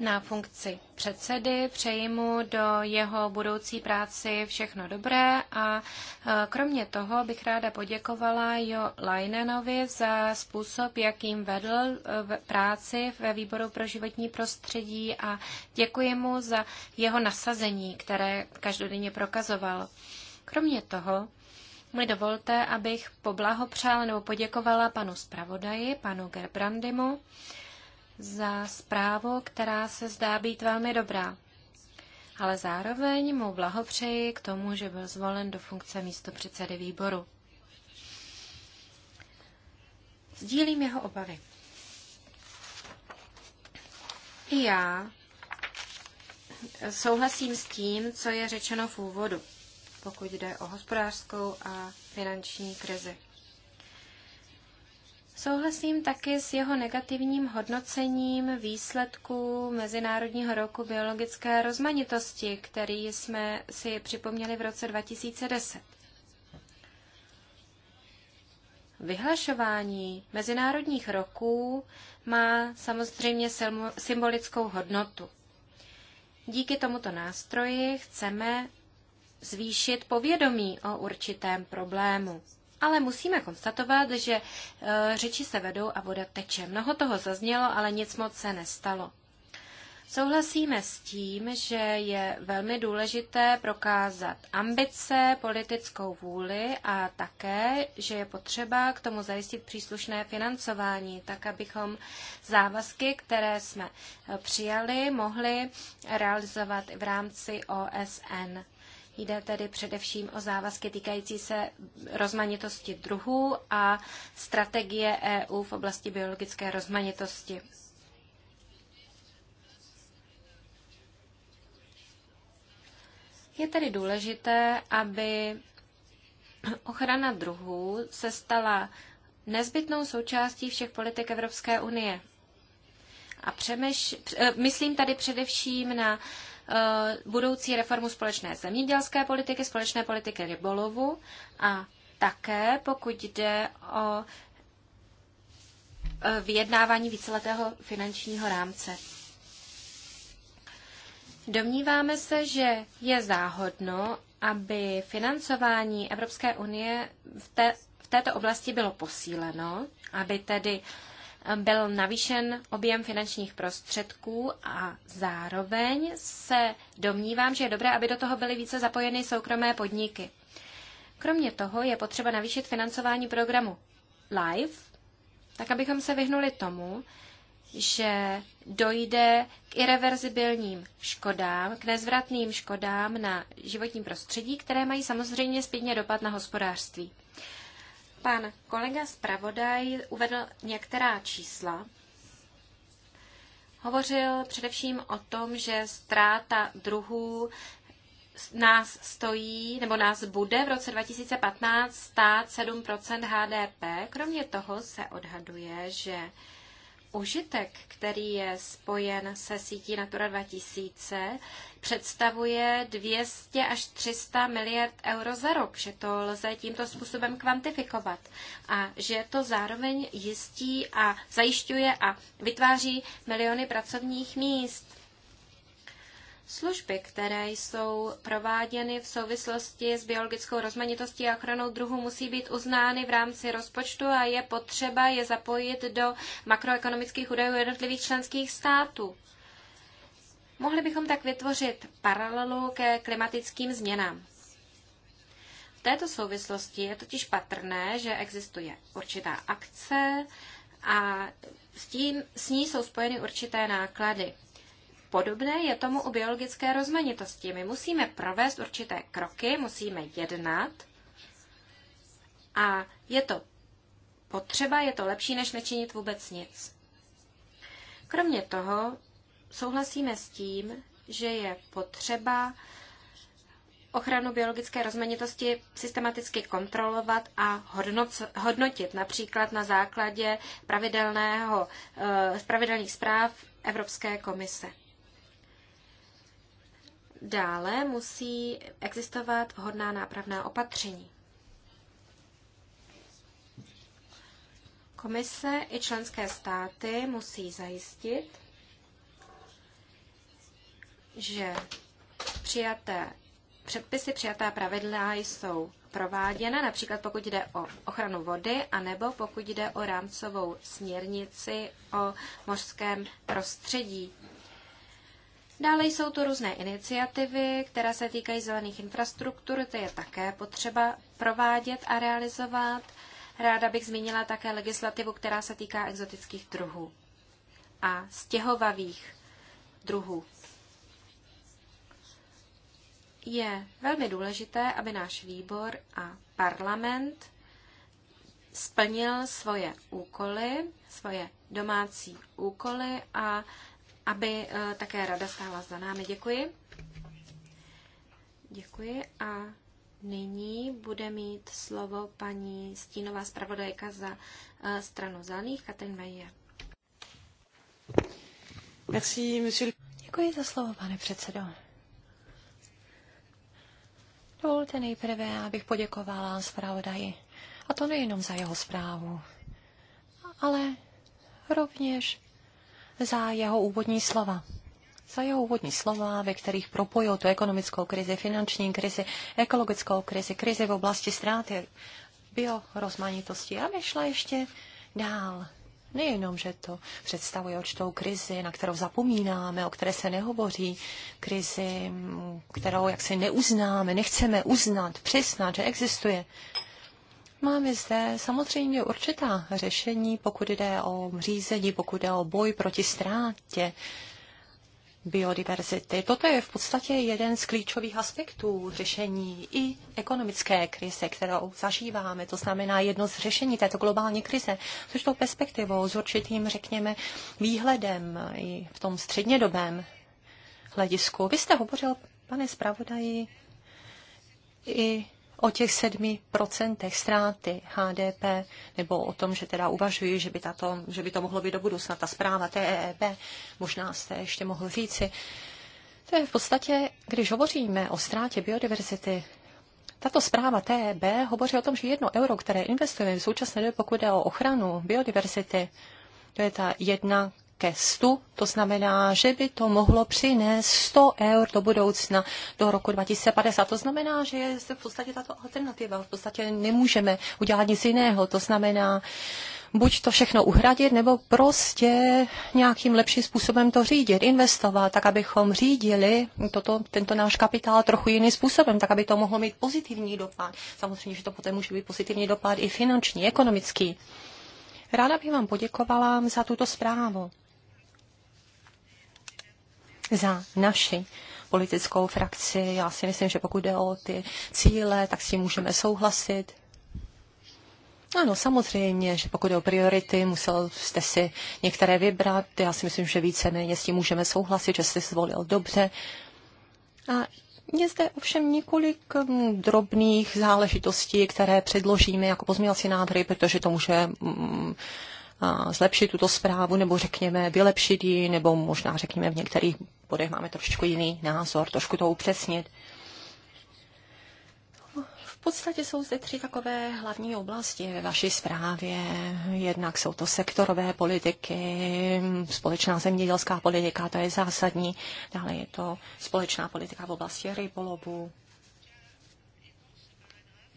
C: na funkci předsedy. Přeji mu do jeho budoucí práci všechno dobré a e, kromě toho bych ráda poděkovala Jo Leinenovi za způsob, jakým vedl e, práci ve výboru pro životní prostředí a děkuji mu za jeho nasazení, které každodenně prokazoval. Kromě toho mi dovolte, abych poblahopřála nebo poděkovala panu zpravodaji, panu Gerbrandimu, za zprávu, která se zdá být velmi dobrá. Ale zároveň mu blahopřeji k tomu, že byl zvolen do funkce místo předsedy výboru. Sdílím jeho obavy. I já souhlasím s tím, co je řečeno v úvodu pokud jde o hospodářskou a finanční krizi. Souhlasím taky s jeho negativním hodnocením výsledků Mezinárodního roku biologické rozmanitosti, který jsme si připomněli v roce 2010. Vyhlašování mezinárodních roků má samozřejmě symbolickou hodnotu. Díky tomuto nástroji chceme zvýšit povědomí o určitém problému. Ale musíme konstatovat, že e, řeči se vedou a voda teče. Mnoho toho zaznělo, ale nic moc se nestalo. Souhlasíme s tím, že je velmi důležité prokázat ambice, politickou vůli a také, že je potřeba k tomu zajistit příslušné financování, tak abychom závazky, které jsme e, přijali, mohli realizovat v rámci OSN. Jde tedy především o závazky týkající se rozmanitosti druhů a strategie EU v oblasti biologické rozmanitosti. Je tedy důležité, aby ochrana druhů se stala nezbytnou součástí všech politik Evropské unie. A přemýš... Eh, myslím tady především na Eh, budoucí reformu společné zemědělské politiky, společné politiky rybolovu a také, pokud jde o eh, vyjednávání víceletého finančního rámce. Domníváme se, že je záhodno, aby financování Evropské unie v, té, v této oblasti bylo posíleno, aby tedy uh, byl navýšen objem finančních prostředků a zároveň se domnívám, že je dobré, aby do toho byly více zapojeny soukromé podniky. Kromě toho je potřeba navýšit financování programu LIFE, tak abychom se vyhnuli tomu, že dojde k irreverzibilním škodám, k nezvratným škodám na životním prostředí, které mají samozřejmě zpětně dopad na hospodářství. Pan kolega zpravodaj uvedl některá čísla. Hovořil především o tom, že ztráta druhů nás stojí, nebo nás bude v roce 2015 stát 7 HDP. Kromě toho se odhaduje, že užitek, který je spojen se sítí Natura 2000, představuje 200 až 300 miliard euro za rok, že to lze tímto způsobem kvantifikovat a že to zároveň jistí a zajišťuje a vytváří miliony pracovních míst. Služby, které jsou prováděny v souvislosti s biologickou rozmanitostí a ochranou druhu, musí být uznány v rámci rozpočtu a je potřeba je zapojit do makroekonomických údajů jednotlivých členských států. Mohli bychom tak vytvořit paralelu ke klimatickým změnám. V této souvislosti je totiž patrné, že existuje určitá akce a s, tím, s ní jsou spojeny určité náklady. Podobné je tomu u biologické rozmanitosti. My musíme provést určité kroky, musíme jednat a je to potřeba, je to lepší, než nečinit vůbec nic. Kromě toho souhlasíme s tím, že je potřeba ochranu biologické rozmanitosti systematicky kontrolovat a hodnotit, například na základě pravidelného, eh, pravidelných zpráv Evropské komise. Dále musí existovat vhodná nápravná opatření. Komise i členské státy musí zajistit, že přijaté předpisy, přijatá pravidla jsou prováděna, například pokud jde o ochranu vody, anebo pokud jde o rámcovou směrnici o mořském prostředí. Dále jsou to různé iniciativy, které se týkají zelených infrastruktur, to je také potřeba provádět a realizovat. Ráda bych zmínila také legislativu, která se týká exotických druhů a stěhovavých druhů. Je velmi důležité, aby náš výbor a parlament splnil svoje úkoly, svoje domácí úkoly a aby eh, také rada stála za námi. Děkuji. Děkuji a nyní bude mít slovo paní Stínová zpravodajka za eh, stranu zelených Katrin Meyer.
B: Merci, monsieur. Děkuji za slovo, pane předsedo. Dovolte nejprve, abych poděkovala zpravodaji. A to nejenom za jeho zprávu, ale rovněž za jeho úvodní slova za jeho úvodní slova, ve kterých propojil tu ekonomickou krizi, finanční krizi, ekologickou krizi, krizi v oblasti ztráty biorozmanitosti a vyšla ještě dál. Nejenom, že to představuje určitou krizi, na kterou zapomínáme, o které se nehovoří, krizi, kterou jaksi neuznáme, nechceme uznat, přiznat, že existuje. Máme zde samozřejmě určitá řešení, pokud jde o řízení, pokud jde o boj proti ztrátě biodiverzity. Toto je v podstatě jeden z klíčových aspektů řešení i ekonomické krize, kterou zažíváme. To znamená jedno z řešení této globální krize což tou perspektivou, s určitým, řekněme, výhledem i v tom střednědobém hledisku. Vy jste hovořil, pane zpravodaji, i o těch sedmi procentech ztráty HDP, nebo o tom, že teda uvažuji, že by, tato, že by to mohlo být do budoucna, ta zpráva TEEB, možná jste ještě mohl říci. To je v podstatě, když hovoříme o ztrátě biodiverzity, tato zpráva TEB e hovoří o tom, že jedno euro, které investujeme v současné době, pokud jde o ochranu biodiverzity, to je ta jedna ke 100, to znamená, že by to mohlo přinést 100 eur do budoucna, do roku 2050. To znamená, že je zde v podstatě tato alternativa. V podstatě nemůžeme udělat nic jiného. To znamená, buď to všechno uhradit, nebo prostě nějakým lepším způsobem to řídit, investovat, tak abychom řídili toto, tento náš kapitál trochu jiným způsobem, tak aby to mohlo mít pozitivní dopad. Samozřejmě, že to poté může být pozitivní dopad i finanční, ekonomický. Ráda bych vám poděkovala za tuto zprávu za naši politickou frakci. Já si myslím, že pokud jde o ty cíle, tak si můžeme souhlasit. Ano, samozřejmě, že pokud jde o priority, musel jste si některé vybrat. Já si myslím, že méně s tím můžeme souhlasit, že jste zvolil dobře. A je zde ovšem několik mm, drobných záležitostí, které předložíme jako pozměňovací návrhy, protože to může mm, zlepšit tuto zprávu, nebo řekněme vylepšit ji, nebo možná řekněme v některých bodech máme trošku jiný názor, trošku to upřesnit. V podstatě jsou zde tři takové hlavní oblasti ve vaší zprávě. Jednak jsou to sektorové politiky, společná zemědělská politika, to je zásadní. Dále je to společná politika v oblasti rybolovu.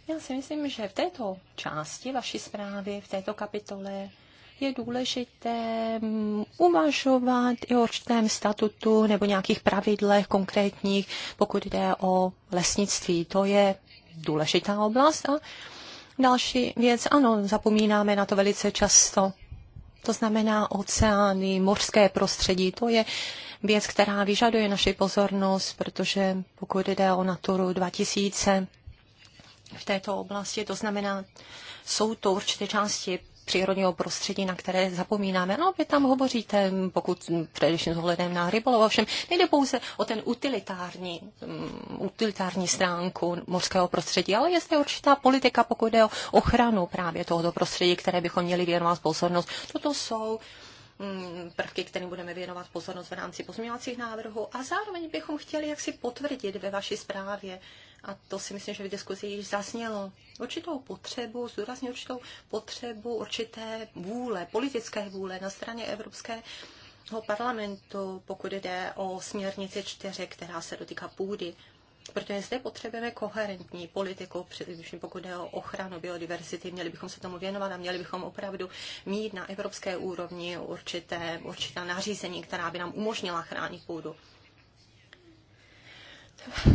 B: Já si myslím, že v této části vaší zprávy, v této kapitole je důležité mm, uvažovat i o určitém statutu nebo nějakých pravidlech konkrétních, pokud jde o lesnictví. To je důležitá oblast. A další věc, ano, zapomínáme na to velice často. To znamená oceány, mořské prostředí, to je věc, která vyžaduje naši pozornost, protože pokud jde o Naturu 2000, v této oblasti, to znamená, jsou to určité části přírodního prostředí, na které zapomínáme. No, vy tam hovoříte, pokud mm, především s ohledem na rybolov, ovšem nejde pouze o ten utilitární, um, utilitární stránku mořského prostředí, ale je zde určitá politika, pokud jde o ochranu právě tohoto prostředí, které bychom měli věnovat pozornost. Toto jsou mm, prvky, kterým budeme věnovat pozornost v rámci pozměňovacích návrhů a zároveň bychom chtěli jaksi potvrdit ve vaší zprávě a to si myslím, že v diskuzi již zaznělo, určitou potřebu, zdůrazně určitou potřebu určité vůle, politické vůle na straně Evropské parlamentu, pokud jde o směrnici 4, která se dotýká půdy. Protože zde potřebujeme koherentní politiku, především pokud jde o ochranu biodiverzity, měli bychom se tomu věnovat a měli bychom opravdu mít na evropské úrovni určité, určitá nařízení, která by nám umožnila chránit půdu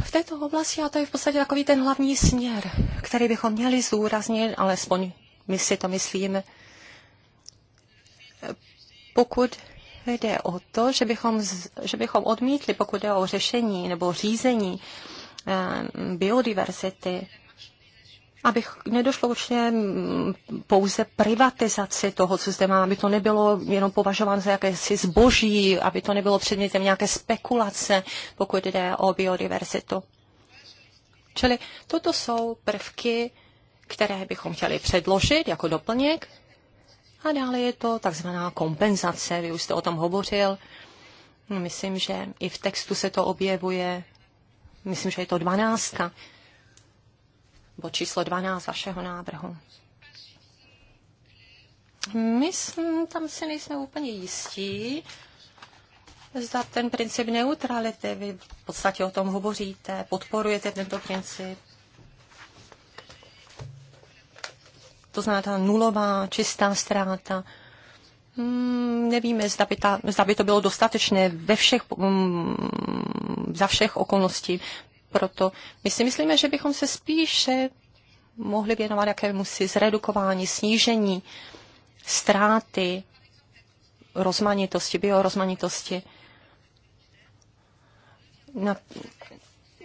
B: v této oblasti, a to je v podstatě takový ten hlavní směr, který bychom měli zúraznit, alespoň my si to myslíme, pokud jde o to, že bychom, že bychom odmítli, pokud jde o řešení nebo řízení eh, biodiverzity, abych nedošlo určitě mm, pouze privatizaci toho, co zde má, aby to nebylo jenom považováno za jakési zboží, aby to nebylo předmětem nějaké spekulace, pokud jde o biodiverzitu. Čili toto jsou prvky, které bychom chtěli předložit jako doplněk. A dále je to takzvaná kompenzace, vy už jste o tom hovořil. Myslím, že i v textu se to objevuje. Myslím, že je to dvanáctka bod číslo 12 vašeho návrhu. My jsme, tam si nejsme úplně jistí, zda ten princip neutrality, vy v podstatě o tom hovoříte, podporujete tento princip. To znamená ta nulová čistá ztráta. Hmm, nevíme, zda by, ta, zda by to bylo dostatečné ve všech, hmm, za všech okolností. Proto my si myslíme, že bychom se spíše mohli věnovat jakému si zredukování, snížení ztráty rozmanitosti, biorozmanitosti. Na,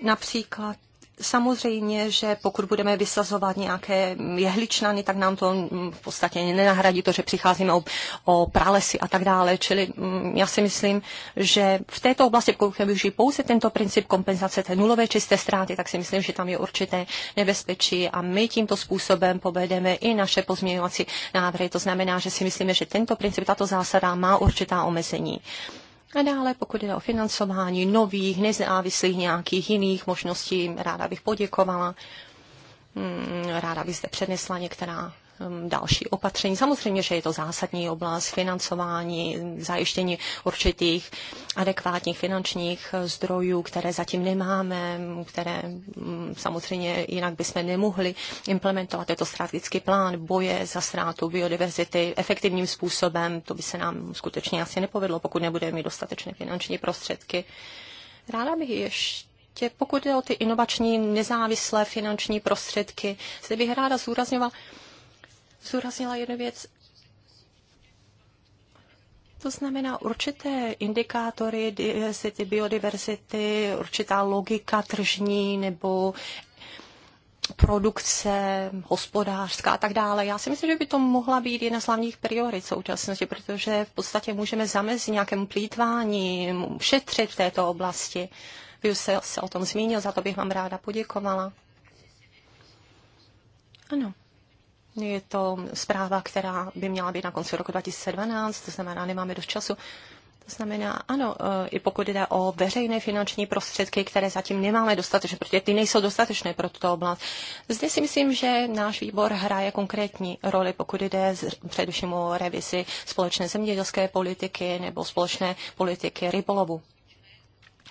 B: například Samozřejmě, že pokud budeme vysazovat nějaké jehličnany, tak nám to mm, v podstatě nenahradí to, že přicházíme o, o pralesy a tak dále. Čili mm, já si myslím, že v této oblasti, pokud využijí pouze tento princip kompenzace té nulové čisté ztráty, tak si myslím, že tam je určité nebezpečí a my tímto způsobem povedeme i naše pozměňovací návrhy. To znamená, že si myslíme, že tento princip, tato zásada má určitá omezení. A dále, pokud jde o financování nových, nezávislých nějakých jiných možností, ráda bych poděkovala. Hmm, ráda bych zde přednesla některá Um, další opatření. Samozřejmě, že je to zásadní oblast financování, zajištění určitých adekvátních finančních eh, zdrojů, které zatím nemáme, mm, které mm, samozřejmě jinak bychom nemohli implementovat. Je to strategický plán boje za ztrátu biodiverzity efektivním způsobem. To by se nám skutečně asi nepovedlo, pokud nebudeme mít dostatečné finanční prostředky. Ráda bych ještě tě, pokud jde o ty inovační nezávislé finanční prostředky, zde bych ráda zúrazňovala, zúraznila jednu věc. To znamená určité indikátory diversity, biodiversity, určitá logika tržní nebo produkce, hospodářská a tak dále. Já si myslím, že by to mohla být jedna z hlavních priorit současnosti, protože v podstatě můžeme zamezit nějakému plítvání, šetřit v této oblasti. Vy už se, se o tom zmínil, za to bych vám ráda poděkovala. Ano. Je to zpráva, která by měla být na konci roku 2012, to znamená, nemáme dost času. To znamená, ano, eh, i pokud jde o veřejné finanční prostředky, které zatím nemáme dostatečné, protože ty nejsou dostatečné pro tuto oblast. Zde si myslím, že náš výbor hraje konkrétní roli, pokud jde z, především o revizi společné zemědělské politiky nebo společné politiky rybolovu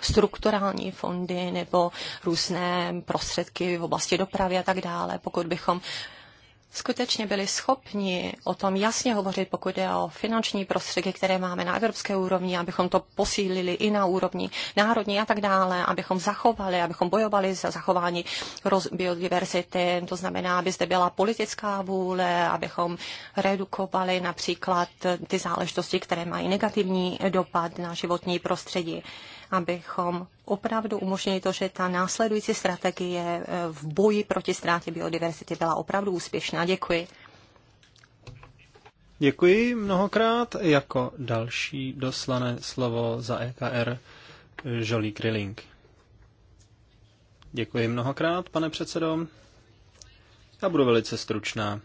B: strukturální fondy nebo různé prostředky v oblasti dopravy a tak dále. Pokud bychom uh, skutečně byli schopni o tom jasně hovořit, pokud je o finanční prostředky, které máme na evropské úrovni, abychom to posílili i na úrovni národní a tak dále, abychom zachovali, abychom bojovali za zachování roz- biodiverzity, to znamená, aby zde byla politická vůle, abychom redukovali například ty záležitosti, které mají negativní dopad na životní prostředí abychom opravdu umožnili to, že ta následující strategie eh, v boji proti ztrátě biodiverzity byla opravdu úspěšná. Děkuji.
A: Děkuji mnohokrát. Jako další doslané slovo za EKR Jolie Grilling. Děkuji mnohokrát, pane předsedo. Já budu velice stručná.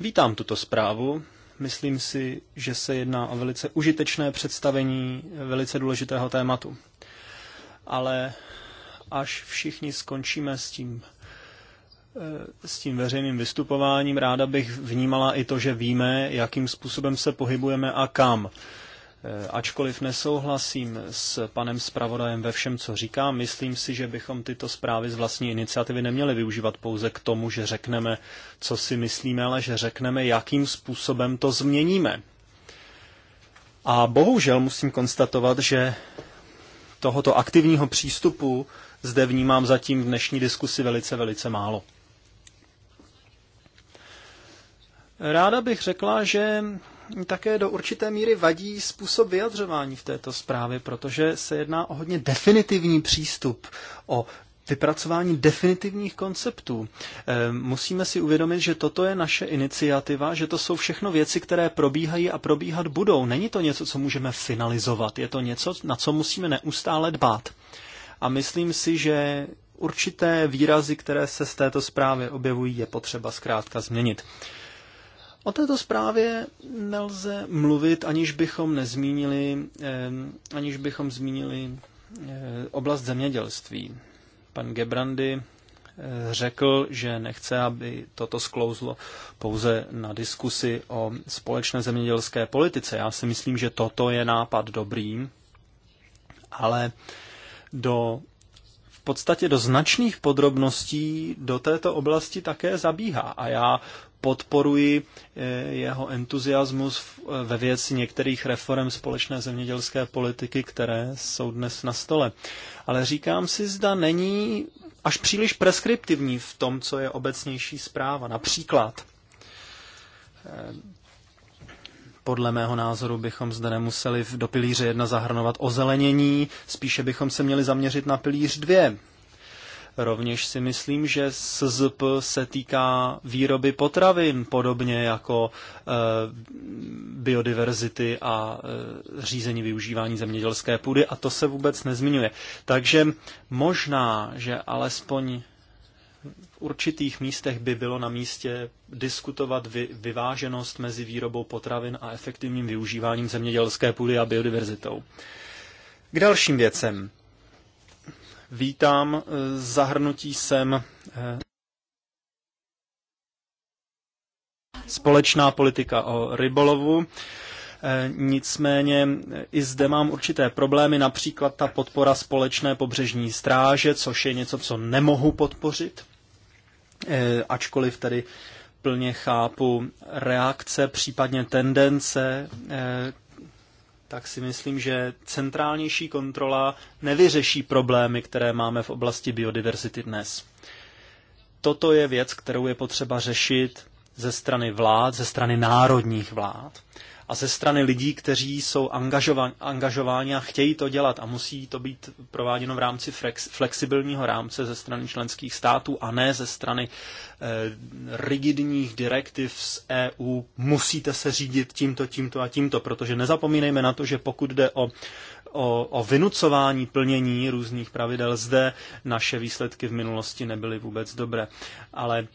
A: Vítám tuto zprávu, Myslím si, že se jedná o velice užitečné představení velice důležitého tématu. Ale až všichni skončíme s tím, eh, s tím veřejným vystupováním, ráda bych vnímala i to, že víme, jakým způsobem se pohybujeme a kam. Eh, ačkoliv nesouhlasím s panem zpravodajem ve všem, co říká, myslím si, že bychom tyto zprávy z vlastní iniciativy neměli využívat pouze k tomu, že řekneme, co si myslíme, ale že řekneme, jakým způsobem to změníme. A bohužel musím konstatovat, že tohoto aktivního přístupu zde vnímám zatím v dnešní diskusi velice, velice málo. Ráda bych řekla, že také do určité míry vadí způsob vyjadřování v této zprávě, protože se jedná o hodně definitivní přístup, o vypracování definitivních konceptů. Ehm, musíme si uvědomit, že toto je naše iniciativa, že to jsou všechno věci, které probíhají a probíhat budou. Není to něco, co můžeme finalizovat, je to něco, na co musíme neustále dbát. A myslím si, že určité výrazy, které se z této zprávy objevují, je potřeba zkrátka změnit. O této zprávě nelze mluvit, aniž bychom nezmínili, eh, aniž bychom zmínili eh, oblast zemědělství. Pan Gebrandy eh, řekl, že nechce, aby toto sklouzlo pouze na diskusi o společné zemědělské politice. Já si myslím, že toto je nápad dobrý, ale do v podstatě do značných podrobností do této oblasti také zabíhá. A já podporuji eh, jeho entuziasmus eh, ve věci některých reform společné zemědělské politiky, které jsou dnes na stole. Ale říkám si, zda není až příliš preskriptivní v tom, co je obecnější zpráva. Například, eh, podle mého názoru bychom zde nemuseli do pilíře 1 zahrnovat ozelenění, spíše bychom se měli zaměřit na pilíř 2, Rovněž si myslím, že SZP se týká výroby potravin, podobně jako e, biodiverzity a e, řízení využívání zemědělské půdy, a to se vůbec nezmiňuje. Takže možná, že alespoň v určitých místech by bylo na místě diskutovat vy, vyváženost mezi výrobou potravin a efektivním využíváním zemědělské půdy a biodiverzitou. K dalším věcem. Vítám eh, zahrnutí sem eh, společná politika o rybolovu. Eh, nicméně i zde mám určité problémy, například ta podpora společné pobřežní stráže, což je něco, co nemohu podpořit, ačkoliv tedy plně chápu reakce, případně tendence tak si myslím, že centrálnější kontrola nevyřeší problémy, které máme v oblasti biodiverzity dnes. Toto je věc, kterou je potřeba řešit ze strany vlád, ze strany národních vlád a ze strany lidí, kteří jsou angažováni, a chtějí to dělat a musí to být prováděno v rámci flexibilního rámce ze strany členských států a ne ze strany eh, rigidních direktiv z EU. Musíte se řídit tímto, tímto a tímto, protože nezapomínejme na to, že pokud jde o o, o vynucování plnění různých pravidel zde naše výsledky v minulosti nebyly vůbec dobré. Ale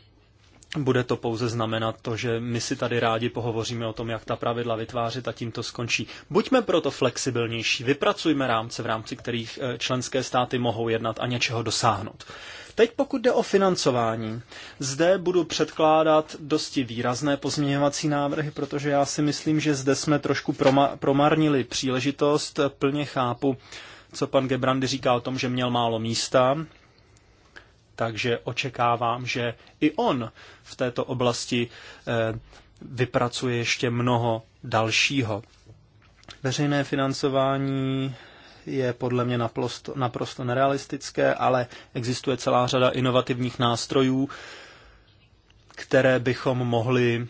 A: bude to pouze znamenat to, že my si tady rádi pohovoříme o tom, jak ta pravidla vytvářet a tím to skončí. Buďme proto flexibilnější, vypracujme rámce, v rámci kterých eh, členské státy mohou jednat a něčeho dosáhnout. Teď pokud jde o financování, zde budu předkládat dosti výrazné pozměňovací návrhy, protože já si myslím, že zde jsme trošku proma- promarnili příležitost. Plně chápu, co pan Gebrandy říká o tom, že měl málo místa, takže očekávám, že i on v této oblasti eh, vypracuje ještě mnoho dalšího. Veřejné financování je podle mě naprosto, naprosto nerealistické, ale existuje celá řada inovativních nástrojů, které bychom mohli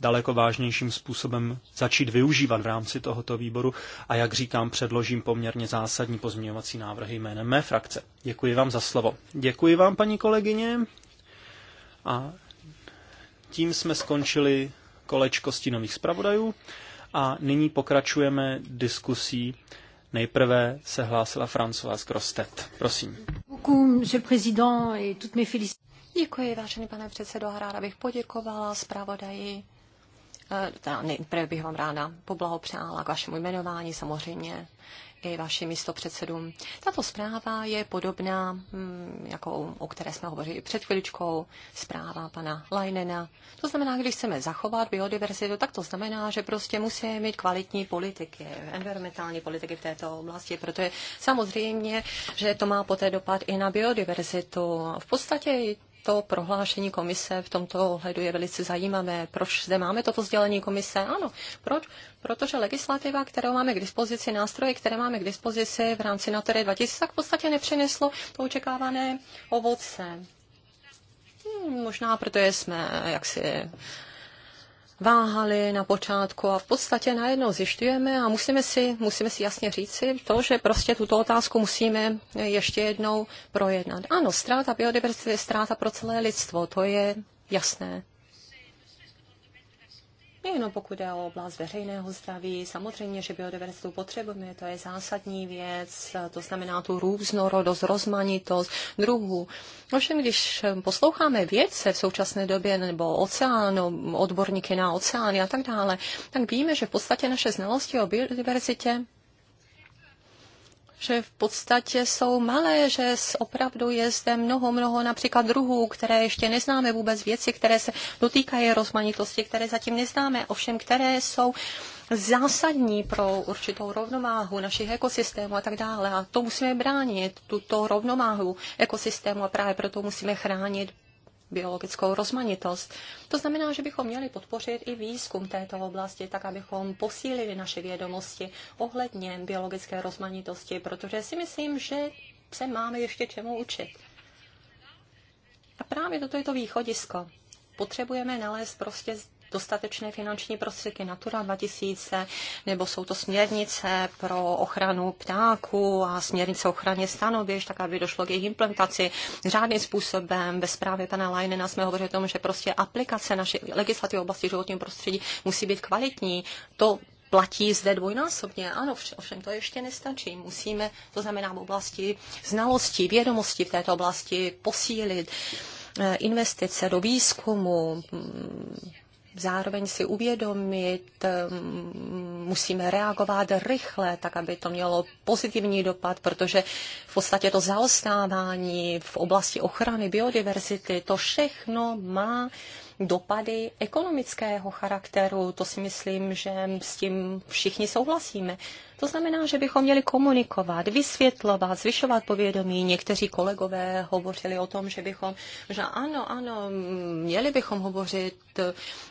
A: daleko vážnějším způsobem začít využívat v rámci tohoto výboru a jak říkám, předložím poměrně zásadní pozměňovací návrhy jménem mé frakce. Děkuji vám za slovo. Děkuji vám, paní kolegyně. A tím jsme skončili kolečko stínových zpravodajů a nyní pokračujeme diskusí. Nejprve se hlásila Françoise Grostet. Prosím.
C: Děkuji, vážený pane
B: předsedo. Ráda bych poděkovala zpravodaji Eh, nejprve bych vám ráda poblahopřála k vašemu jmenování samozřejmě i vašim místopředsedům. Tato zpráva je podobná, mm, jako o které jsme hovořili před chviličkou, zpráva pana Leinena. To znamená, když chceme zachovat biodiverzitu, tak to znamená, že prostě musíme mít kvalitní politiky, environmentální politiky v této oblasti, protože samozřejmě, že to má poté dopad i na biodiverzitu. V podstatě to prohlášení komise v tomto ohledu je velice zajímavé. Proč zde máme toto sdělení komise? Ano, proč? Protože legislativa, kterou máme k dispozici, nástroje, které máme k dispozici v rámci Natury 2000, tak v podstatě nepřineslo to očekávané ovoce. Hmm, možná proto jsme jaksi váhali na počátku a v podstatě najednou zjišťujeme a musíme si, musíme si jasně říci to, že prostě tuto otázku musíme ještě jednou projednat. Ano, ztráta biodiverzity je ztráta pro celé lidstvo, to je jasné. Nejenom pokud je o oblast veřejného zdraví, samozřejmě, že biodiverzitu potřebujeme, to je zásadní věc, to znamená tu různorodost, rozmanitost druhů. Ovšem, když posloucháme vědce v současné době nebo oceánu, odborníky na oceány a tak dále, tak víme, že v podstatě naše znalosti o biodiverzitě že v podstatě jsou malé, že opravdu je zde mnoho, mnoho například druhů, které ještě neznáme vůbec věci, které se dotýkají rozmanitosti, které zatím neznáme, ovšem které jsou zásadní pro určitou rovnováhu našich ekosystémů a tak dále. A to musíme bránit, tuto rovnováhu ekosystému a právě proto musíme chránit biologickou rozmanitost. To znamená, že bychom měli podpořit i výzkum této oblasti, tak abychom posílili naše vědomosti ohledně biologické rozmanitosti, protože si myslím, že se máme ještě čemu učit. A právě toto je to východisko. Potřebujeme nalézt prostě dostatečné finanční prostředky Natura 2000, nebo jsou to směrnice pro ochranu ptáků a směrnice ochraně stanovišť, tak aby došlo k jejich implementaci řádným způsobem. Ve zprávě pana Lajnena jsme hovořili o tom, že prostě aplikace naší legislativy v oblasti životního prostředí musí být kvalitní. To platí zde dvojnásobně. Ano, ovšem to ještě nestačí. Musíme, to znamená v oblasti znalostí, vědomostí v této oblasti posílit eh, investice do výzkumu, zároveň si uvědomit, mm, musíme reagovat rychle, tak aby to mělo pozitivní dopad, protože v podstatě to zaostávání v oblasti ochrany biodiverzity, to všechno má uh, dopady ekonomického charakteru. To si myslím, že s tím všichni souhlasíme. To znamená, že bychom měli komunikovat, vysvětlovat, zvyšovat povědomí. Někteří kolegové hovořili o tom, že bychom, že ano, ano, měli bychom hovořit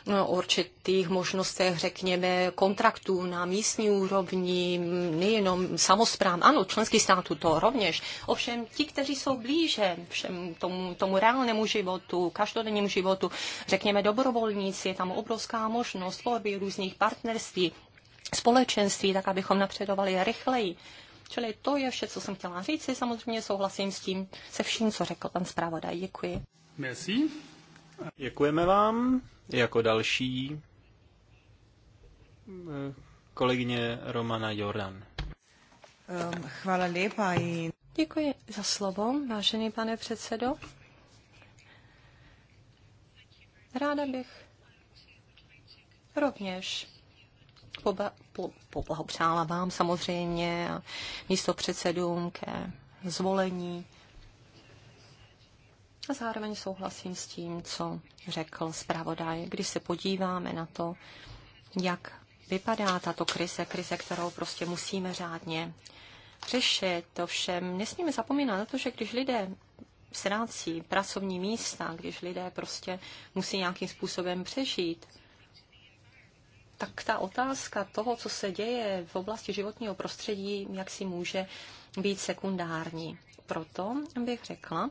B: no, o určitých možnostech, řekněme, kontraktů na místní úrovni, nejenom samozpráv, ano, členských států to rovněž. Ovšem ti, kteří jsou blíže všem tomu, tomu reálnému životu, každodennímu životu, řekněme, řekněme, dobrovolníci, je tam obrovská možnost tvorby různých partnerství, společenství, tak abychom napředovali rychleji. Čili to je vše, co jsem chtěla říct. Samozřejmě souhlasím s tím, se vším, co řekl pan zpravodaj. Děkuji.
A: Merci. Děkujeme vám. Jako další eh, kolegyně Romana Jordan.
B: Ehm, chvála lepa. Děkuji za slovo, vážený pane předsedo. Ráda bych rovněž poblahopřála po, po, vám samozřejmě a místo předsedům ke zvolení. A zároveň souhlasím s tím, co řekl zpravodaj. Když se podíváme na to, jak vypadá tato krize, krize, kterou prostě musíme řádně řešit. všem nesmíme zapomínat na to, že když lidé ztrácí pracovní místa, když lidé prostě musí nějakým způsobem přežít, tak ta otázka toho, co se děje v oblasti životního prostředí, jak si může být sekundární. Proto bych řekla,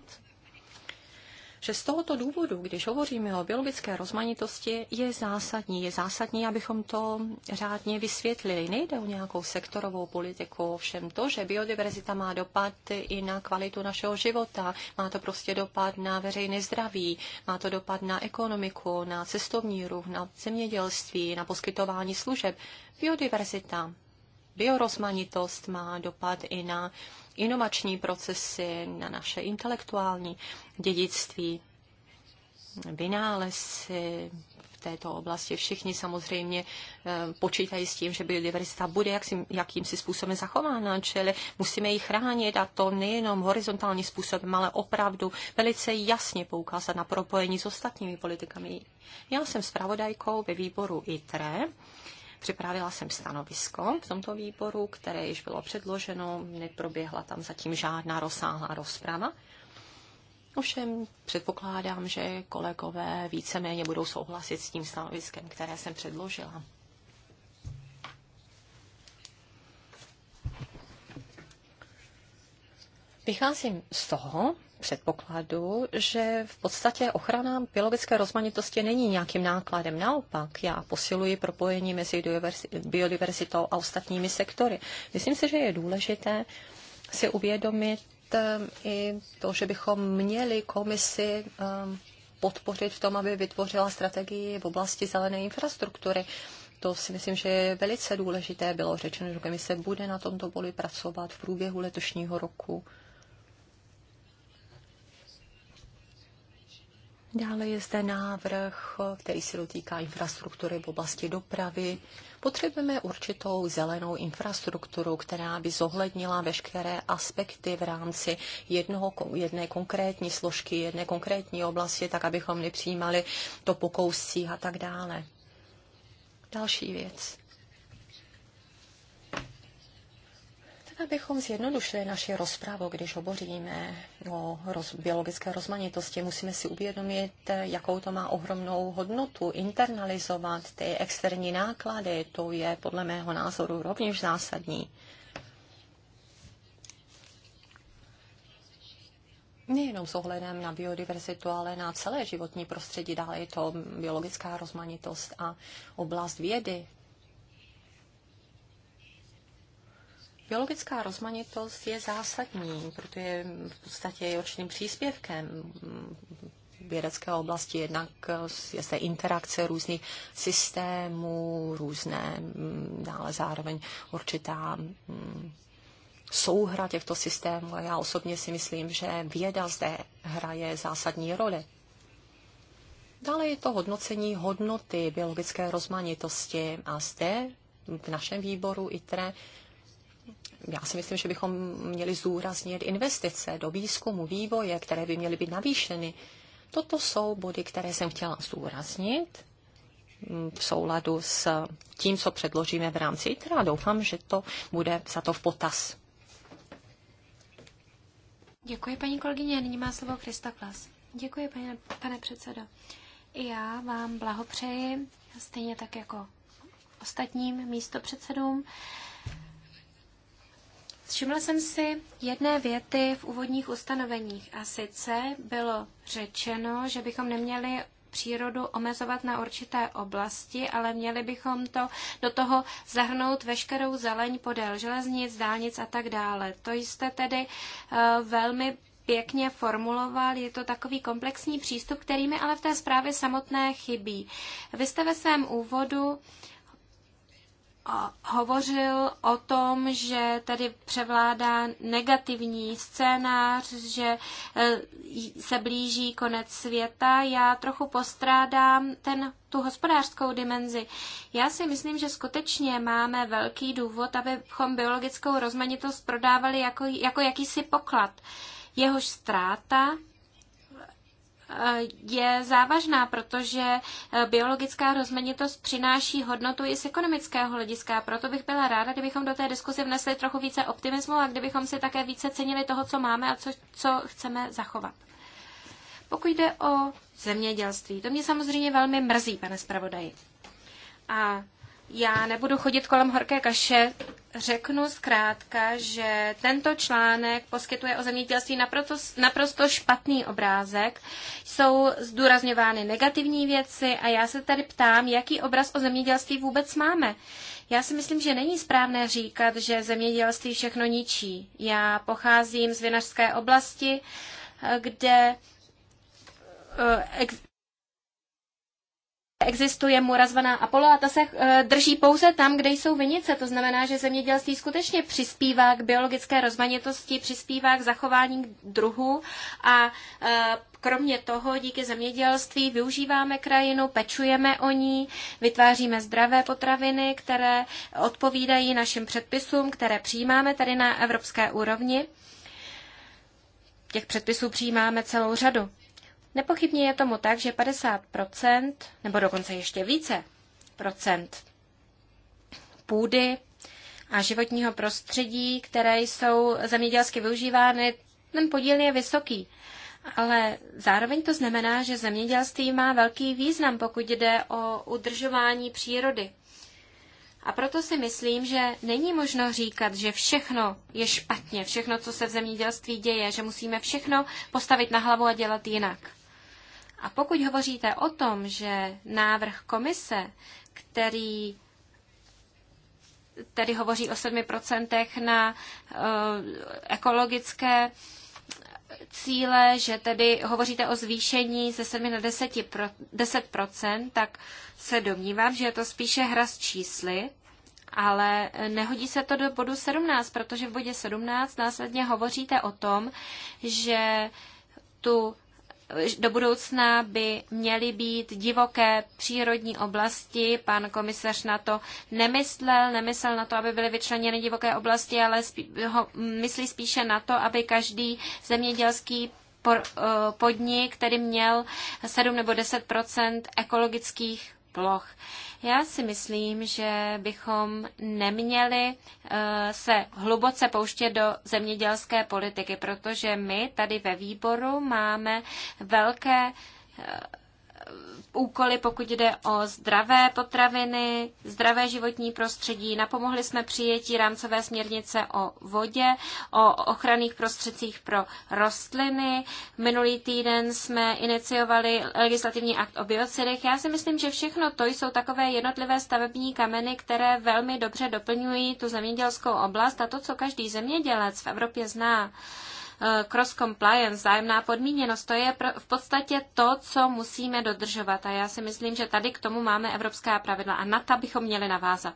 B: že z tohoto důvodu, když hovoříme o biologické rozmanitosti, je zásadní. Je zásadní, abychom to řádně vysvětlili. Nejde o nějakou sektorovou politiku, ovšem to, že biodiverzita má dopad i na kvalitu našeho života, má to prostě dopad na veřejné zdraví, má to dopad na ekonomiku, na cestovní ruch, na zemědělství, na poskytování služeb. Biodiverzita biorozmanitost má dopad i na inovační procesy, na naše intelektuální dědictví, vynálezy v této oblasti. Všichni samozřejmě eh, počítají s tím, že biodiverzita bude jakým, jakýmsi způsobem zachována, čili musíme ji chránit a to nejenom horizontální způsobem, ale opravdu velice jasně poukázat na propojení s ostatními politikami. Já jsem zpravodajkou ve výboru ITRE Připravila jsem stanovisko v tomto výboru, které již bylo předloženo, neproběhla tam zatím žádná rozsáhlá rozprava. Ovšem předpokládám, že kolegové víceméně budou souhlasit s tím stanoviskem, které jsem předložila. Vycházím z toho, předpokladu, že v podstatě ochrana biologické rozmanitosti není nějakým nákladem. Naopak, já posiluji propojení mezi biodiverzitou a ostatními sektory. Myslím si, že je důležité si uvědomit um, i to, že bychom měli komisi um, podpořit v tom, aby vytvořila strategii v oblasti zelené infrastruktury. To si myslím, že je velice důležité. Bylo řečeno, že komise bude na tomto poli pracovat v průběhu letošního roku. Dále je zde návrh, který se dotýká infrastruktury v oblasti dopravy. Potřebujeme určitou zelenou infrastrukturu, která by zohlednila veškeré aspekty v rámci jednoho, jedné konkrétní složky, jedné konkrétní oblasti, tak abychom nepřijímali to pokousí a tak dále. Další věc. Abychom zjednodušili naši rozpravu, když hovoříme o roz, biologické rozmanitosti, musíme si uvědomit, jakou to má ohromnou hodnotu, internalizovat ty externí náklady, to je podle mého názoru rovněž zásadní. Nejenom s ohledem na biodiverzitu, ale na celé životní prostředí, dále je to biologická rozmanitost a oblast vědy, Biologická rozmanitost je zásadní, protože v podstatě je určitým příspěvkem vědecké oblasti, jednak je zde interakce různých systémů, různé, mm, dále zároveň určitá mm, souhra těchto systémů já osobně si myslím, že věda zde hraje zásadní roli. Dále je to hodnocení hodnoty biologické rozmanitosti a zde v našem výboru ITRE já si myslím, že bychom měli zúraznit investice do výzkumu, vývoje, které by měly být navýšeny. Toto jsou body, které jsem chtěla zúraznit. v souladu s tím, co předložíme v rámci ITRA. Doufám, že to bude za to v potaz.
C: Děkuji, paní kolegyně. Nyní má slovo Krista Klas. Děkuji, pane, pane předsedo. I já vám blahopřeji, stejně tak jako ostatním místopředsedům. předsedům Všimla jsem si jedné věty v úvodních ustanoveních a sice bylo řečeno, že bychom neměli přírodu omezovat na určité oblasti, ale měli bychom to do toho zahrnout veškerou zeleň podél železnic, dálnic a tak dále. To jste tedy eh, velmi pěkně formuloval. Je to takový komplexní přístup, který mi ale v té zprávě samotné chybí. Vy jste ve svém úvodu uh, hovořil o tom, že tady převládá negativní scénář, že e, se blíží konec světa. Já trochu postrádám ten, tu hospodářskou dimenzi. Já si myslím, že skutečně máme velký důvod, abychom biologickou rozmanitost prodávali jako, jako jakýsi poklad. Jehož ztráta je závažná, protože eh, biologická rozmanitost přináší hodnotu i z ekonomického hlediska. Proto bych byla ráda, kdybychom do té diskuze vnesli trochu více optimismu a kdybychom si také více cenili toho, co máme a co, co chceme zachovat. Pokud jde o zemědělství, to mě samozřejmě velmi mrzí, pane zpravodaji. A já nebudu chodit kolem horké kaše, řeknu zkrátka, že tento článek poskytuje o zemědělství naprosto, naprosto špatný obrázek. Jsou zdůrazňovány negativní věci a já se tady ptám, jaký obraz o zemědělství vůbec máme. Já si myslím, že není správné říkat, že zemědělství všechno ničí. Já pocházím z vinařské oblasti, kde eh, Existuje murazvaná Apollo a ta se eh, drží pouze tam, kde jsou vinice. To znamená, že zemědělství skutečně přispívá k biologické rozmanitosti, přispívá k zachování druhů a eh, kromě toho díky zemědělství využíváme krajinu, pečujeme o ní, vytváříme zdravé potraviny, které odpovídají našim předpisům, které přijímáme tady na evropské úrovni. Těch předpisů přijímáme celou řadu. Nepochybně je tomu tak, že 50%, nebo dokonce ještě více procent půdy a životního prostředí, které jsou zemědělsky využívány, ten podíl je vysoký. Ale zároveň to znamená, že zemědělství má velký význam, pokud jde o udržování přírody. A proto si myslím, že není možno říkat, že všechno je špatně, všechno, co se v zemědělství děje, že musíme všechno postavit na hlavu a dělat jinak. A pokud hovoříte o tom, že návrh komise, který tedy hovoří o 7% na uh, ekologické cíle, že tedy hovoříte o zvýšení ze 7 na 10%, pro, 10%, tak se domnívám, že je to spíše hra s čísly, ale nehodí se to do bodu 17, protože v bodě 17 následně hovoříte o tom, že tu do budoucna by měly být divoké přírodní oblasti. Pan komisař na to nemyslel, nemyslel na to, aby byly vyčleněny divoké oblasti, ale spí, ho, myslí spíše na to, aby každý zemědělský eh, podnik, který měl 7 nebo 10 ekologických ploch. Já si myslím, že bychom neměli eh, se hluboce pouštět do zemědělské politiky, protože my tady ve výboru máme velké eh, úkoly, pokud jde o zdravé potraviny, zdravé životní prostředí. Napomohli jsme přijetí rámcové směrnice o vodě, o ochranných prostředcích pro rostliny. Minulý týden jsme iniciovali legislativní akt o biocidech. Já si myslím, že všechno to jsou takové jednotlivé stavební kameny, které velmi dobře doplňují tu zemědělskou oblast a to, co každý zemědělec v Evropě zná. Eh, cross compliance, zájemná podmíněnost, to je v podstatě to, co musíme dodržovat. A já si myslím, že tady k tomu máme evropská pravidla a na ta bychom měli navázat.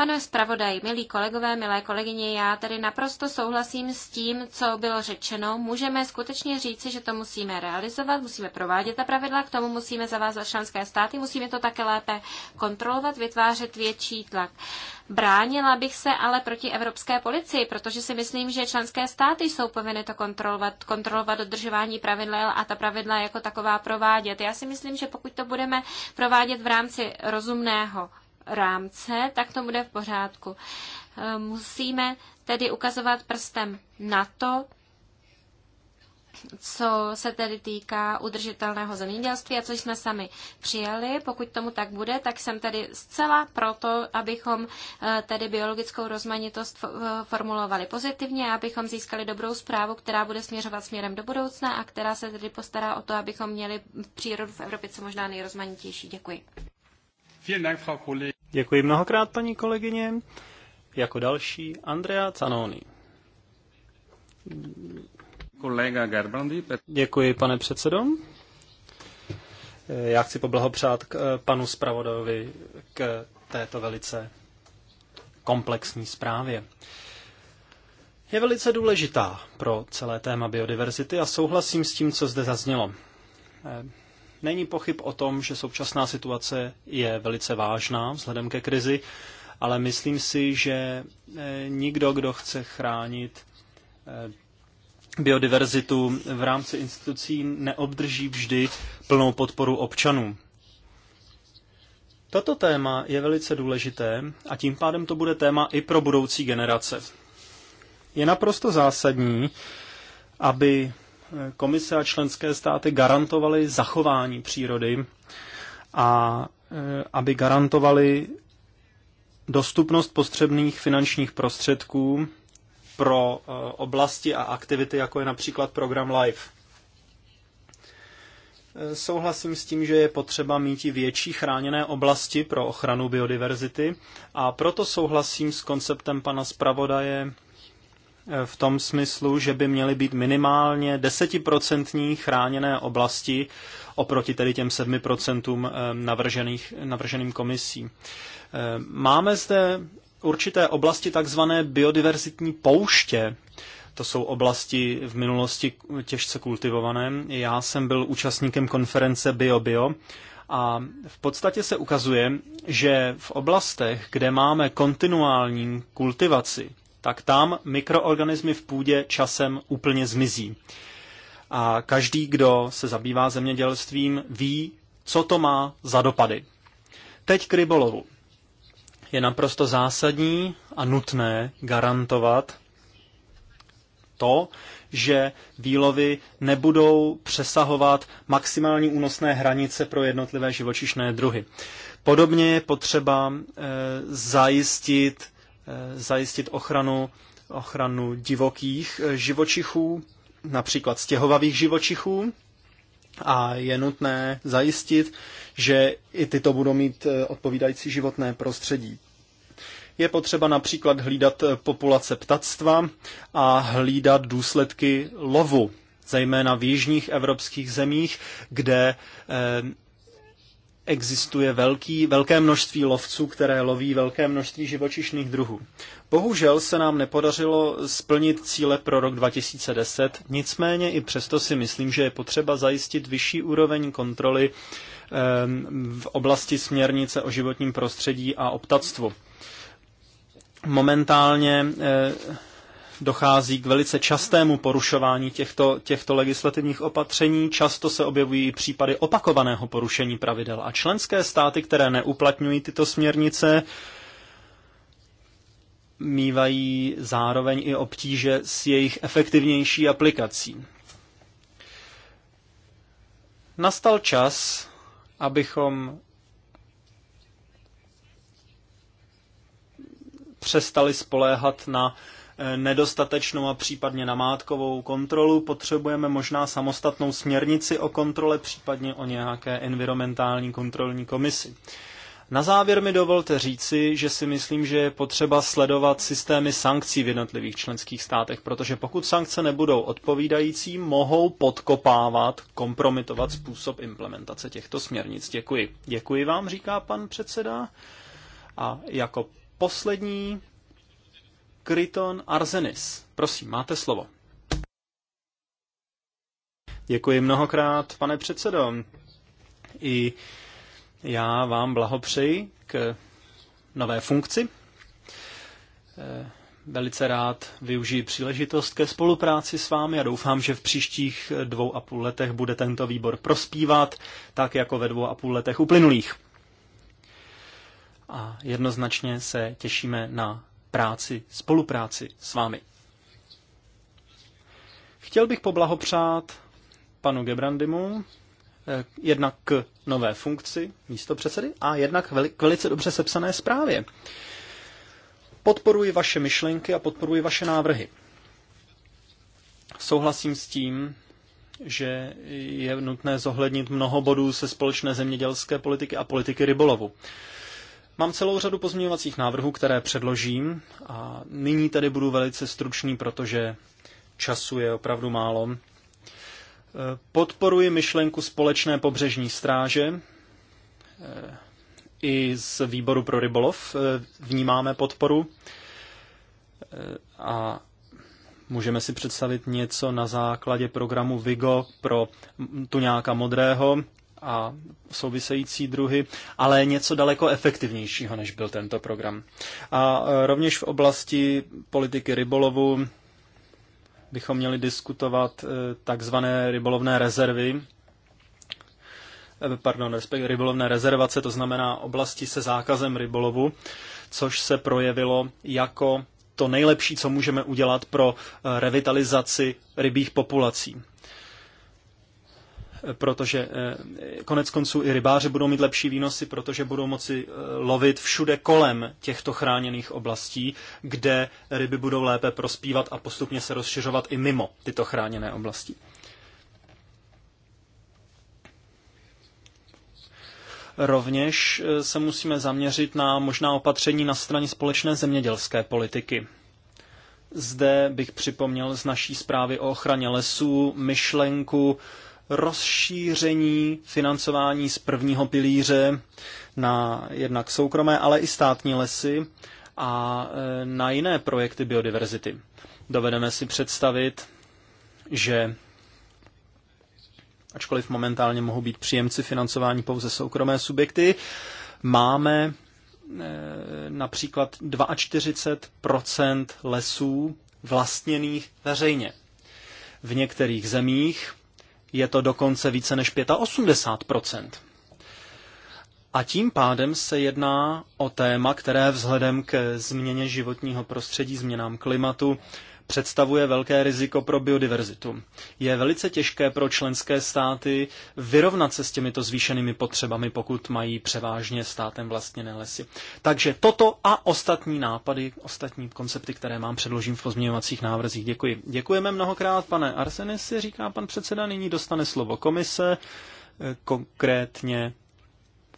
C: Pane zpravodaj, milí kolegové, milé kolegyně, já tedy naprosto souhlasím s tím, co bylo řečeno. Můžeme skutečně říci, že to musíme realizovat, musíme provádět ta pravidla, k tomu musíme zavázat členské státy, musíme to také lépe kontrolovat, vytvářet větší tlak. Bránila bych se ale proti evropské policii, protože si myslím, že členské státy jsou povinny to kontrolovat, kontrolovat dodržování pravidel a ta pravidla jako taková provádět. Já si myslím, že pokud to budeme provádět v rámci rozumného rámce, tak to bude v pořádku. Eh, musíme tedy ukazovat prstem na to, co se tedy týká udržitelného zemědělství a co jsme sami přijali. Pokud tomu tak bude, tak jsem tedy zcela proto, abychom eh, tedy biologickou rozmanitost eh, formulovali pozitivně, abychom získali dobrou zprávu, která bude směřovat směrem do budoucna a která se tedy postará o to, abychom měli přírodu v Evropě co možná nejrozmanitější. Děkuji.
A: Děkuji mnohokrát, paní kolegyně. Jako další Andrea Canoni. Děkuji, pane předsedo. Já chci poblahopřát k eh, panu zpravodovi k této velice komplexní zprávě. Je velice důležitá pro celé téma biodiverzity a souhlasím s tím, co zde zaznělo. Eh, Není pochyb o tom, že současná situace je velice vážná vzhledem ke krizi, ale myslím si, že eh, nikdo, kdo chce chránit eh, biodiverzitu v rámci institucí, neobdrží vždy plnou podporu občanů. Toto téma je velice důležité a tím pádem to bude téma i pro budoucí generace. Je naprosto zásadní, aby komise a členské státy garantovaly zachování přírody a eh, aby garantovali dostupnost potřebných finančních prostředků pro eh, oblasti a aktivity, jako je například program LIFE. Eh, souhlasím s tím, že je potřeba mít i větší chráněné oblasti pro ochranu biodiverzity a proto souhlasím s konceptem pana zpravodaje v tom smyslu, že by měly být minimálně desetiprocentní chráněné oblasti oproti tedy těm 7% eh, navržených, navrženým komisí. Eh, máme zde určité oblasti takzvané biodiverzitní pouště. To jsou oblasti v minulosti těžce kultivované. Já jsem byl účastníkem konference BioBio Bio a v podstatě se ukazuje, že v oblastech, kde máme kontinuální kultivaci, tak tam mikroorganismy v půdě časem úplně zmizí. A každý, kdo se zabývá zemědělstvím, ví, co to má za dopady. Teď k rybolovu. Je naprosto zásadní a nutné garantovat to, že výlovy nebudou přesahovat maximální únosné hranice pro jednotlivé živočišné druhy. Podobně je potřeba e, zajistit Eh, zajistit ochranu, ochranu divokých eh, živočichů, například stěhovavých živočichů, a je nutné zajistit, že i tyto budou mít eh, odpovídající životné prostředí. Je potřeba například hlídat populace ptactva a hlídat důsledky lovu, zejména v jižních evropských zemích, kde existuje velký, velké množství lovců, které loví velké množství živočišných druhů. Bohužel se nám nepodařilo splnit cíle pro rok 2010, nicméně i přesto si myslím, že je potřeba zajistit vyšší úroveň kontroly ehm, v oblasti směrnice o životním prostředí a o ptactvu. Momentálně eh, dochází k velice častému porušování těchto, těchto legislativních opatření. Často se objevují případy opakovaného porušení pravidel a členské státy, které neuplatňují tyto směrnice, mívají zároveň i obtíže s jejich efektivnější aplikací. Nastal čas, abychom přestali spoléhat na nedostatečnou a případně namátkovou kontrolu. Potřebujeme možná samostatnou směrnici o kontrole, případně o nějaké environmentální kontrolní komisi. Na závěr mi dovolte říci, že si myslím, že je potřeba sledovat systémy sankcí v jednotlivých členských státech, protože pokud sankce nebudou odpovídající, mohou podkopávat, kompromitovat způsob implementace těchto směrnic. Děkuji. Děkuji vám, říká pan předseda. A jako poslední Kryton Arzenis. Prosím, máte slovo. Děkuji mnohokrát, pane předsedo. I já vám blahopřeji k nové funkci. Eh, velice rád využiji příležitost ke spolupráci s vámi a doufám, že v příštích dvou a půl letech bude tento výbor prospívat, tak jako ve dvou a půl letech uplynulých. A jednoznačně se těšíme na práci, spolupráci s vámi. Chtěl bych poblahopřát panu Gebrandimu eh, jednak k nové funkci místo předsedy a jednak k velice dobře sepsané zprávě. Podporuji vaše myšlenky a podporuji vaše návrhy. Souhlasím s tím, že je nutné zohlednit mnoho bodů se společné zemědělské politiky a politiky rybolovu. Mám celou řadu pozměňovacích návrhů, které předložím a nyní tedy budu velice stručný, protože času je opravdu málo. E, podporuji myšlenku společné pobřežní stráže. E, I z výboru pro rybolov e, vnímáme podporu a můžeme si představit něco na základě programu VIGO pro tuňáka modrého, a související druhy, ale něco daleko efektivnějšího, než byl tento program. A e, rovněž v oblasti politiky rybolovu bychom měli diskutovat e, takzvané rybolovné rezervy, e, pardon, respekt, rybolovné rezervace, to znamená oblasti se zákazem rybolovu, což se projevilo jako to nejlepší, co můžeme udělat pro revitalizaci rybích populací protože eh, konec konců i rybáři budou mít lepší výnosy, protože budou moci eh, lovit všude kolem těchto chráněných oblastí, kde ryby budou lépe prospívat a postupně se rozšiřovat i mimo tyto chráněné oblasti. Rovněž eh, se musíme zaměřit na možná opatření na straně společné zemědělské politiky. Zde bych připomněl z naší zprávy o ochraně lesů myšlenku uh, rozšíření financování z prvního pilíře na jednak soukromé, ale i státní lesy a e, na jiné projekty biodiverzity. Dovedeme si představit, že ačkoliv momentálně mohou být příjemci financování pouze soukromé subjekty, máme e, například 42 lesů vlastněných veřejně. V některých zemích je to dokonce více než 85%. A tím pádem se jedná o téma, které vzhledem k změně životního prostředí, změnám klimatu, představuje velké riziko pro biodiverzitu. Je velice těžké pro členské státy vyrovnat se s těmito zvýšenými potřebami, pokud mají převážně státem vlastněné lesy. Takže toto a ostatní nápady, ostatní koncepty, které mám, předložím v pozměňovacích návrzích. Děkuji. Děkujeme mnohokrát, pane Arsenisi, říká pan předseda. Nyní dostane slovo komise, eh, konkrétně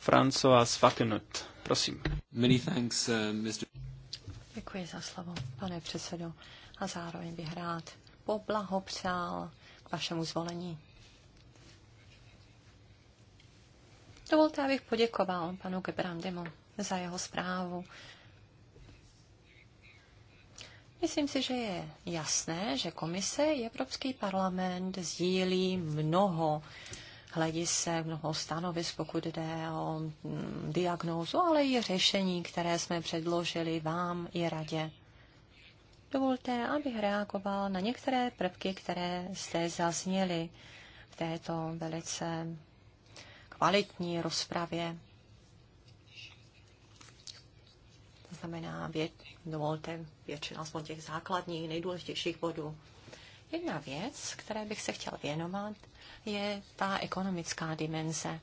A: François Fakenut. Prosím. Many thanks, uh, Mr.
B: Děkuji za slovo, pane předsedo a zároveň bych rád poblahopřál k vašemu zvolení. Dovolte, abych poděkoval panu Gebrandemu za jeho zprávu. Myslím si, že je jasné, že komise i Evropský parlament sdílí mnoho hledisek, mnoho stanovis, pokud jde o mm, diagnózu, ale i řešení, které jsme předložili vám i radě. Dovolte, abych reagoval na některé prvky, které zde zazněly v této velice kvalitní rozpravě. To znamená, věd, dovolte většina z těch základních, nejdůležitějších bodů. Jedna věc, které bych se chtěl věnovat, je ta ekonomická dimenze.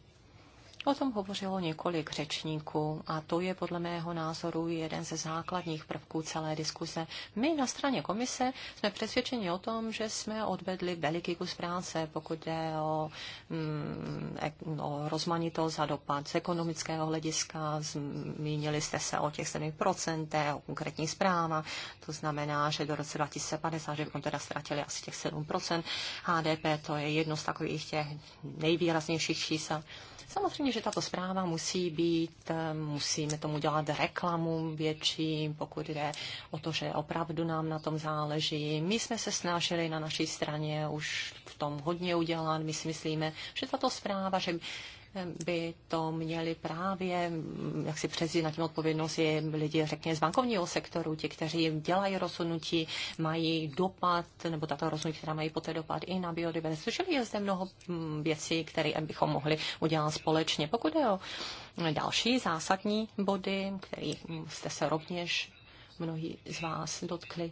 B: O tom hovořilo několik řečníků a to je podle mého názoru jeden ze základních prvků celé diskuse. My na straně komise jsme přesvědčeni o tom, že jsme odvedli veliký kus práce, pokud jde o, mm, o rozmanitost a dopad z ekonomického hlediska. Zmínili jste se o těch 7%, o konkrétní zpráva. To znamená, že do roce 2050, že bychom teda ztratili asi těch 7% HDP, to je jedno z takových těch nejvýraznějších čísel. Samozřejmě, že že tato zpráva musí být, eh, musíme tomu dělat reklamu větší, pokud jde o to, že opravdu nám na tom záleží. My jsme se snažili na naší straně už v tom hodně udělat. My si myslíme, že tato zpráva, že by to měli právě, mm, jak si přezdí na tím odpovědnosti lidi, řekněme, z bankovního sektoru, ti, kteří dělají rozhodnutí, mají dopad, nebo tato rozhodnutí, která mají poté dopad i na biodiverzitu. Čili je zde mnoho mm, věcí, které bychom mohli udělat společně. Pokud je o další zásadní body, kterých jste se rovněž mnohí z vás dotkli,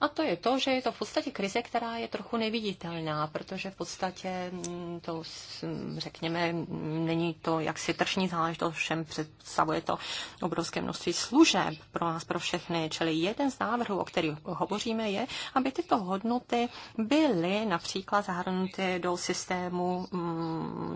B: a to je to, že je to v podstatě krize, která je trochu neviditelná, protože v podstatě mm, to, mm, řekněme, mm, není to jaksi tržní záležitost, všem představuje to obrovské množství služeb pro nás, pro všechny. Čili jeden z návrhů, o kterých hovoříme, je, aby tyto hodnoty byly například zahrnuty do systému,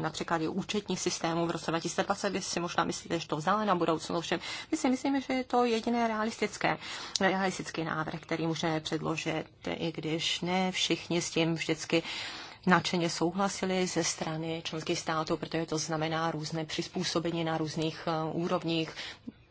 B: například i účetních systémů v roce 2020. Vy si možná myslíte, že to vzále na budoucnu, ovšem my si myslíme, že je to jediné realistické, realistický návrh, který můžeme předložit, i když ne všichni s tím vždycky nadšeně souhlasili ze strany členských států, protože to znamená různé přizpůsobení na různých eh, úrovních.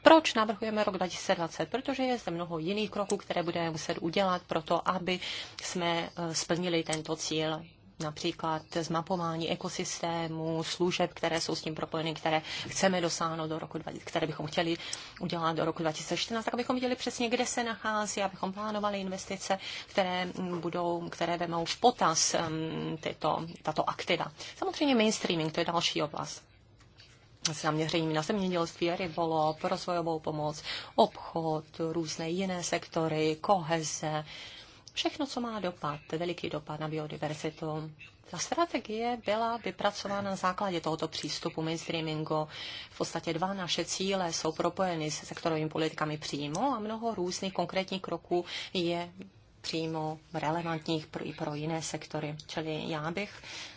B: Proč navrhujeme rok 2020? Protože je zde mnoho jiných kroků, které budeme muset udělat pro to, aby jsme eh, splnili tento cíl například zmapování ekosystémů, služeb, které jsou s tím propojeny, které chceme dosáhnout do roku, které bychom chtěli udělat do roku 2014, tak abychom viděli přesně, kde se nachází, abychom plánovali investice, které budou, které vemou v potaz um, tyto, tato aktiva. Samozřejmě mainstreaming, to je další oblast s zaměřením na zemědělství, rybolov, rozvojovou pomoc, obchod, různé jiné sektory, koheze, Všechno, co má dopad, veliký dopad na biodiverzitu. Ta strategie byla vypracována na základě tohoto přístupu mainstreamingu. V podstatě dva naše cíle jsou propojeny se sektorovými politikami přímo a mnoho různých konkrétních kroků je přímo relevantních pro, i pro jiné sektory. Čili já bych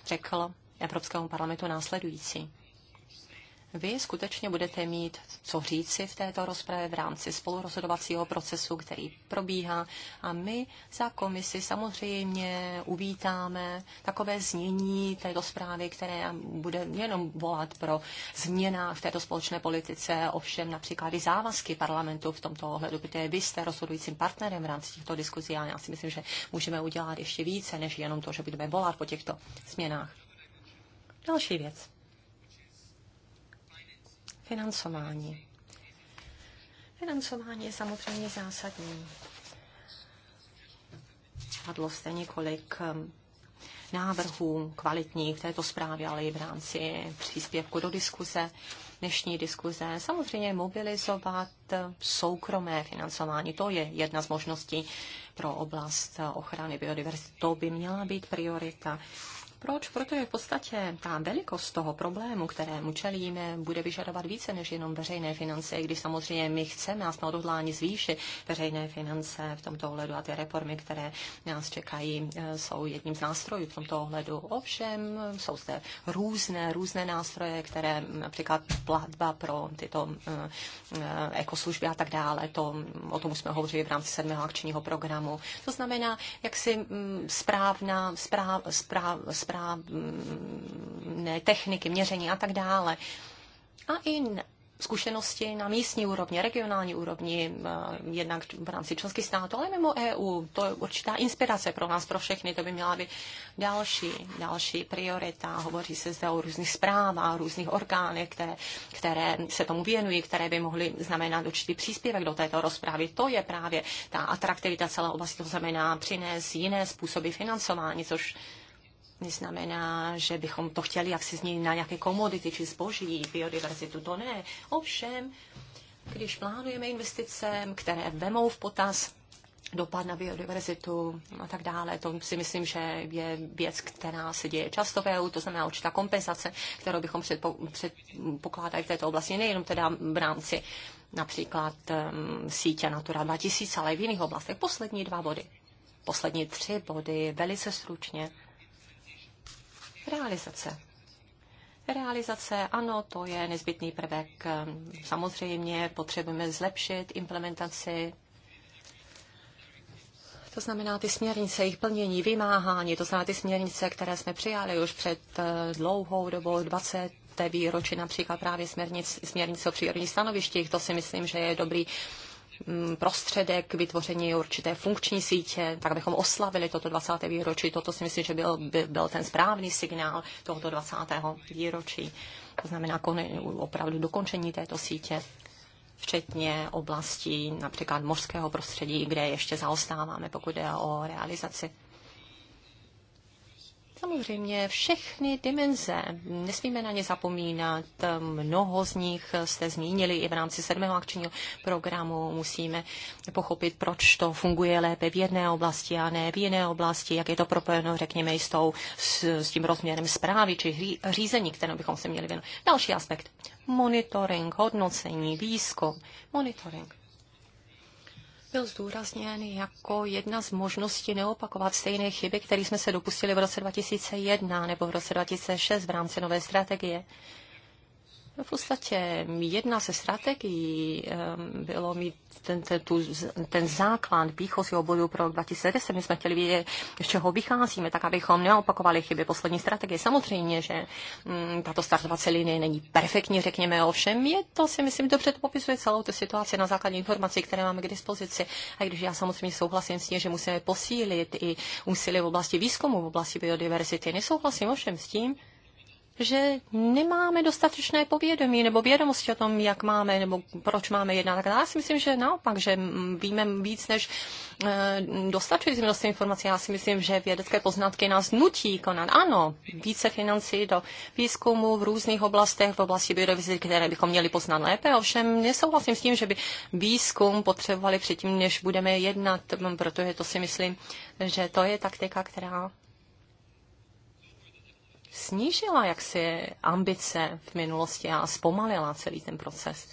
B: řekl Evropskému parlamentu následující vy skutečně budete mít co říci v této rozpravě v rámci spolurozhodovacího procesu, který probíhá. A my za komisi samozřejmě uvítáme takové znění této zprávy, které bude jenom volat pro změna v této společné politice, ovšem například i závazky parlamentu v tomto ohledu, protože vy jste rozhodujícím partnerem v rámci těchto diskuzí a já si myslím, že můžeme udělat ještě více, než jenom to, že budeme volat po těchto změnách. Další věc. Financování. Financování je samozřejmě zásadní. Padlo jste několik um, návrhů kvalitních v této zprávě, ale i v rámci příspěvku do diskuze, dnešní diskuze. Samozřejmě mobilizovat uh, soukromé financování, to je jedna z možností pro oblast ochrany biodiverzity. To by měla být priorita. Proč? Protože v podstatě ta velikost toho problému, kterému čelíme, bude vyžadovat více než jenom veřejné finance, když samozřejmě my chceme a jsme odhodláni zvýšit veřejné finance v tomto ohledu a ty reformy, které nás čekají, eh, jsou jedním z nástrojů v tomto ohledu. Ovšem jsou zde různé, různé nástroje, které například platba pro tyto eh, eh, ekoslužby a tak dále, to, o tom jsme hovořili v rámci sedmého akčního programu. To znamená, jak si mm, správná, správ, správ, správ správné mm, techniky, měření a tak dále. A i zkušenosti na místní úrovni, regionální úrovni, eh, jednak v rámci členských států, ale mimo EU. To je určitá inspirace pro nás, pro všechny. To by měla být další, další priorita. Hovoří se zde o různých zprávách, různých orgánech, které, které se tomu věnují, které by mohly znamenat určitý příspěvek do této rozprávy. To je právě ta atraktivita celé oblasti, to znamená přinést jiné způsoby financování, což neznamená, že bychom to chtěli jak si změnit na nějaké komodity či zboží, biodiverzitu, to ne. Ovšem, když plánujeme investice, které vemou v potaz dopad na biodiverzitu a tak dále. To si myslím, že je věc, která se děje často v EU, to znamená určitá kompenzace, kterou bychom předpo, předpokládali v této oblasti, nejenom teda v rámci například um, sítě Natura 2000, ale i v jiných oblastech. Poslední dva body, poslední tři body, velice stručně. Realizace. Realizace, ano, to je nezbytný prvek. Samozřejmě potřebujeme zlepšit implementaci. To znamená ty směrnice, jejich plnění, vymáhání, to znamená ty směrnice, které jsme přijali už před eh, dlouhou dobou, 20 té výročí, například právě směrnic, směrnice o přírodních stanovištích. To si myslím, že je dobrý Mm, prostředek k vytvoření určité funkční sítě, tak bychom oslavili toto 20. výročí. Toto si myslím, že byl, by, byl ten správný signál tohoto 20. výročí. To znamená kone, opravdu dokončení této sítě, včetně oblastí například mořského prostředí, kde ještě zaostáváme, pokud jde o realizaci samozřejmě všechny dimenze, nesmíme na ně zapomínat, mnoho z nich jste zmínili i v rámci sedmého akčního programu, musíme pochopit, proč to funguje lépe v jedné oblasti a ne v jiné oblasti, jak je to propojeno, řekněme, s, tou, s, s tím rozměrem zprávy či řízení, kterému bychom se měli věnovat. Další aspekt. Monitoring, hodnocení, výzkum, monitoring byl zdůrazněn jako jedna z možností neopakovat stejné chyby, které jsme se dopustili v roce 2001 nebo v roce 2006 v rámci nové strategie. V podstatě jedna ze strategií bylo mít ten, ten, tu, ten základ výchozího bodu pro 2010. My jsme chtěli vědět, z čeho vycházíme, tak abychom neopakovali chyby poslední strategie. Samozřejmě, že m, mm, tato startovací linie není perfektní, řekněme, ovšem je to si myslím dobře to popisuje celou tu situaci na základě informací, které máme k dispozici. A když já samozřejmě souhlasím s tím, že musíme posílit i úsilí v oblasti výzkumu, v oblasti biodiverzity, nesouhlasím ovšem s tím, že nemáme dostatečné povědomí nebo vědomosti o tom, jak máme nebo proč máme jednat. Tak já si myslím, že naopak, že víme víc než eh, dostačující množství informací. Já si myslím, že vědecké poznatky nás nutí konat. Ano, více financí do výzkumu v různých oblastech, v oblasti biodiverzity, které bychom měli poznat lépe. Ovšem nesouhlasím s tím, že by výzkum potřebovali předtím, než budeme jednat, protože to si myslím, že to je taktika, která snížila jaksi ambice v minulosti a zpomalila celý ten proces.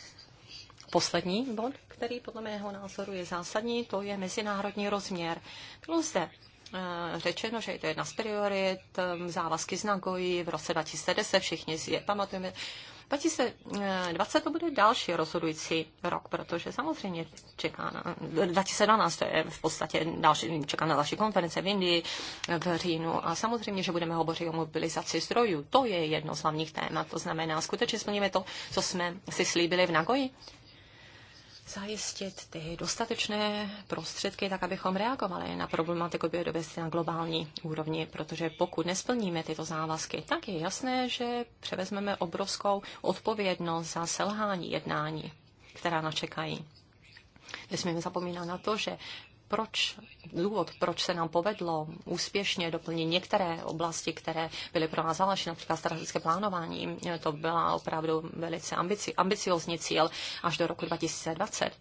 B: Poslední bod, který podle mého názoru je zásadní, to je mezinárodní rozměr. Bylo zde eh, řečeno, že je to jedna z priorit, eh, závazky z Nagoji v roce 2010, všichni si je pamatujeme, 2020 to bude další rozhodující rok, protože samozřejmě čeká na, 2012 to je v podstatě další, čeká na další konference v Indii v říjnu a samozřejmě, že budeme hovořit o mobilizaci zdrojů. To je jedno z hlavních témat, to znamená, skutečně splníme to, co jsme si slíbili v Nagoji zajistit ty dostatečné prostředky, tak abychom reagovali na problematiku biodiverzity na globální úrovni, protože pokud nesplníme tyto závazky, tak je jasné, že převezmeme obrovskou odpovědnost za selhání jednání, která nás čekají. Nesmíme zapomínat na to, že proč, důvod, proč se nám povedlo úspěšně doplnit některé oblasti, které byly pro nás záležité, například strategické plánování, to byla opravdu velice ambici, ambiciozní cíl až do roku 2020.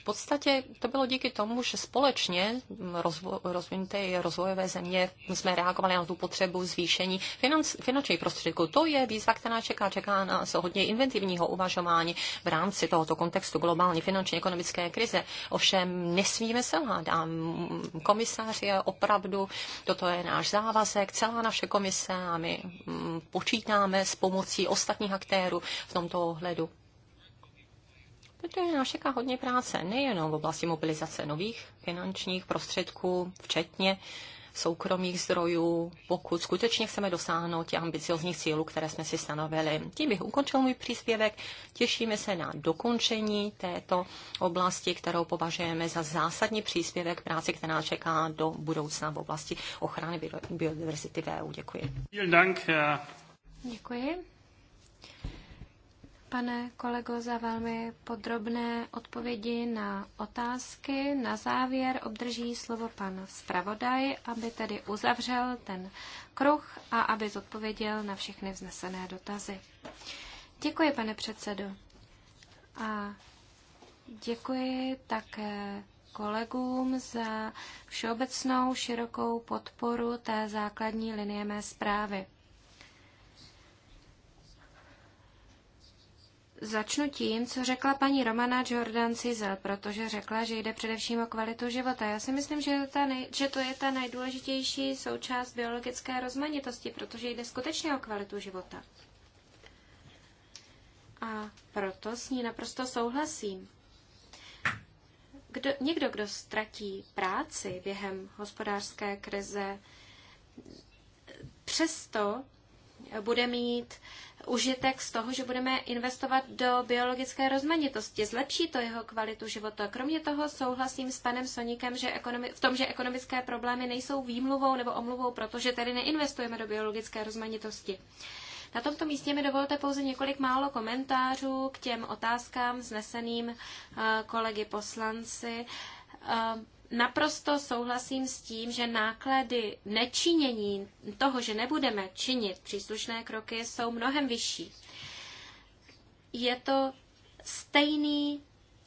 B: V podstatě to bylo díky tomu, že společně rozvo- rozvinuté rozvojové země jsme reagovali na tu potřebu zvýšení financ- finančních prostředků. To je výzva, která čeká, čeká nás hodně inventivního uvažování v rámci tohoto kontextu globální finanční ekonomické krize. Ovšem nesmíme selhat a komisář je opravdu, toto je náš závazek, celá naše komise a my počítáme s pomocí ostatních aktérů v tomto ohledu. Protože nás čeká hodně práce, nejenom v oblasti mobilizace nových finančních prostředků, včetně soukromých zdrojů, pokud skutečně chceme dosáhnout těch ambiciozních cílů, které jsme si stanovili. Tím bych ukončil můj příspěvek. Těšíme se na dokončení této oblasti, kterou považujeme za zásadní příspěvek práci, která čeká do budoucna v oblasti ochrany biodiverzity v EU. Děkuji.
C: Děkuji pane kolego, za velmi podrobné odpovědi na otázky. Na závěr obdrží slovo pan zpravodaj, aby tedy uzavřel ten kruh a aby zodpověděl na všechny vznesené dotazy. Děkuji, pane předsedo. A děkuji také kolegům za všeobecnou širokou podporu té základní linie mé zprávy. Začnu tím, co řekla paní Romana Jordan Cizel, protože řekla, že jde především o kvalitu života. Já si myslím, že, ta nej, že to je ta nejdůležitější součást biologické rozmanitosti, protože jde skutečně o kvalitu života. A proto s ní naprosto souhlasím. Kdo, někdo, kdo ztratí práci během hospodářské krize, přesto bude mít uh, užitek z toho, že budeme investovat do biologické rozmanitosti. Zlepší to jeho kvalitu života. Kromě toho souhlasím s panem Sonikem že ekonomi- v tom, že ekonomické problémy nejsou výmluvou nebo omluvou, protože tedy neinvestujeme do biologické rozmanitosti. Na tomto místě mi dovolte pouze několik málo komentářů k těm otázkám zneseným eh, kolegy poslanci. Eh, naprosto souhlasím s tím, že náklady nečinění toho, že nebudeme činit příslušné kroky, jsou mnohem vyšší. Je to stejný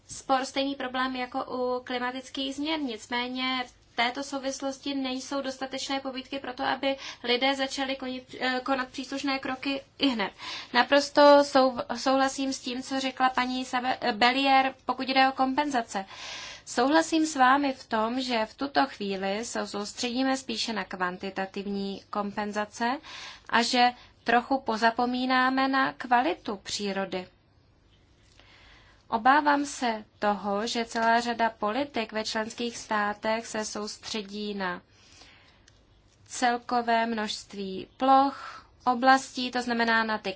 C: spor, stejný problém jako u klimatických změn. Nicméně v této souvislosti nejsou dostatečné pobídky pro to, aby lidé začali konit, eh, konat příslušné kroky i hned. Naprosto sou, souhlasím s tím, co řekla paní Belier, pokud jde o kompenzace. Uh, Souhlasím s vámi v tom, že v tuto chvíli se soustředíme spíše na kvantitativní kompenzace a že trochu pozapomínáme na kvalitu přírody. Obávám se toho, že celá řada politik ve členských státech se soustředí na celkové množství ploch, oblastí, to znamená na ty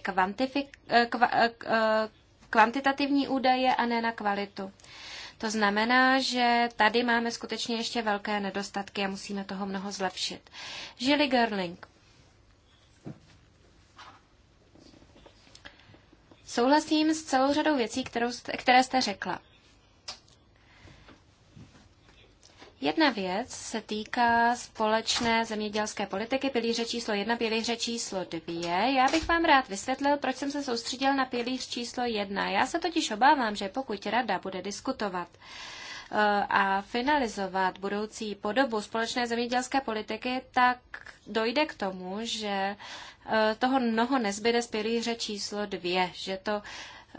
C: eh, kva, eh, eh, kvantitativní údaje a ne na kvalitu. To znamená, že tady máme skutečně ještě velké nedostatky a musíme toho mnoho zlepšit. Žili Gerling. Souhlasím s celou řadou věcí, kterou, které jste řekla. Jedna věc se týká společné zemědělské politiky, pilíře číslo jedna, pilíře číslo dvě. Já bych vám rád vysvětlil, proč jsem se soustředil na pilíř číslo jedna. Já se totiž obávám, že pokud rada bude diskutovat eh, a finalizovat budoucí podobu společné zemědělské politiky, tak dojde k tomu, že eh, toho mnoho nezbyde z pilíře číslo dvě, že to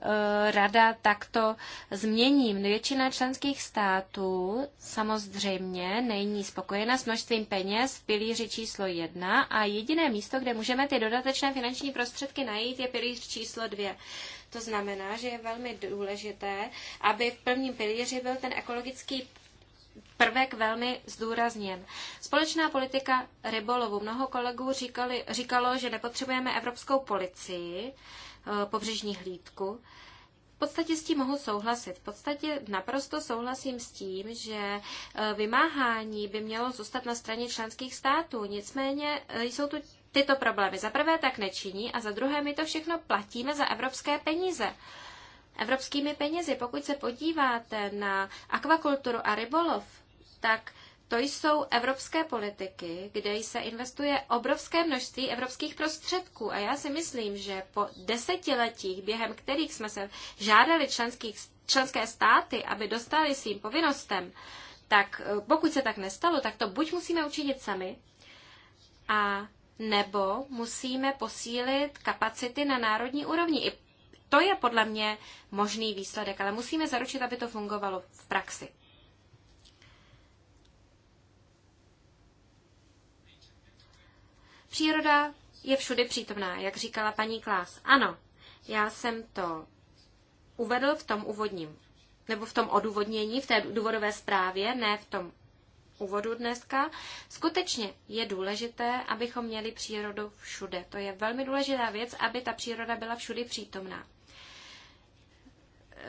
C: Eh, rada takto změní. Většina členských států samozřejmě není spokojena s množstvím peněz v pilíři číslo jedna a jediné místo, kde můžeme ty dodatečné finanční prostředky najít, je pilíř číslo dvě. To znamená, že je velmi důležité, aby v prvním pilíři byl ten ekologický prvek velmi zdůrazněn. Společná politika rybolovu. Mnoho kolegů říkali, říkalo, že nepotřebujeme evropskou policii, Eh, pobřežní hlídku. V podstatě s tím mohu souhlasit. V podstatě naprosto souhlasím s tím, že eh, vymáhání by mělo zůstat na straně členských států. Nicméně eh, jsou tu tyto problémy. Za prvé tak nečiní a za druhé my to všechno platíme za evropské peníze. Evropskými penězi, pokud se podíváte na akvakulturu a rybolov, tak to jsou evropské politiky, kde se investuje obrovské množství evropských prostředků. A já si myslím, že po desetiletích, během kterých jsme se žádali členských, členské státy, aby dostali svým povinnostem, tak eh, pokud se tak nestalo, tak to buď musíme učinit sami, a nebo musíme posílit kapacity na národní úrovni. I to je podle mě možný výsledek, ale musíme zaručit, aby to fungovalo v praxi. Příroda je všude přítomná, jak říkala paní Klás. Ano, já jsem to uvedl v tom úvodním, nebo v tom odůvodnění, v té důvodové zprávě, ne v tom úvodu dneska. Skutečně je důležité, abychom měli přírodu všude. To je velmi důležitá věc, aby ta příroda byla všude přítomná.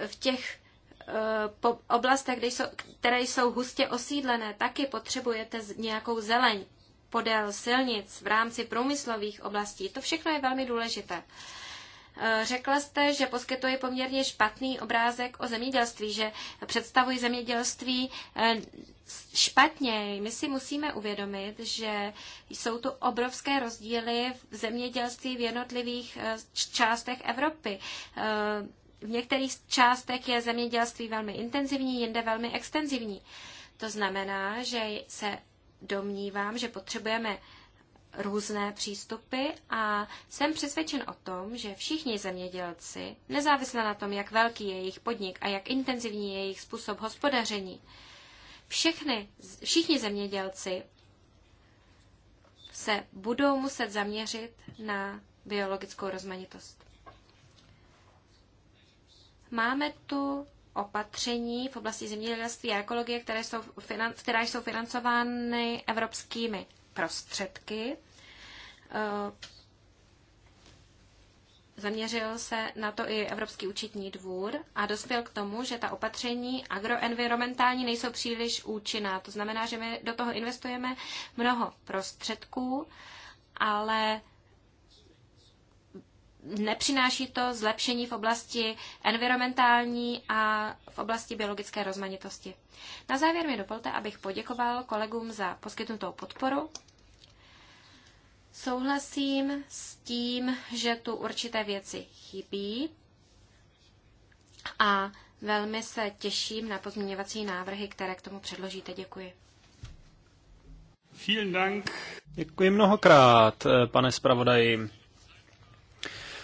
C: V těch eh, po oblastech, kde jsou, které jsou hustě osídlené, taky potřebujete nějakou zeleň podél silnic v rámci průmyslových oblastí, to všechno je velmi důležité. E, řekla jste, že poskytuje poměrně špatný obrázek o zemědělství, že představují zemědělství e, špatně. My si musíme uvědomit, že jsou tu obrovské rozdíly v zemědělství v jednotlivých e, částech Evropy. V některých částech je zemědělství velmi intenzivní, jinde velmi extenzivní. To znamená, že se domnívám, že potřebujeme různé přístupy a jsem přesvědčen o tom, že všichni zemědělci, nezávisle na tom, jak velký je jejich podnik a jak intenzivní je jejich způsob hospodaření, všechny, všichni zemědělci se budou muset zaměřit na biologickou rozmanitost. Máme tu opatření v oblasti zemědělství a ekologie, které jsou, která jsou financovány evropskými prostředky. Eh, zaměřil se na to i Evropský účetní dvůr a dospěl k tomu, že ta opatření agroenvironmentální nejsou příliš účinná. To znamená, že my do toho investujeme mnoho prostředků, ale nepřináší to zlepšení v oblasti environmentální a v oblasti biologické rozmanitosti. Na závěr mi dovolte, abych poděkoval kolegům za poskytnutou podporu. Souhlasím s tím, že tu určité věci chybí a velmi se těším na pozměňovací návrhy, které k tomu předložíte. Děkuji.
A: Vielen Dank. Děkuji mnohokrát, eh, pane zpravodaji.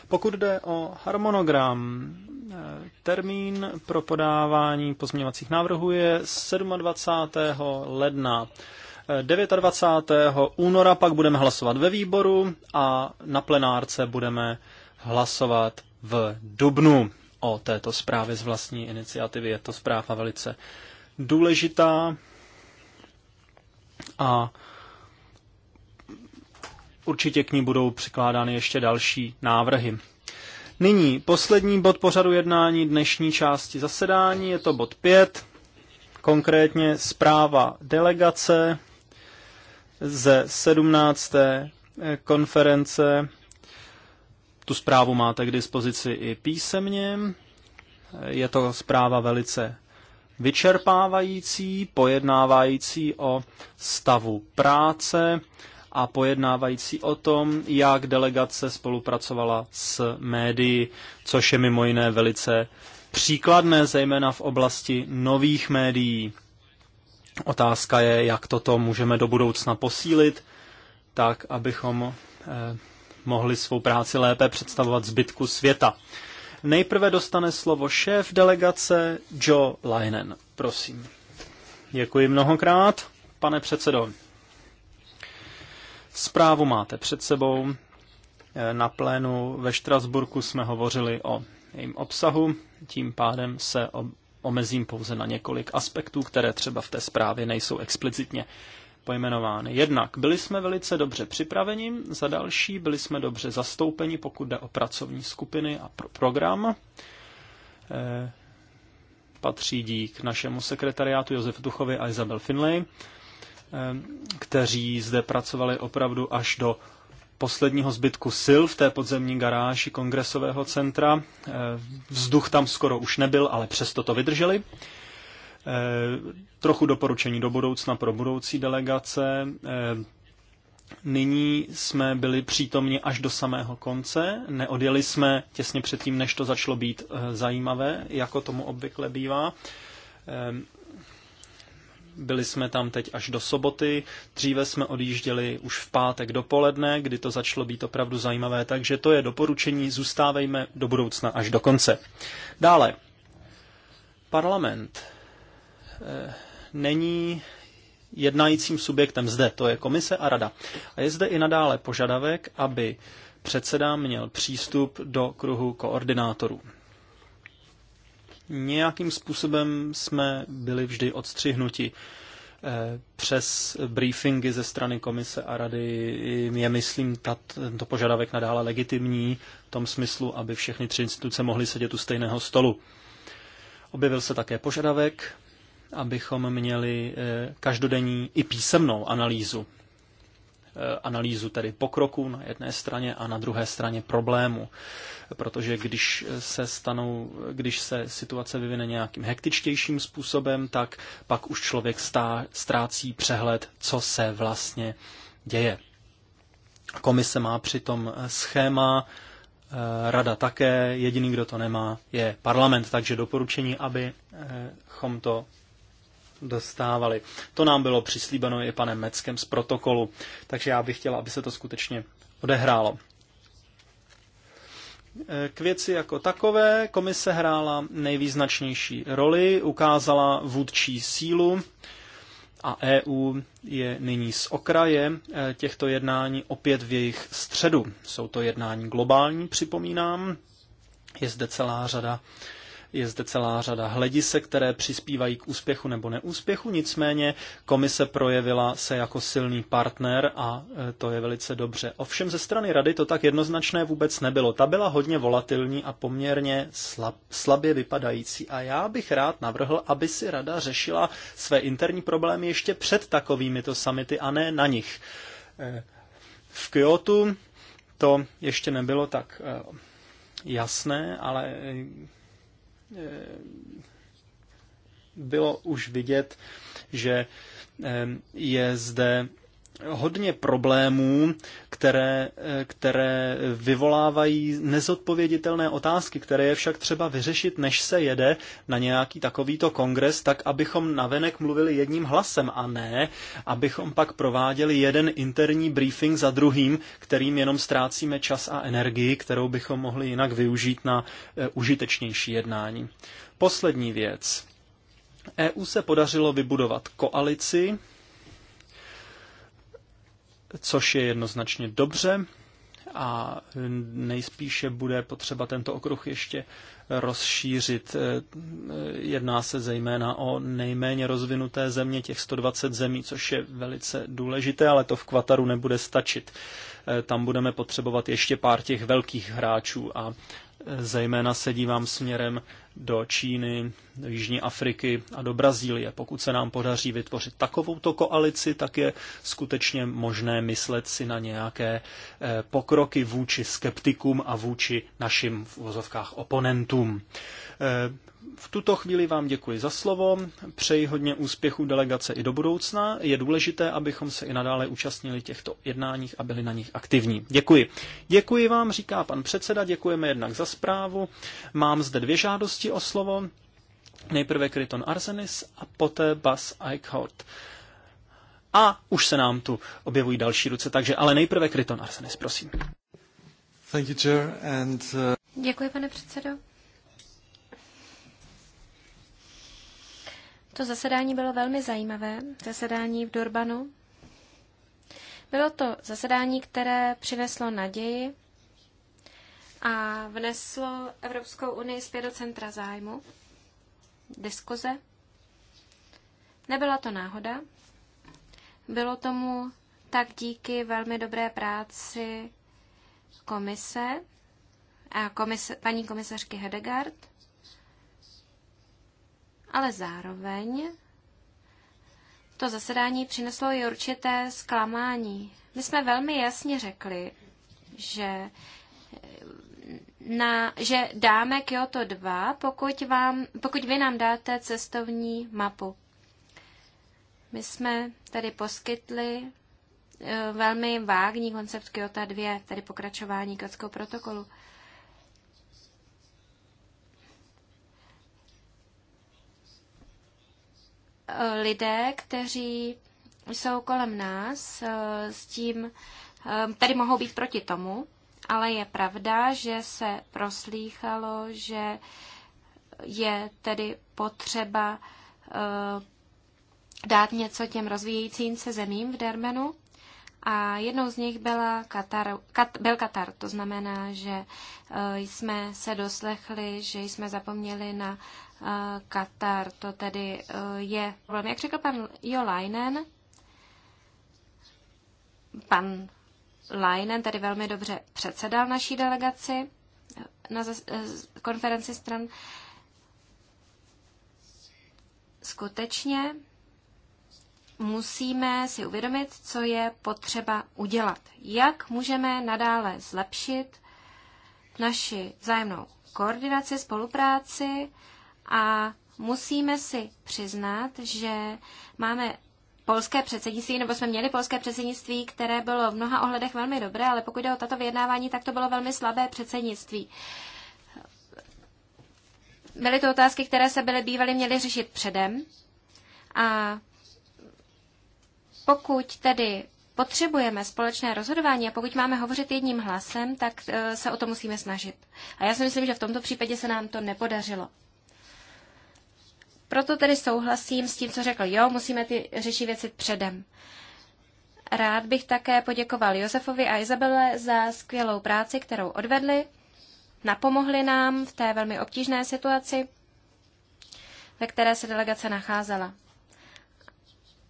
A: Pokud jde o harmonogram, eh, termín pro podávání pozměňovacích návrhů je 27. ledna. 29. Eh, února pak budeme hlasovat ve výboru a na plenárce budeme hlasovat v dubnu o této zprávě z vlastní iniciativy. Je to zpráva velice důležitá a určitě k ní budou přikládány ještě další návrhy. Nyní poslední bod pořadu jednání dnešní části zasedání, je to bod 5, konkrétně zpráva delegace ze 17. konference. Tu zprávu máte k dispozici i písemně. Je to zpráva velice vyčerpávající, pojednávající o stavu práce a pojednávající o tom, jak delegace spolupracovala s médií, což je mimo jiné velice příkladné, zejména v oblasti nových médií. Otázka je, jak toto můžeme do budoucna posílit, tak abychom eh, mohli svou práci lépe představovat zbytku světa. Nejprve dostane slovo šéf delegace Joe Linen. Prosím. Děkuji mnohokrát, pane předsedo. Zprávu máte před sebou. Eh, na plénu ve Štrasburku jsme hovořili o jejím obsahu, tím pádem se omezím pouze na několik aspektů, které třeba v té zprávě nejsou explicitně pojmenovány. Jednak byli jsme velice dobře připraveni, za další byli jsme dobře zastoupeni, pokud jde o pracovní skupiny a pro program. Eh, patří dík našemu sekretariátu Josef Duchovi a Isabel Finlay. Ehm, kteří zde pracovali opravdu až do posledního zbytku sil v té podzemní garáži kongresového centra. Ehm, vzduch tam skoro už nebyl, ale přesto to vydrželi. Ehm, trochu doporučení do budoucna pro budoucí delegace. Nyní jsme byli přítomni až do samého konce. Neodjeli jsme těsně předtím, než to začalo být eh, zajímavé, jako tomu obvykle bývá. Byli jsme tam teď až do soboty, dříve jsme odjížděli už v pátek dopoledne, kdy to začalo být opravdu zajímavé, takže to je doporučení, zůstávejme do budoucna až do konce. Dále, parlament eh, není jednajícím subjektem zde, to je komise a rada. A je zde i nadále požadavek, aby předseda měl přístup do kruhu koordinátorů. Nějakým způsobem jsme byli vždy odstřihnuti eh, přes briefingy ze strany komise a rady je, myslím, tento požadavek nadále legitimní v tom smyslu, aby všechny tři instituce mohly sedět u stejného stolu. Objevil se také požadavek, abychom měli eh, každodenní i písemnou analýzu Eh, analýzu tedy pokroku na jedné straně a na druhé straně problému. Protože když se stanou, když se situace vyvine nějakým hektičtějším způsobem, tak pak už člověk stá, ztrácí přehled, co se vlastně děje. Komise má přitom schéma, eh, rada také, jediný, kdo to nemá, je parlament, takže doporučení, abychom to dostávali. To nám bylo přislíbeno i panem Meckem z protokolu, takže já bych chtěla, aby se to skutečně odehrálo. K věci jako takové komise hrála nejvýznačnější roli, ukázala vůdčí sílu a EU je nyní z okraje těchto jednání opět v jejich středu. Jsou to jednání globální, připomínám. Je zde celá řada je zde celá řada hledisek, které přispívají k úspěchu nebo neúspěchu, nicméně komise projevila se jako silný partner a e, to je velice dobře. Ovšem ze strany rady to tak jednoznačné vůbec nebylo. Ta byla hodně volatilní a poměrně slab, slabě vypadající a já bych rád navrhl, aby si rada řešila své interní problémy ještě před takovými to samity a ne na nich. E, v Kyotu to ještě nebylo tak e, jasné, ale bylo už vidět, že eh, je zde hodně problémů, které, které vyvolávají nezodpověditelné otázky, které je však třeba vyřešit, než se jede na nějaký takovýto kongres, tak abychom navenek mluvili jedním hlasem a ne, abychom pak prováděli jeden interní briefing za druhým, kterým jenom ztrácíme čas a energii, kterou bychom mohli jinak využít na e, užitečnější jednání. Poslední věc. EU se podařilo vybudovat koalici, což je jednoznačně dobře a nejspíše bude potřeba tento okruh ještě rozšířit. Eh, eh, jedná se zejména o nejméně rozvinuté země, těch 120 zemí, což je velice důležité, ale to v Kvataru nebude stačit. Eh, tam budeme potřebovat ještě pár těch velkých hráčů a zejména se dívám směrem do Číny, do Jižní Afriky a do Brazílie. Pokud se nám podaří vytvořit takovouto koalici, tak je skutečně možné myslet si na nějaké eh, pokroky vůči skeptikům a vůči našim v vozovkách oponentům. Eh, v tuto chvíli vám děkuji za slovo, přeji hodně úspěchů delegace i do budoucna. Je důležité, abychom se i nadále účastnili těchto jednáních a byli na nich aktivní. Děkuji. Děkuji vám, říká pan předseda, děkujeme jednak za zprávu. Mám zde dvě žádosti o slovo. Nejprve Kryton Arsenis a poté Bas Eichhout. A už se nám tu objevují další ruce, takže ale nejprve Kryton Arsenis, prosím. Thank you, chair, and,
C: uh... Děkuji, pane předsedo. To zasedání bylo velmi zajímavé, zasedání v Durbanu. Bylo to zasedání, které přineslo naději a vneslo Evropskou unii zpět do centra zájmu, diskuze. Nebyla to náhoda, bylo tomu tak díky velmi dobré práci komise a komise, paní komisařky Hedegard ale zároveň to zasedání přineslo i určité zklamání. My jsme velmi jasně řekli, že, na, že dáme Kyoto 2, pokud, vám, pokud vy nám dáte cestovní mapu. My jsme tady poskytli eh, velmi vágní koncept Kyoto 2, tedy pokračování Kyoto protokolu. lidé, kteří jsou kolem nás, eh, s tím eh, tady mohou být proti tomu, ale je pravda, že se proslýchalo, že je tedy potřeba eh, dát něco těm rozvíjejícím se zemím v Dermenu. A jednou z nich byla Katar, Kat, byl Katar. To znamená, že jsme se doslechli, že jsme zapomněli na Katar. To tedy eh, je problém. Jak řekl pan Jo Leinen, pan Leinen tady velmi dobře předsedal naší delegaci eh, na eh, konferenci stran. Skutečně musíme si uvědomit, co je potřeba udělat. Jak můžeme nadále zlepšit naši vzájemnou koordinaci, spolupráci, a musíme si přiznat, že máme polské předsednictví, nebo jsme měli polské předsednictví, které bylo v mnoha ohledech velmi dobré, ale pokud jde o tato vyjednávání, tak to bylo velmi slabé předsednictví. Byly to otázky, které se byly bývaly měly řešit předem. A pokud tedy potřebujeme společné rozhodování a pokud máme hovořit jedním hlasem, tak eh, se o to musíme snažit. A já si myslím, že v tomto případě se nám to nepodařilo. Proto tedy souhlasím s tím, co řekl. Jo, musíme ty řešit věci předem. Rád bych také poděkoval Josefovi a Izabele za skvělou práci, kterou odvedli. Napomohli nám v té velmi obtížné situaci, ve které se delegace nacházela.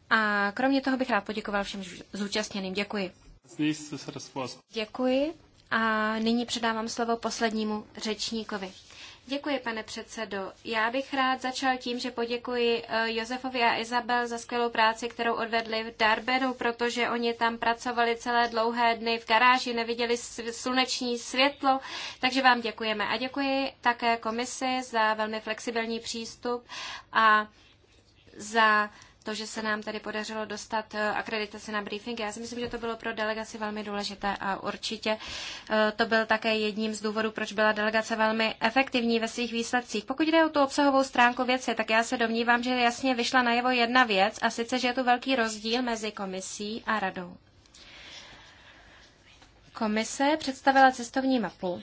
C: A kromě toho bych rád poděkoval všem zúčastněným. Děkuji. Děkuji a nyní předávám slovo poslednímu řečníkovi. Děkuji, pane předsedo. Já bych rád začal tím, že poděkuji eh, Josefovi a Izabel za skvělou práci, kterou odvedli v Darbenu, protože oni tam pracovali celé dlouhé dny v garáži, neviděli sluneční světlo, takže vám děkujeme. A děkuji také komisi za velmi flexibilní přístup a za to, že se nám tady podařilo dostat eh, akreditaci na briefing. Já si myslím, že to bylo pro delegaci velmi důležité a určitě eh, to byl také jedním z důvodů, proč byla delegace velmi efektivní ve svých výsledcích. Pokud jde o tu obsahovou stránku věci, tak já se domnívám, že jasně vyšla najevo jedna věc a sice, že je tu velký rozdíl mezi komisí a radou. Komise představila cestovní mapu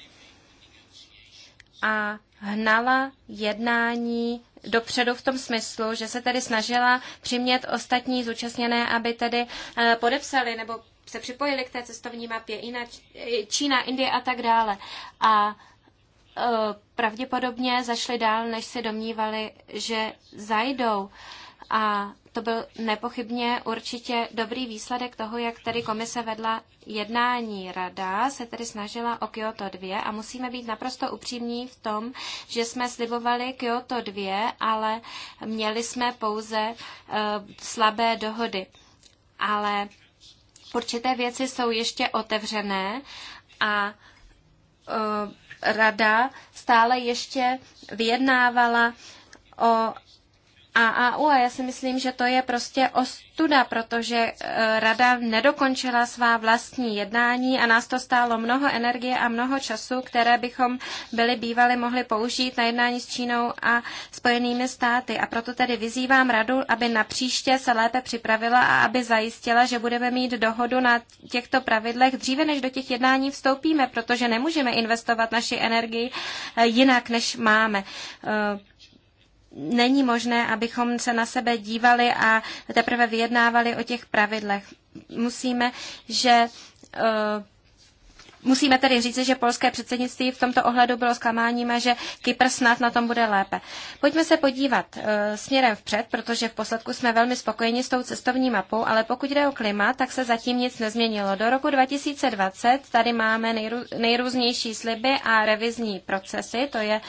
C: a hnala jednání dopředu v tom smyslu, že se tedy snažila přimět ostatní zúčastněné, aby tedy eh, podepsali nebo se připojili k té cestovní mapě, na eh, Čína, Indie a tak dále. A eh, pravděpodobně zašli dál, než se domnívali, že zajdou. A to byl nepochybně určitě dobrý výsledek toho, jak tady komise vedla jednání. Rada se tedy snažila o Kyoto 2 a musíme být naprosto upřímní v tom, že jsme slibovali Kyoto 2, ale měli jsme pouze uh, slabé dohody. Ale určité věci jsou ještě otevřené a uh, rada stále ještě vyjednávala o a a já si myslím, že to je prostě ostuda, protože eh, rada nedokončila svá vlastní jednání a nás to stálo mnoho energie a mnoho času, které bychom byli bývali mohli použít na jednání s Čínou a Spojenými státy. A proto tedy vyzývám radu, aby na příště se lépe připravila a aby zajistila, že budeme mít dohodu na těchto pravidlech dříve, než do těch jednání vstoupíme, protože nemůžeme investovat naši energii eh, jinak, než máme. Eh, není možné, abychom se na sebe dívali a teprve vyjednávali o těch pravidlech. Musíme, že eh, Musíme tedy říci, že polské předsednictví v tomto ohledu bylo zklamáním a že Kypr snad na tom bude lépe. Pojďme se podívat e, směrem vpřed, protože v posledku jsme velmi spokojeni s tou cestovní mapou, ale pokud jde o klima, tak se zatím nic nezměnilo. Do roku 2020 tady máme nejrů, nejrůznější sliby a revizní procesy, to je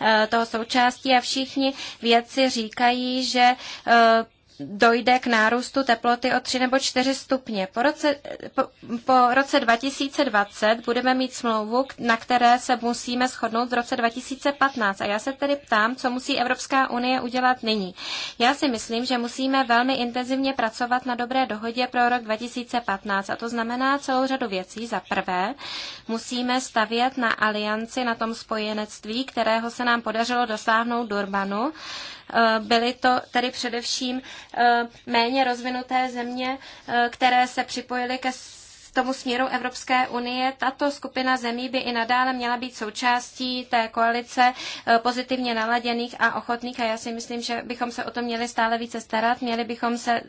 C: e, toho součástí a všichni vědci říkají, že e, dojde k nárůstu teploty o 3 nebo 4 stupně. Po roce, po, po roce 2020 budeme mít smlouvu, na které se musíme shodnout v roce 2015. A já se tedy ptám, co musí Evropská unie udělat nyní. Já si myslím, že musíme velmi intenzivně pracovat na dobré dohodě pro rok 2015. A to znamená celou řadu věcí. Za prvé, musíme stavět na alianci, na tom spojenectví, kterého se nám podařilo dosáhnout Durbanu. Eh, byly to tedy především Eh, méně rozvinuté země, eh, které se připojily ke tomu směru Evropské unie. Tato skupina zemí by i nadále měla být součástí té koalice eh, pozitivně naladěných a ochotných a já si myslím, že bychom se o to měli stále více starat. Měli bychom se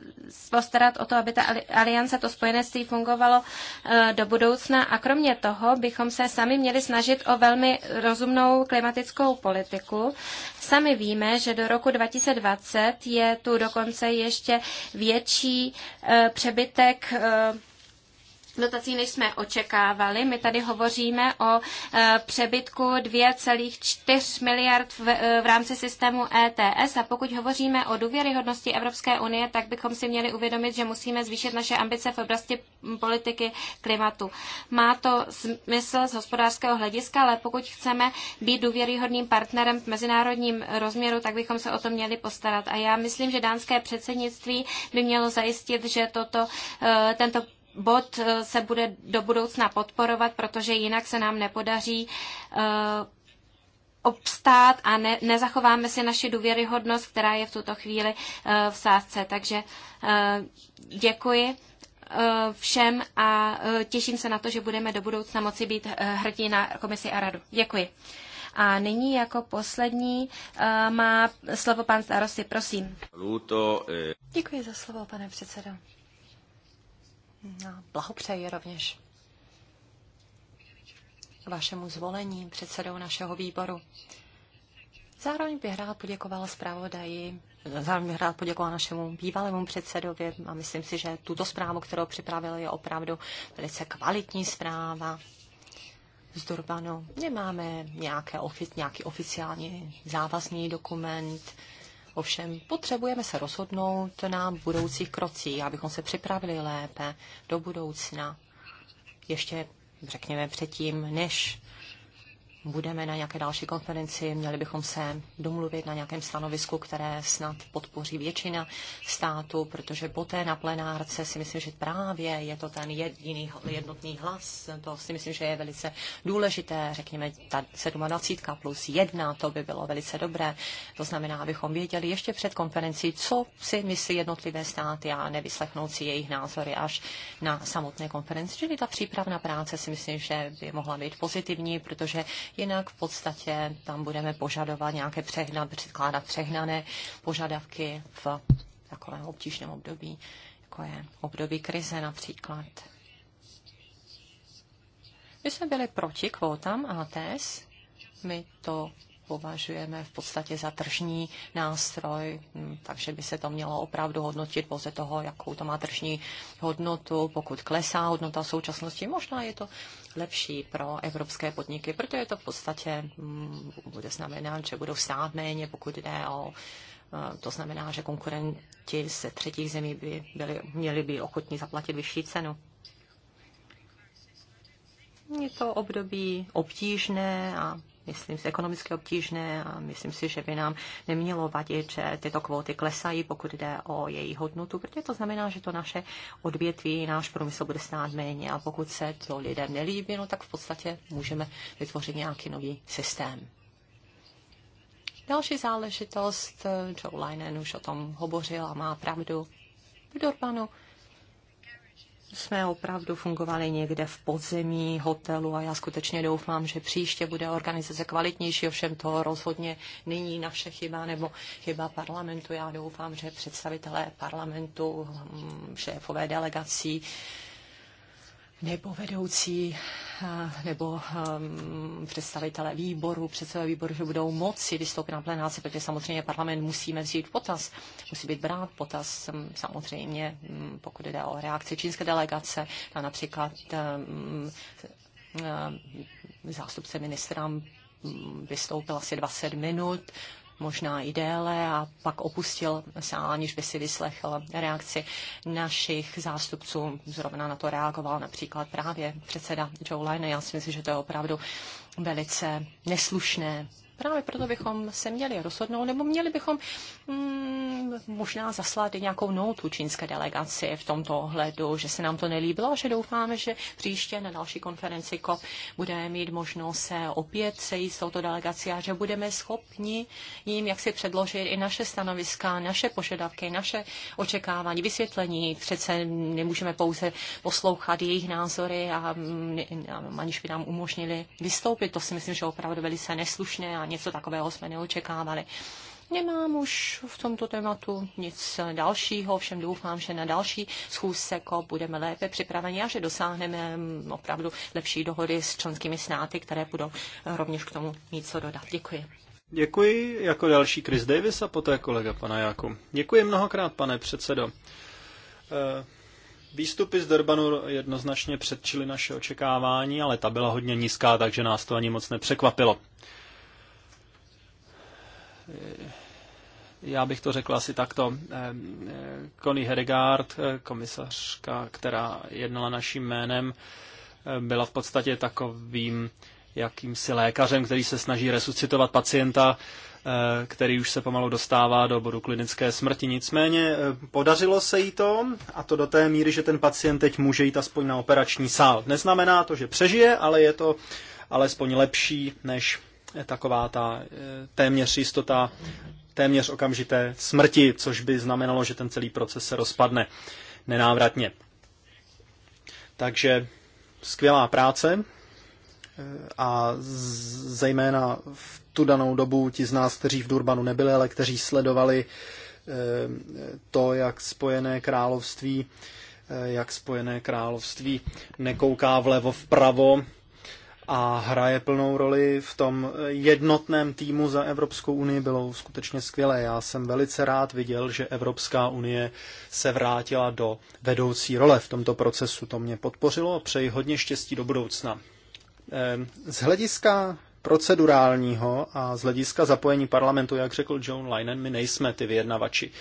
C: postarat o to, aby ta aliance, to spojenectví fungovalo eh, do budoucna a kromě toho bychom se sami měli snažit o velmi rozumnou klimatickou politiku. Sami víme, že do roku 2020 je tu dokonce ještě větší eh, přebytek dotací, než jsme očekávali. My tady hovoříme o e, přebytku 2,4 miliard v, e, v rámci systému ETS a pokud hovoříme o důvěryhodnosti Evropské unie, tak bychom si měli uvědomit, že musíme zvýšit naše ambice v oblasti politiky klimatu. Má to smysl z hospodářského hlediska, ale pokud chceme být důvěryhodným partnerem v mezinárodním rozměru, tak bychom se o to měli postarat. A já myslím, že dánské předsednictví by mělo zajistit, že toto, e, tento bod eh, se bude do budoucna podporovat, protože jinak se nám nepodaří eh, obstát a ne, nezachováme si naši důvěryhodnost, která je v tuto chvíli eh, v sázce. Takže děkuji všem a těším se na to, že budeme do budoucna moci být hrdí na komisi a radu. Děkuji. A nyní jako poslední má slovo pan starosti, prosím. Děkuji za slovo, pane předsedo. No, blahopřeji rovněž
B: vašemu zvolení předsedou našeho výboru. Zároveň bych rád poděkovala zpravodaji, zároveň bych rád poděkovala našemu bývalému předsedovi a myslím si, že tuto zprávu, kterou připravil, je opravdu velice kvalitní zpráva z Durbanu. Nemáme nějaké, nějaký oficiální závazný dokument, Ovšem potřebujeme se rozhodnout na budoucích krocích, abychom se připravili lépe do budoucna. Ještě, řekněme, předtím, než budeme na nějaké další konferenci, měli bychom se domluvit na nějakém stanovisku, které snad podpoří většina států, protože poté na plenárce si myslím, že právě je to ten jediný jednotný hlas. To si myslím, že je velice důležité. Řekněme, ta 27 plus 1, to by bylo velice dobré. To znamená, abychom věděli ještě před konferencí, co si myslí jednotlivé státy a nevyslechnout si jejich názory až na samotné konferenci. Čili ta přípravná práce si myslím, že by mohla být pozitivní, protože Jinak v podstatě tam budeme požadovat nějaké přehnat, předkládat přehnané požadavky v takovém obtížném období, jako je období krize například. My jsme byli proti kvótám ATS, e my to považujeme v podstatě za tržní nástroj, hm, takže by se to mělo opravdu hodnotit pouze toho, jakou to má tržní hodnotu. Pokud klesá hodnota v současnosti, možná je to lepší pro evropské podniky, protože to v podstatě hm, bude znamenat, že budou stát méně, pokud jde o eh, to znamená, že konkurenti ze třetích zemí by byli, měli by ochotní zaplatit vyšší cenu. Je to období obtížné a myslím si, ekonomicky obtížné a myslím si, že by nám nemělo vadit, že tyto kvóty klesají, pokud jde o její hodnotu, protože to znamená, že to naše odvětví, náš průmysl bude stát méně a pokud se to lidem nelíbí, no tak v podstatě můžeme vytvořit nějaký nový systém. Další záležitost, Joe Linen už o tom hovořil a má pravdu, v Durbanu jsme opravdu fungovali někde v podzemí hotelu a já skutečně doufám, že příště bude organizace kvalitnější, ovšem to rozhodně není naše chyba nebo chyba parlamentu. Já doufám, že představitelé parlamentu, hm, šéfové delegací, nebo vedoucí, eh, nebo um, představitelé výboru, předsedové výboru, že budou moci vystoupit na plenáci, protože samozřejmě parlament musíme vzít potaz, musí být brát potaz ehm, samozřejmě, ehm, pokud jde o reakci čínské delegace na například um, um, zástupce ministra mm, vystoupil asi 20 minut, možná i déle a pak opustil sál, aniž by si vyslechl reakci našich zástupců. Zrovna na to reagoval například právě předseda Joe Lane. Já si myslím, že to je opravdu velice neslušné právě proto bychom se měli rozhodnout, nebo měli bychom mm, možná zaslat i nějakou notu čínské delegaci v tomto ohledu, že se nám to nelíbilo a že doufáme, že příště na další konferenci COP budeme mít možnost se opět sejít s touto delegací a že budeme schopni jim jaksi předložit i naše stanoviska, naše požadavky, naše očekávání, vysvětlení. Přece nemůžeme pouze poslouchat jejich názory a, mm, a aniž by nám umožnili vystoupit. To si myslím, že opravdu velice neslušné a něco takového jsme neočekávali. Nemám už v tomto tématu nic dalšího, všem doufám, že na další schůzce budeme lépe připraveni a že dosáhneme opravdu lepší dohody s členskými snáty, které budou rovněž k tomu mít co dodat. Děkuji.
A: Děkuji jako další Chris Davis a poté kolega pana Jáku. Děkuji mnohokrát, pane předsedo. Eh, výstupy z Durbanu jednoznačně předčily naše očekávání, ale ta byla hodně nízká, takže nás to ani moc nepřekvapilo já bych to řekl asi takto. Connie Hedegaard, eh, komisařka, která jednala naším jménem, eh, byla v podstatě takovým jakýmsi lékařem, který se snaží resuscitovat pacienta, eh, který už se pomalu dostává do bodu klinické smrti. Nicméně podařilo se jí to, a to do té míry, že ten pacient teď může jít aspoň na operační sál. Neznamená to, že přežije, ale je to alespoň lepší, než taková ta e, téměř jistota téměř okamžité smrti, což by znamenalo, že ten celý proces se rozpadne nenávratně. Takže skvělá práce e, a zejména v tu danou dobu ti z nás, kteří v Durbanu nebyli, ale kteří sledovali e, to, jak spojené království jak spojené království nekouká vlevo vpravo, a hraje plnou roli v tom jednotném týmu za Evropskou unii. Bylo skutečně skvělé. Já jsem velice rád viděl, že Evropská unie se vrátila do vedoucí role v tomto procesu. To mě podpořilo a přeji hodně štěstí do budoucna. Ehm, z hlediska procedurálního a z hlediska zapojení parlamentu, jak řekl John Linen, my nejsme ty vyjednavači.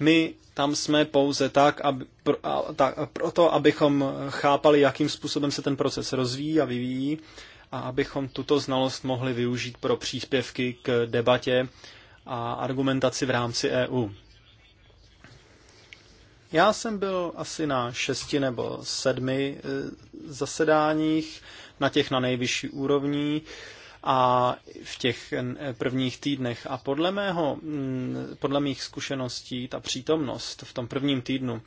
A: My tam jsme pouze tak, aby, pro, a, tak proto, abychom chápali, jakým způsobem se ten proces rozvíjí a vyvíjí a abychom tuto znalost mohli využít pro příspěvky k debatě a argumentaci v rámci EU. Já jsem byl asi na šesti nebo sedmi eh, zasedáních, na těch na nejvyšší úrovni a v těch prvních týdnech. A podle, mého, podle mých zkušeností ta přítomnost v tom prvním týdnu,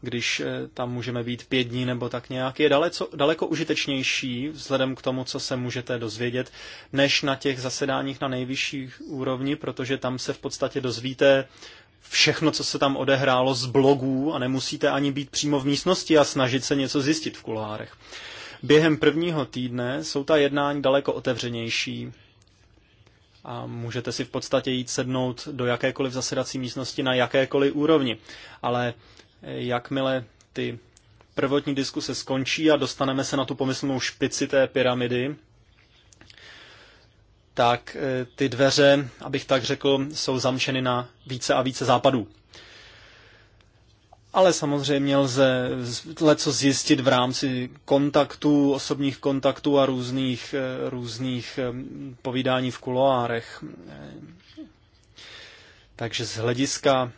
A: když e, tam můžeme být pět dní nebo tak nějak, je daleko, daleko užitečnější vzhledem k tomu, co se můžete dozvědět, než na těch zasedáních na nejvyšší úrovni, protože tam se v podstatě dozvíte všechno, co se tam odehrálo z blogů a nemusíte ani být přímo v místnosti a snažit se něco zjistit v kulárech. Během prvního týdne jsou ta jednání daleko otevřenější a můžete si v podstatě jít sednout do jakékoliv zasedací místnosti na jakékoliv úrovni. Ale eh, jakmile ty prvotní diskuse skončí a dostaneme se na tu pomyslnou špici té pyramidy, tak eh, ty dveře, abych tak řekl, jsou zamčeny na více a více západů ale samozřejmě lze leco zjistit v rámci kontaktů, osobních kontaktů a různých, eh, různých eh, povídání v kuloárech. Eh, takže z hlediska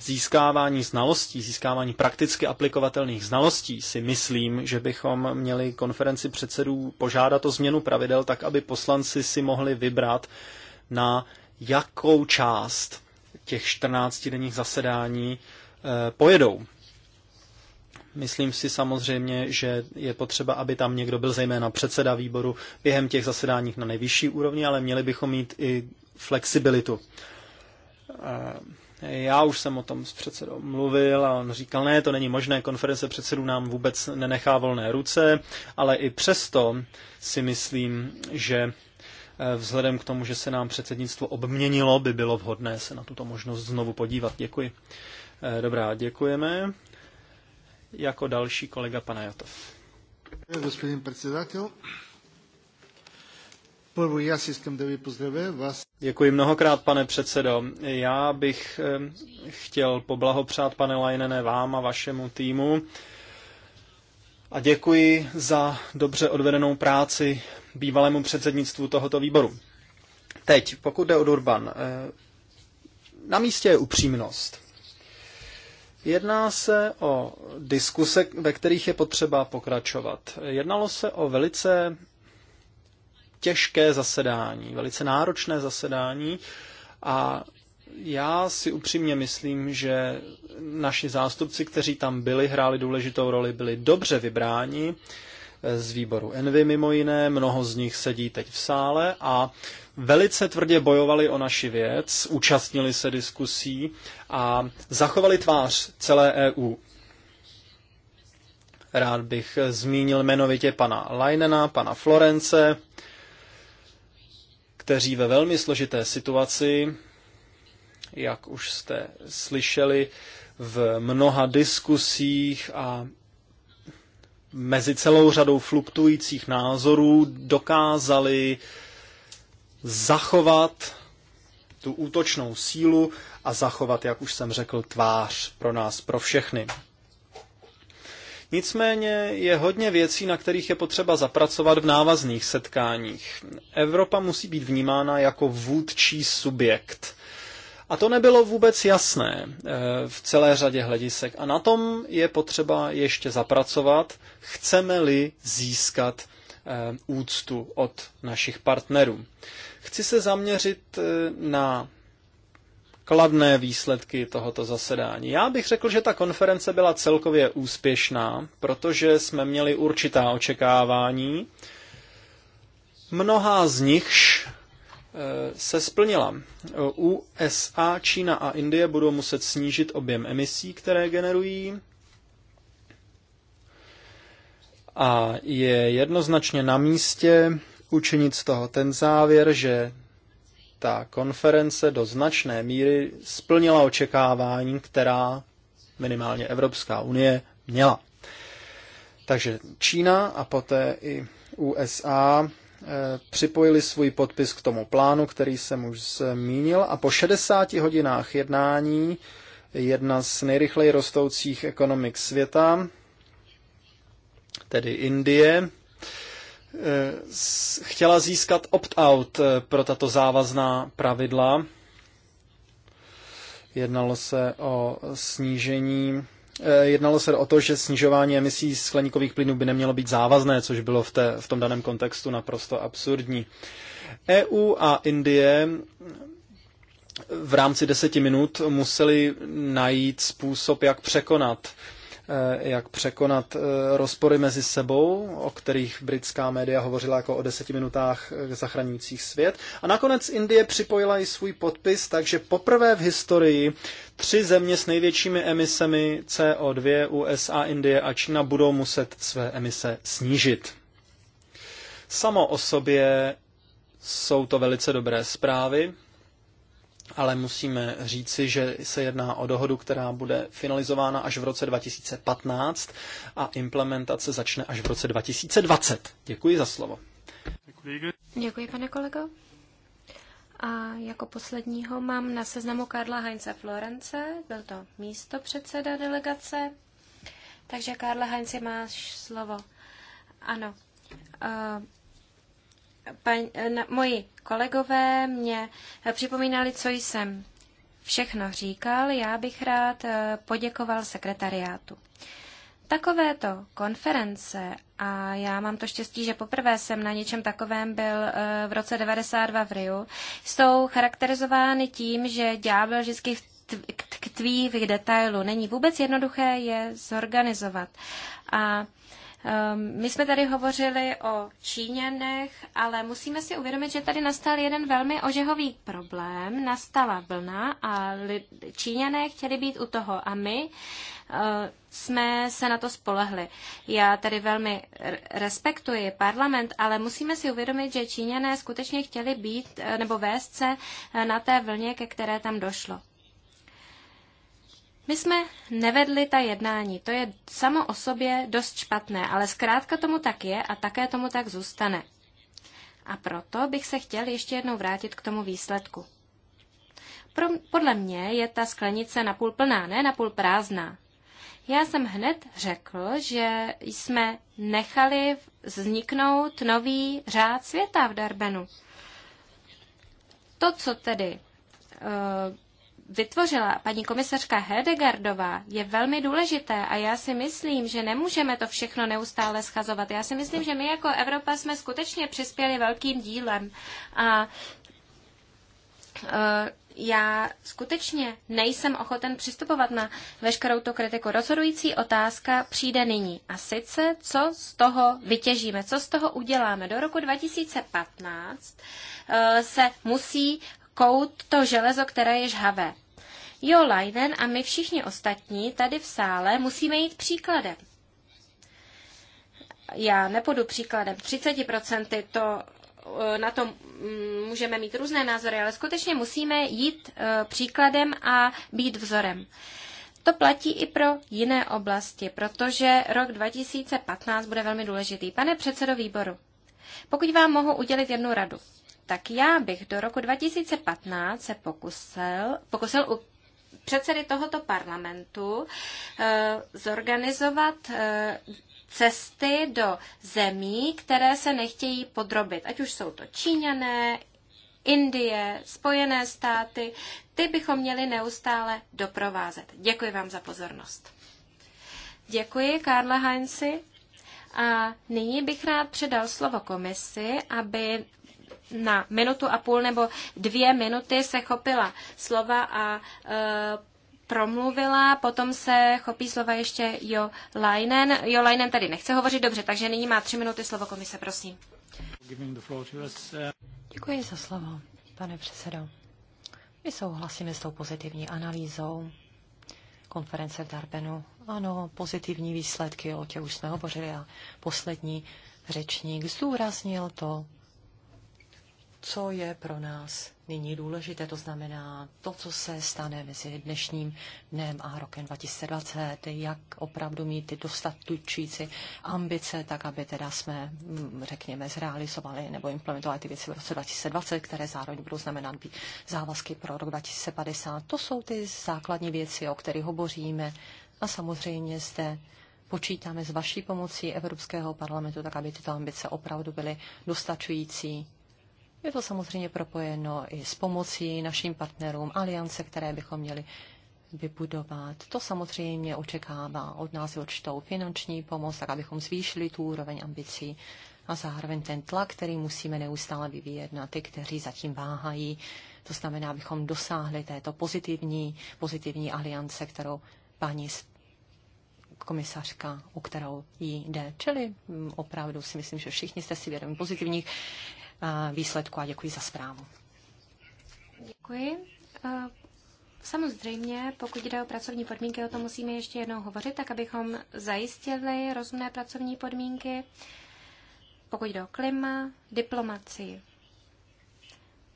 A: získávání znalostí, získávání prakticky aplikovatelných znalostí si myslím, že bychom měli konferenci předsedů požádat o změnu pravidel tak, aby poslanci si mohli vybrat na jakou část těch 14 denních zasedání Eh, pojedou. Myslím si samozřejmě, že je potřeba, aby tam někdo byl zejména předseda výboru během těch zasedání na nejvyšší úrovni, ale měli bychom mít i flexibilitu. Eh, já už jsem o tom s předsedou mluvil a on říkal, ne, to není možné, konference předsedů nám vůbec nenechá volné ruce, ale i přesto si myslím, že eh, vzhledem k tomu, že se nám předsednictvo obměnilo, by bylo vhodné se na tuto možnost znovu podívat. Děkuji. Eh, dobrá, děkujeme. Jako další kolega Panajotov. Jatov. председател, Prvo, já si vás. Děkuji mnohokrát, pane předsedo. Já bych eh, chtěl poblahopřát, pane Lajnene, vám a vašemu týmu. A děkuji za dobře odvedenou práci bývalému předsednictvu tohoto výboru. Teď, pokud jde o Durban, eh, na místě je upřímnost. Jedná se o diskuse, ve kterých je potřeba pokračovat. Jednalo se o velice těžké zasedání, velice náročné zasedání a já si upřímně myslím, že naši zástupci, kteří tam byli, hráli důležitou roli, byli dobře vybráni z výboru Envy mimo jiné, mnoho z nich sedí teď v sále a velice tvrdě bojovali o naši věc, účastnili se diskusí a zachovali tvář celé EU. Rád bych zmínil jmenovitě pana Leinena, pana Florence, kteří ve velmi složité situaci, jak už jste slyšeli, v mnoha diskusích a mezi celou řadou fluktujících názorů dokázali zachovat tu útočnou sílu a zachovat, jak už jsem řekl, tvář pro nás, pro všechny. Nicméně je hodně věcí, na kterých je potřeba zapracovat v návazných setkáních. Evropa musí být vnímána jako vůdčí subjekt a to nebylo vůbec jasné eh, v celé řadě hledisek. A na tom je potřeba ještě zapracovat, chceme-li získat eh, úctu od našich partnerů. Chci se zaměřit eh, na kladné výsledky tohoto zasedání. Já bych řekl, že ta konference byla celkově úspěšná, protože jsme měli určitá očekávání. Mnohá z nichž Eh, se splnila. Eh, USA, Čína a Indie budou muset snížit objem emisí, které generují. A je jednoznačně na místě učinit z toho ten závěr, že ta konference do značné míry splnila očekávání, která minimálně Evropská unie měla. Takže Čína a poté i USA připojili svůj podpis k tomu plánu, který jsem už zmínil a po 60 hodinách jednání jedna z nejrychleji rostoucích ekonomik světa, tedy Indie, eh, chtěla získat opt-out eh, pro tato závazná pravidla. Jednalo se o snížení Eh, jednalo se o to, že snižování emisí skleníkových plynů by nemělo být závazné, což bylo v, té, v tom daném kontextu naprosto absurdní. EU a Indie v rámci deseti minut museli najít způsob, jak překonat uh, Eh, jak překonat eh, rozpory mezi sebou, o kterých britská média hovořila jako o deseti minutách eh, zachraňujících svět. A nakonec Indie připojila i svůj podpis, takže poprvé v historii tři země s největšími emisemi CO2, USA, Indie a Čína, budou muset své emise snížit. Samo o sobě jsou to velice dobré zprávy, ale musíme říci, že se jedná o dohodu, která bude finalizována až v roce 2015 a implementace začne až v roce 2020. Děkuji za slovo.
C: Děkuji, pane kolego. A jako posledního mám na seznamu Karla Heinze Florence, byl to místo předseda delegace. Takže Karla Heinze máš slovo. Ano. Uh, paň, eh, na, moji kolegové mě eh, připomínali, co jsem všechno říkal. Já bych rád eh, poděkoval sekretariátu. Takovéto konference, a já mám to štěstí, že poprvé jsem na něčem takovém byl v roce 92 v Riu, jsou charakterizovány tím, že ďábel vždycky tkví v detailu. Není vůbec jednoduché je zorganizovat. A Ehm, my jsme tady hovořili o Číňanech, ale musíme si uvědomit, že tady nastal jeden velmi ožehový problém. Nastala vlna a Číňané chtěli být u toho a my eh, jsme se na to spolehli. Já tady velmi respektuji parlament, ale musíme si uvědomit, že Číňané skutečně chtěli být eh, nebo vést se eh, na té vlně, ke které tam došlo. My jsme nevedli ta jednání, to je samo o sobě dost špatné, ale zkrátka tomu tak je a také tomu tak zůstane. A proto bych se chtěl ještě jednou vrátit k tomu výsledku. Pro, podle mě je ta sklenice napůl plná, ne napůl prázdná. Já jsem hned řekl, že jsme nechali vzniknout nový řád světa v Darbenu. To, co tedy uh, vytvořila paní komisařka Hedegardová, je velmi důležité a já si myslím, že nemůžeme to všechno neustále schazovat. Já si myslím, že my jako Evropa jsme skutečně přispěli velkým dílem a e, já skutečně nejsem ochoten přistupovat na veškerou tu kritiku. Rozhodující otázka přijde nyní. A sice, co z toho vytěžíme, co z toho uděláme. Do roku 2015 e, se musí kout to železo, které je žhavé. Jo Leiden a my všichni ostatní tady v sále musíme jít příkladem. Já nepůjdu příkladem. 30% to eh, na tom mm, můžeme mít různé názory, ale skutečně musíme jít eh, příkladem a být vzorem. To platí i pro jiné oblasti, protože rok 2015 bude velmi důležitý. Pane předsedo výboru, pokud vám mohu udělit jednu radu tak já bych do roku 2015 se pokusil, pokusil u předsedy tohoto parlamentu eh, zorganizovat eh, cesty do zemí, které se nechtějí podrobit, ať už jsou to Číňané, Indie, Spojené státy, ty bychom měli neustále doprovázet. Děkuji vám za pozornost. Děkuji, Karla Heinzi. A nyní bych rád předal slovo komisi, aby na minutu a půl nebo dvě minuty se chopila slova a e, promluvila, potom se chopí slova ještě Jo Leinen. Jo Leinen tady nechce hovořit dobře, takže nyní má tři minuty slovo komise, prosím.
B: Děkuji za slovo, pane předsedo. My souhlasíme s tou pozitivní analýzou konference v Darbenu. Ano, pozitivní výsledky, o těch už jsme hovořili a poslední řečník zdůraznil to, co je pro nás nyní důležité, to znamená to, co se stane mezi dnešním dnem a rokem 2020, jak opravdu mít ty dostatující ambice, tak aby teda jsme, mm, řekněme, zrealizovali nebo implementovali ty věci v roce 2020, které zároveň budou znamenat závazky pro rok 2050. To jsou ty základní věci, o kterých hovoříme a samozřejmě zde počítáme s vaší pomocí Evropského parlamentu, tak aby tyto ambice opravdu byly dostačující je to samozřejmě propojeno i s pomocí našim partnerům, aliance, které bychom měli vybudovat. To samozřejmě očekává od nás určitou finanční pomoc, tak abychom zvýšili tu úroveň ambicí a zároveň ten tlak, který musíme neustále vyvíjet na ty, kteří zatím váhají. To znamená, abychom dosáhli této pozitivní, pozitivní aliance, kterou paní komisařka, o kterou jí jde. Čili mm, opravdu si myslím, že všichni jste si vědomi pozitivních výsledku a děkuji za zprávu.
C: Děkuji. Samozřejmě, pokud jde o pracovní podmínky, o tom musíme ještě jednou hovořit, tak abychom zajistili rozumné pracovní podmínky. Pokud jde o klima, diplomaci,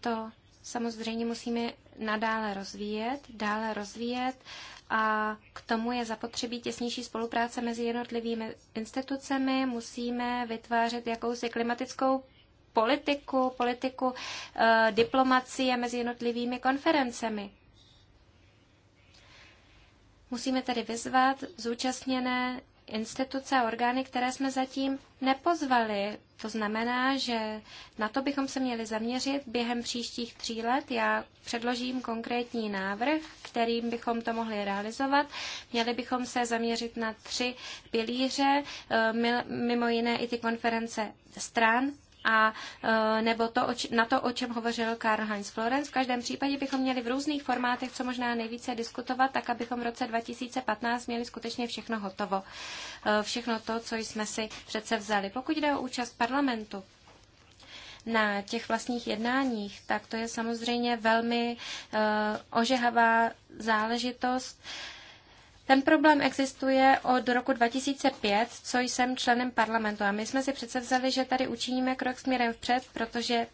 C: to samozřejmě musíme nadále rozvíjet, dále rozvíjet a k tomu je zapotřebí těsnější spolupráce mezi jednotlivými institucemi. Musíme vytvářet jakousi klimatickou politiku, politiku eh, diplomacie mezi jednotlivými konferencemi. Musíme tedy vyzvat zúčastněné instituce a orgány, které jsme zatím nepozvali. To znamená, že na to bychom se měli zaměřit během příštích tří let. Já předložím konkrétní návrh, kterým bychom to mohli realizovat. Měli bychom se zaměřit na tři pilíře, eh, mimo jiné i ty konference stran, a eh, nebo to, na to, o čem hovořil Karl Heinz Florenz. V každém případě bychom měli v různých formátech co možná nejvíce diskutovat, tak abychom v roce 2015 měli skutečně všechno hotovo. Eh, všechno to, co jsme si přece vzali. Pokud jde o účast parlamentu, na těch vlastních jednáních, tak to je samozřejmě velmi uh, ožehavá záležitost. Uh, ten problém existuje od roku 2005, co jsem členem parlamentu a my jsme si přece vzali, že tady učiníme krok směrem vpřed, protože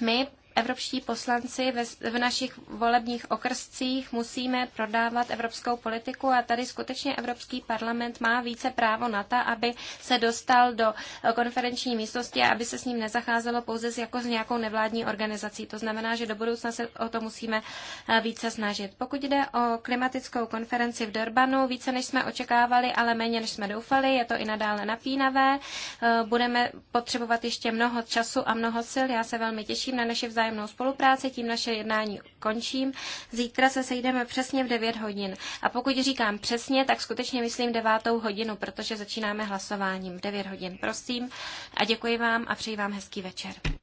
C: my evropští poslanci ve, v našich volebních okrscích musíme prodávat evropskou politiku a tady skutečně Evropský parlament má více právo na to, aby se dostal do eh, konferenční místnosti a aby se s ním nezacházelo pouze jako s nějakou nevládní organizací. To znamená, že do budoucna se o to musíme eh, více snažit. Pokud jde o klimatickou konferenci v Durbanu, více než jsme očekávali, ale méně než jsme doufali, je to i nadále napínavé. Eh, budeme potřebovat ještě mnoho času a mnoho sil. Já se velmi těším na naše vzájemné vzájemnou spolupráci. Tím naše jednání končím. Zítra se sejdeme přesně v 9 hodin. A pokud říkám přesně, tak skutečně myslím 9 hodinu, protože začínáme hlasováním v 9 hodin. Prosím a děkuji vám a přeji vám hezký večer.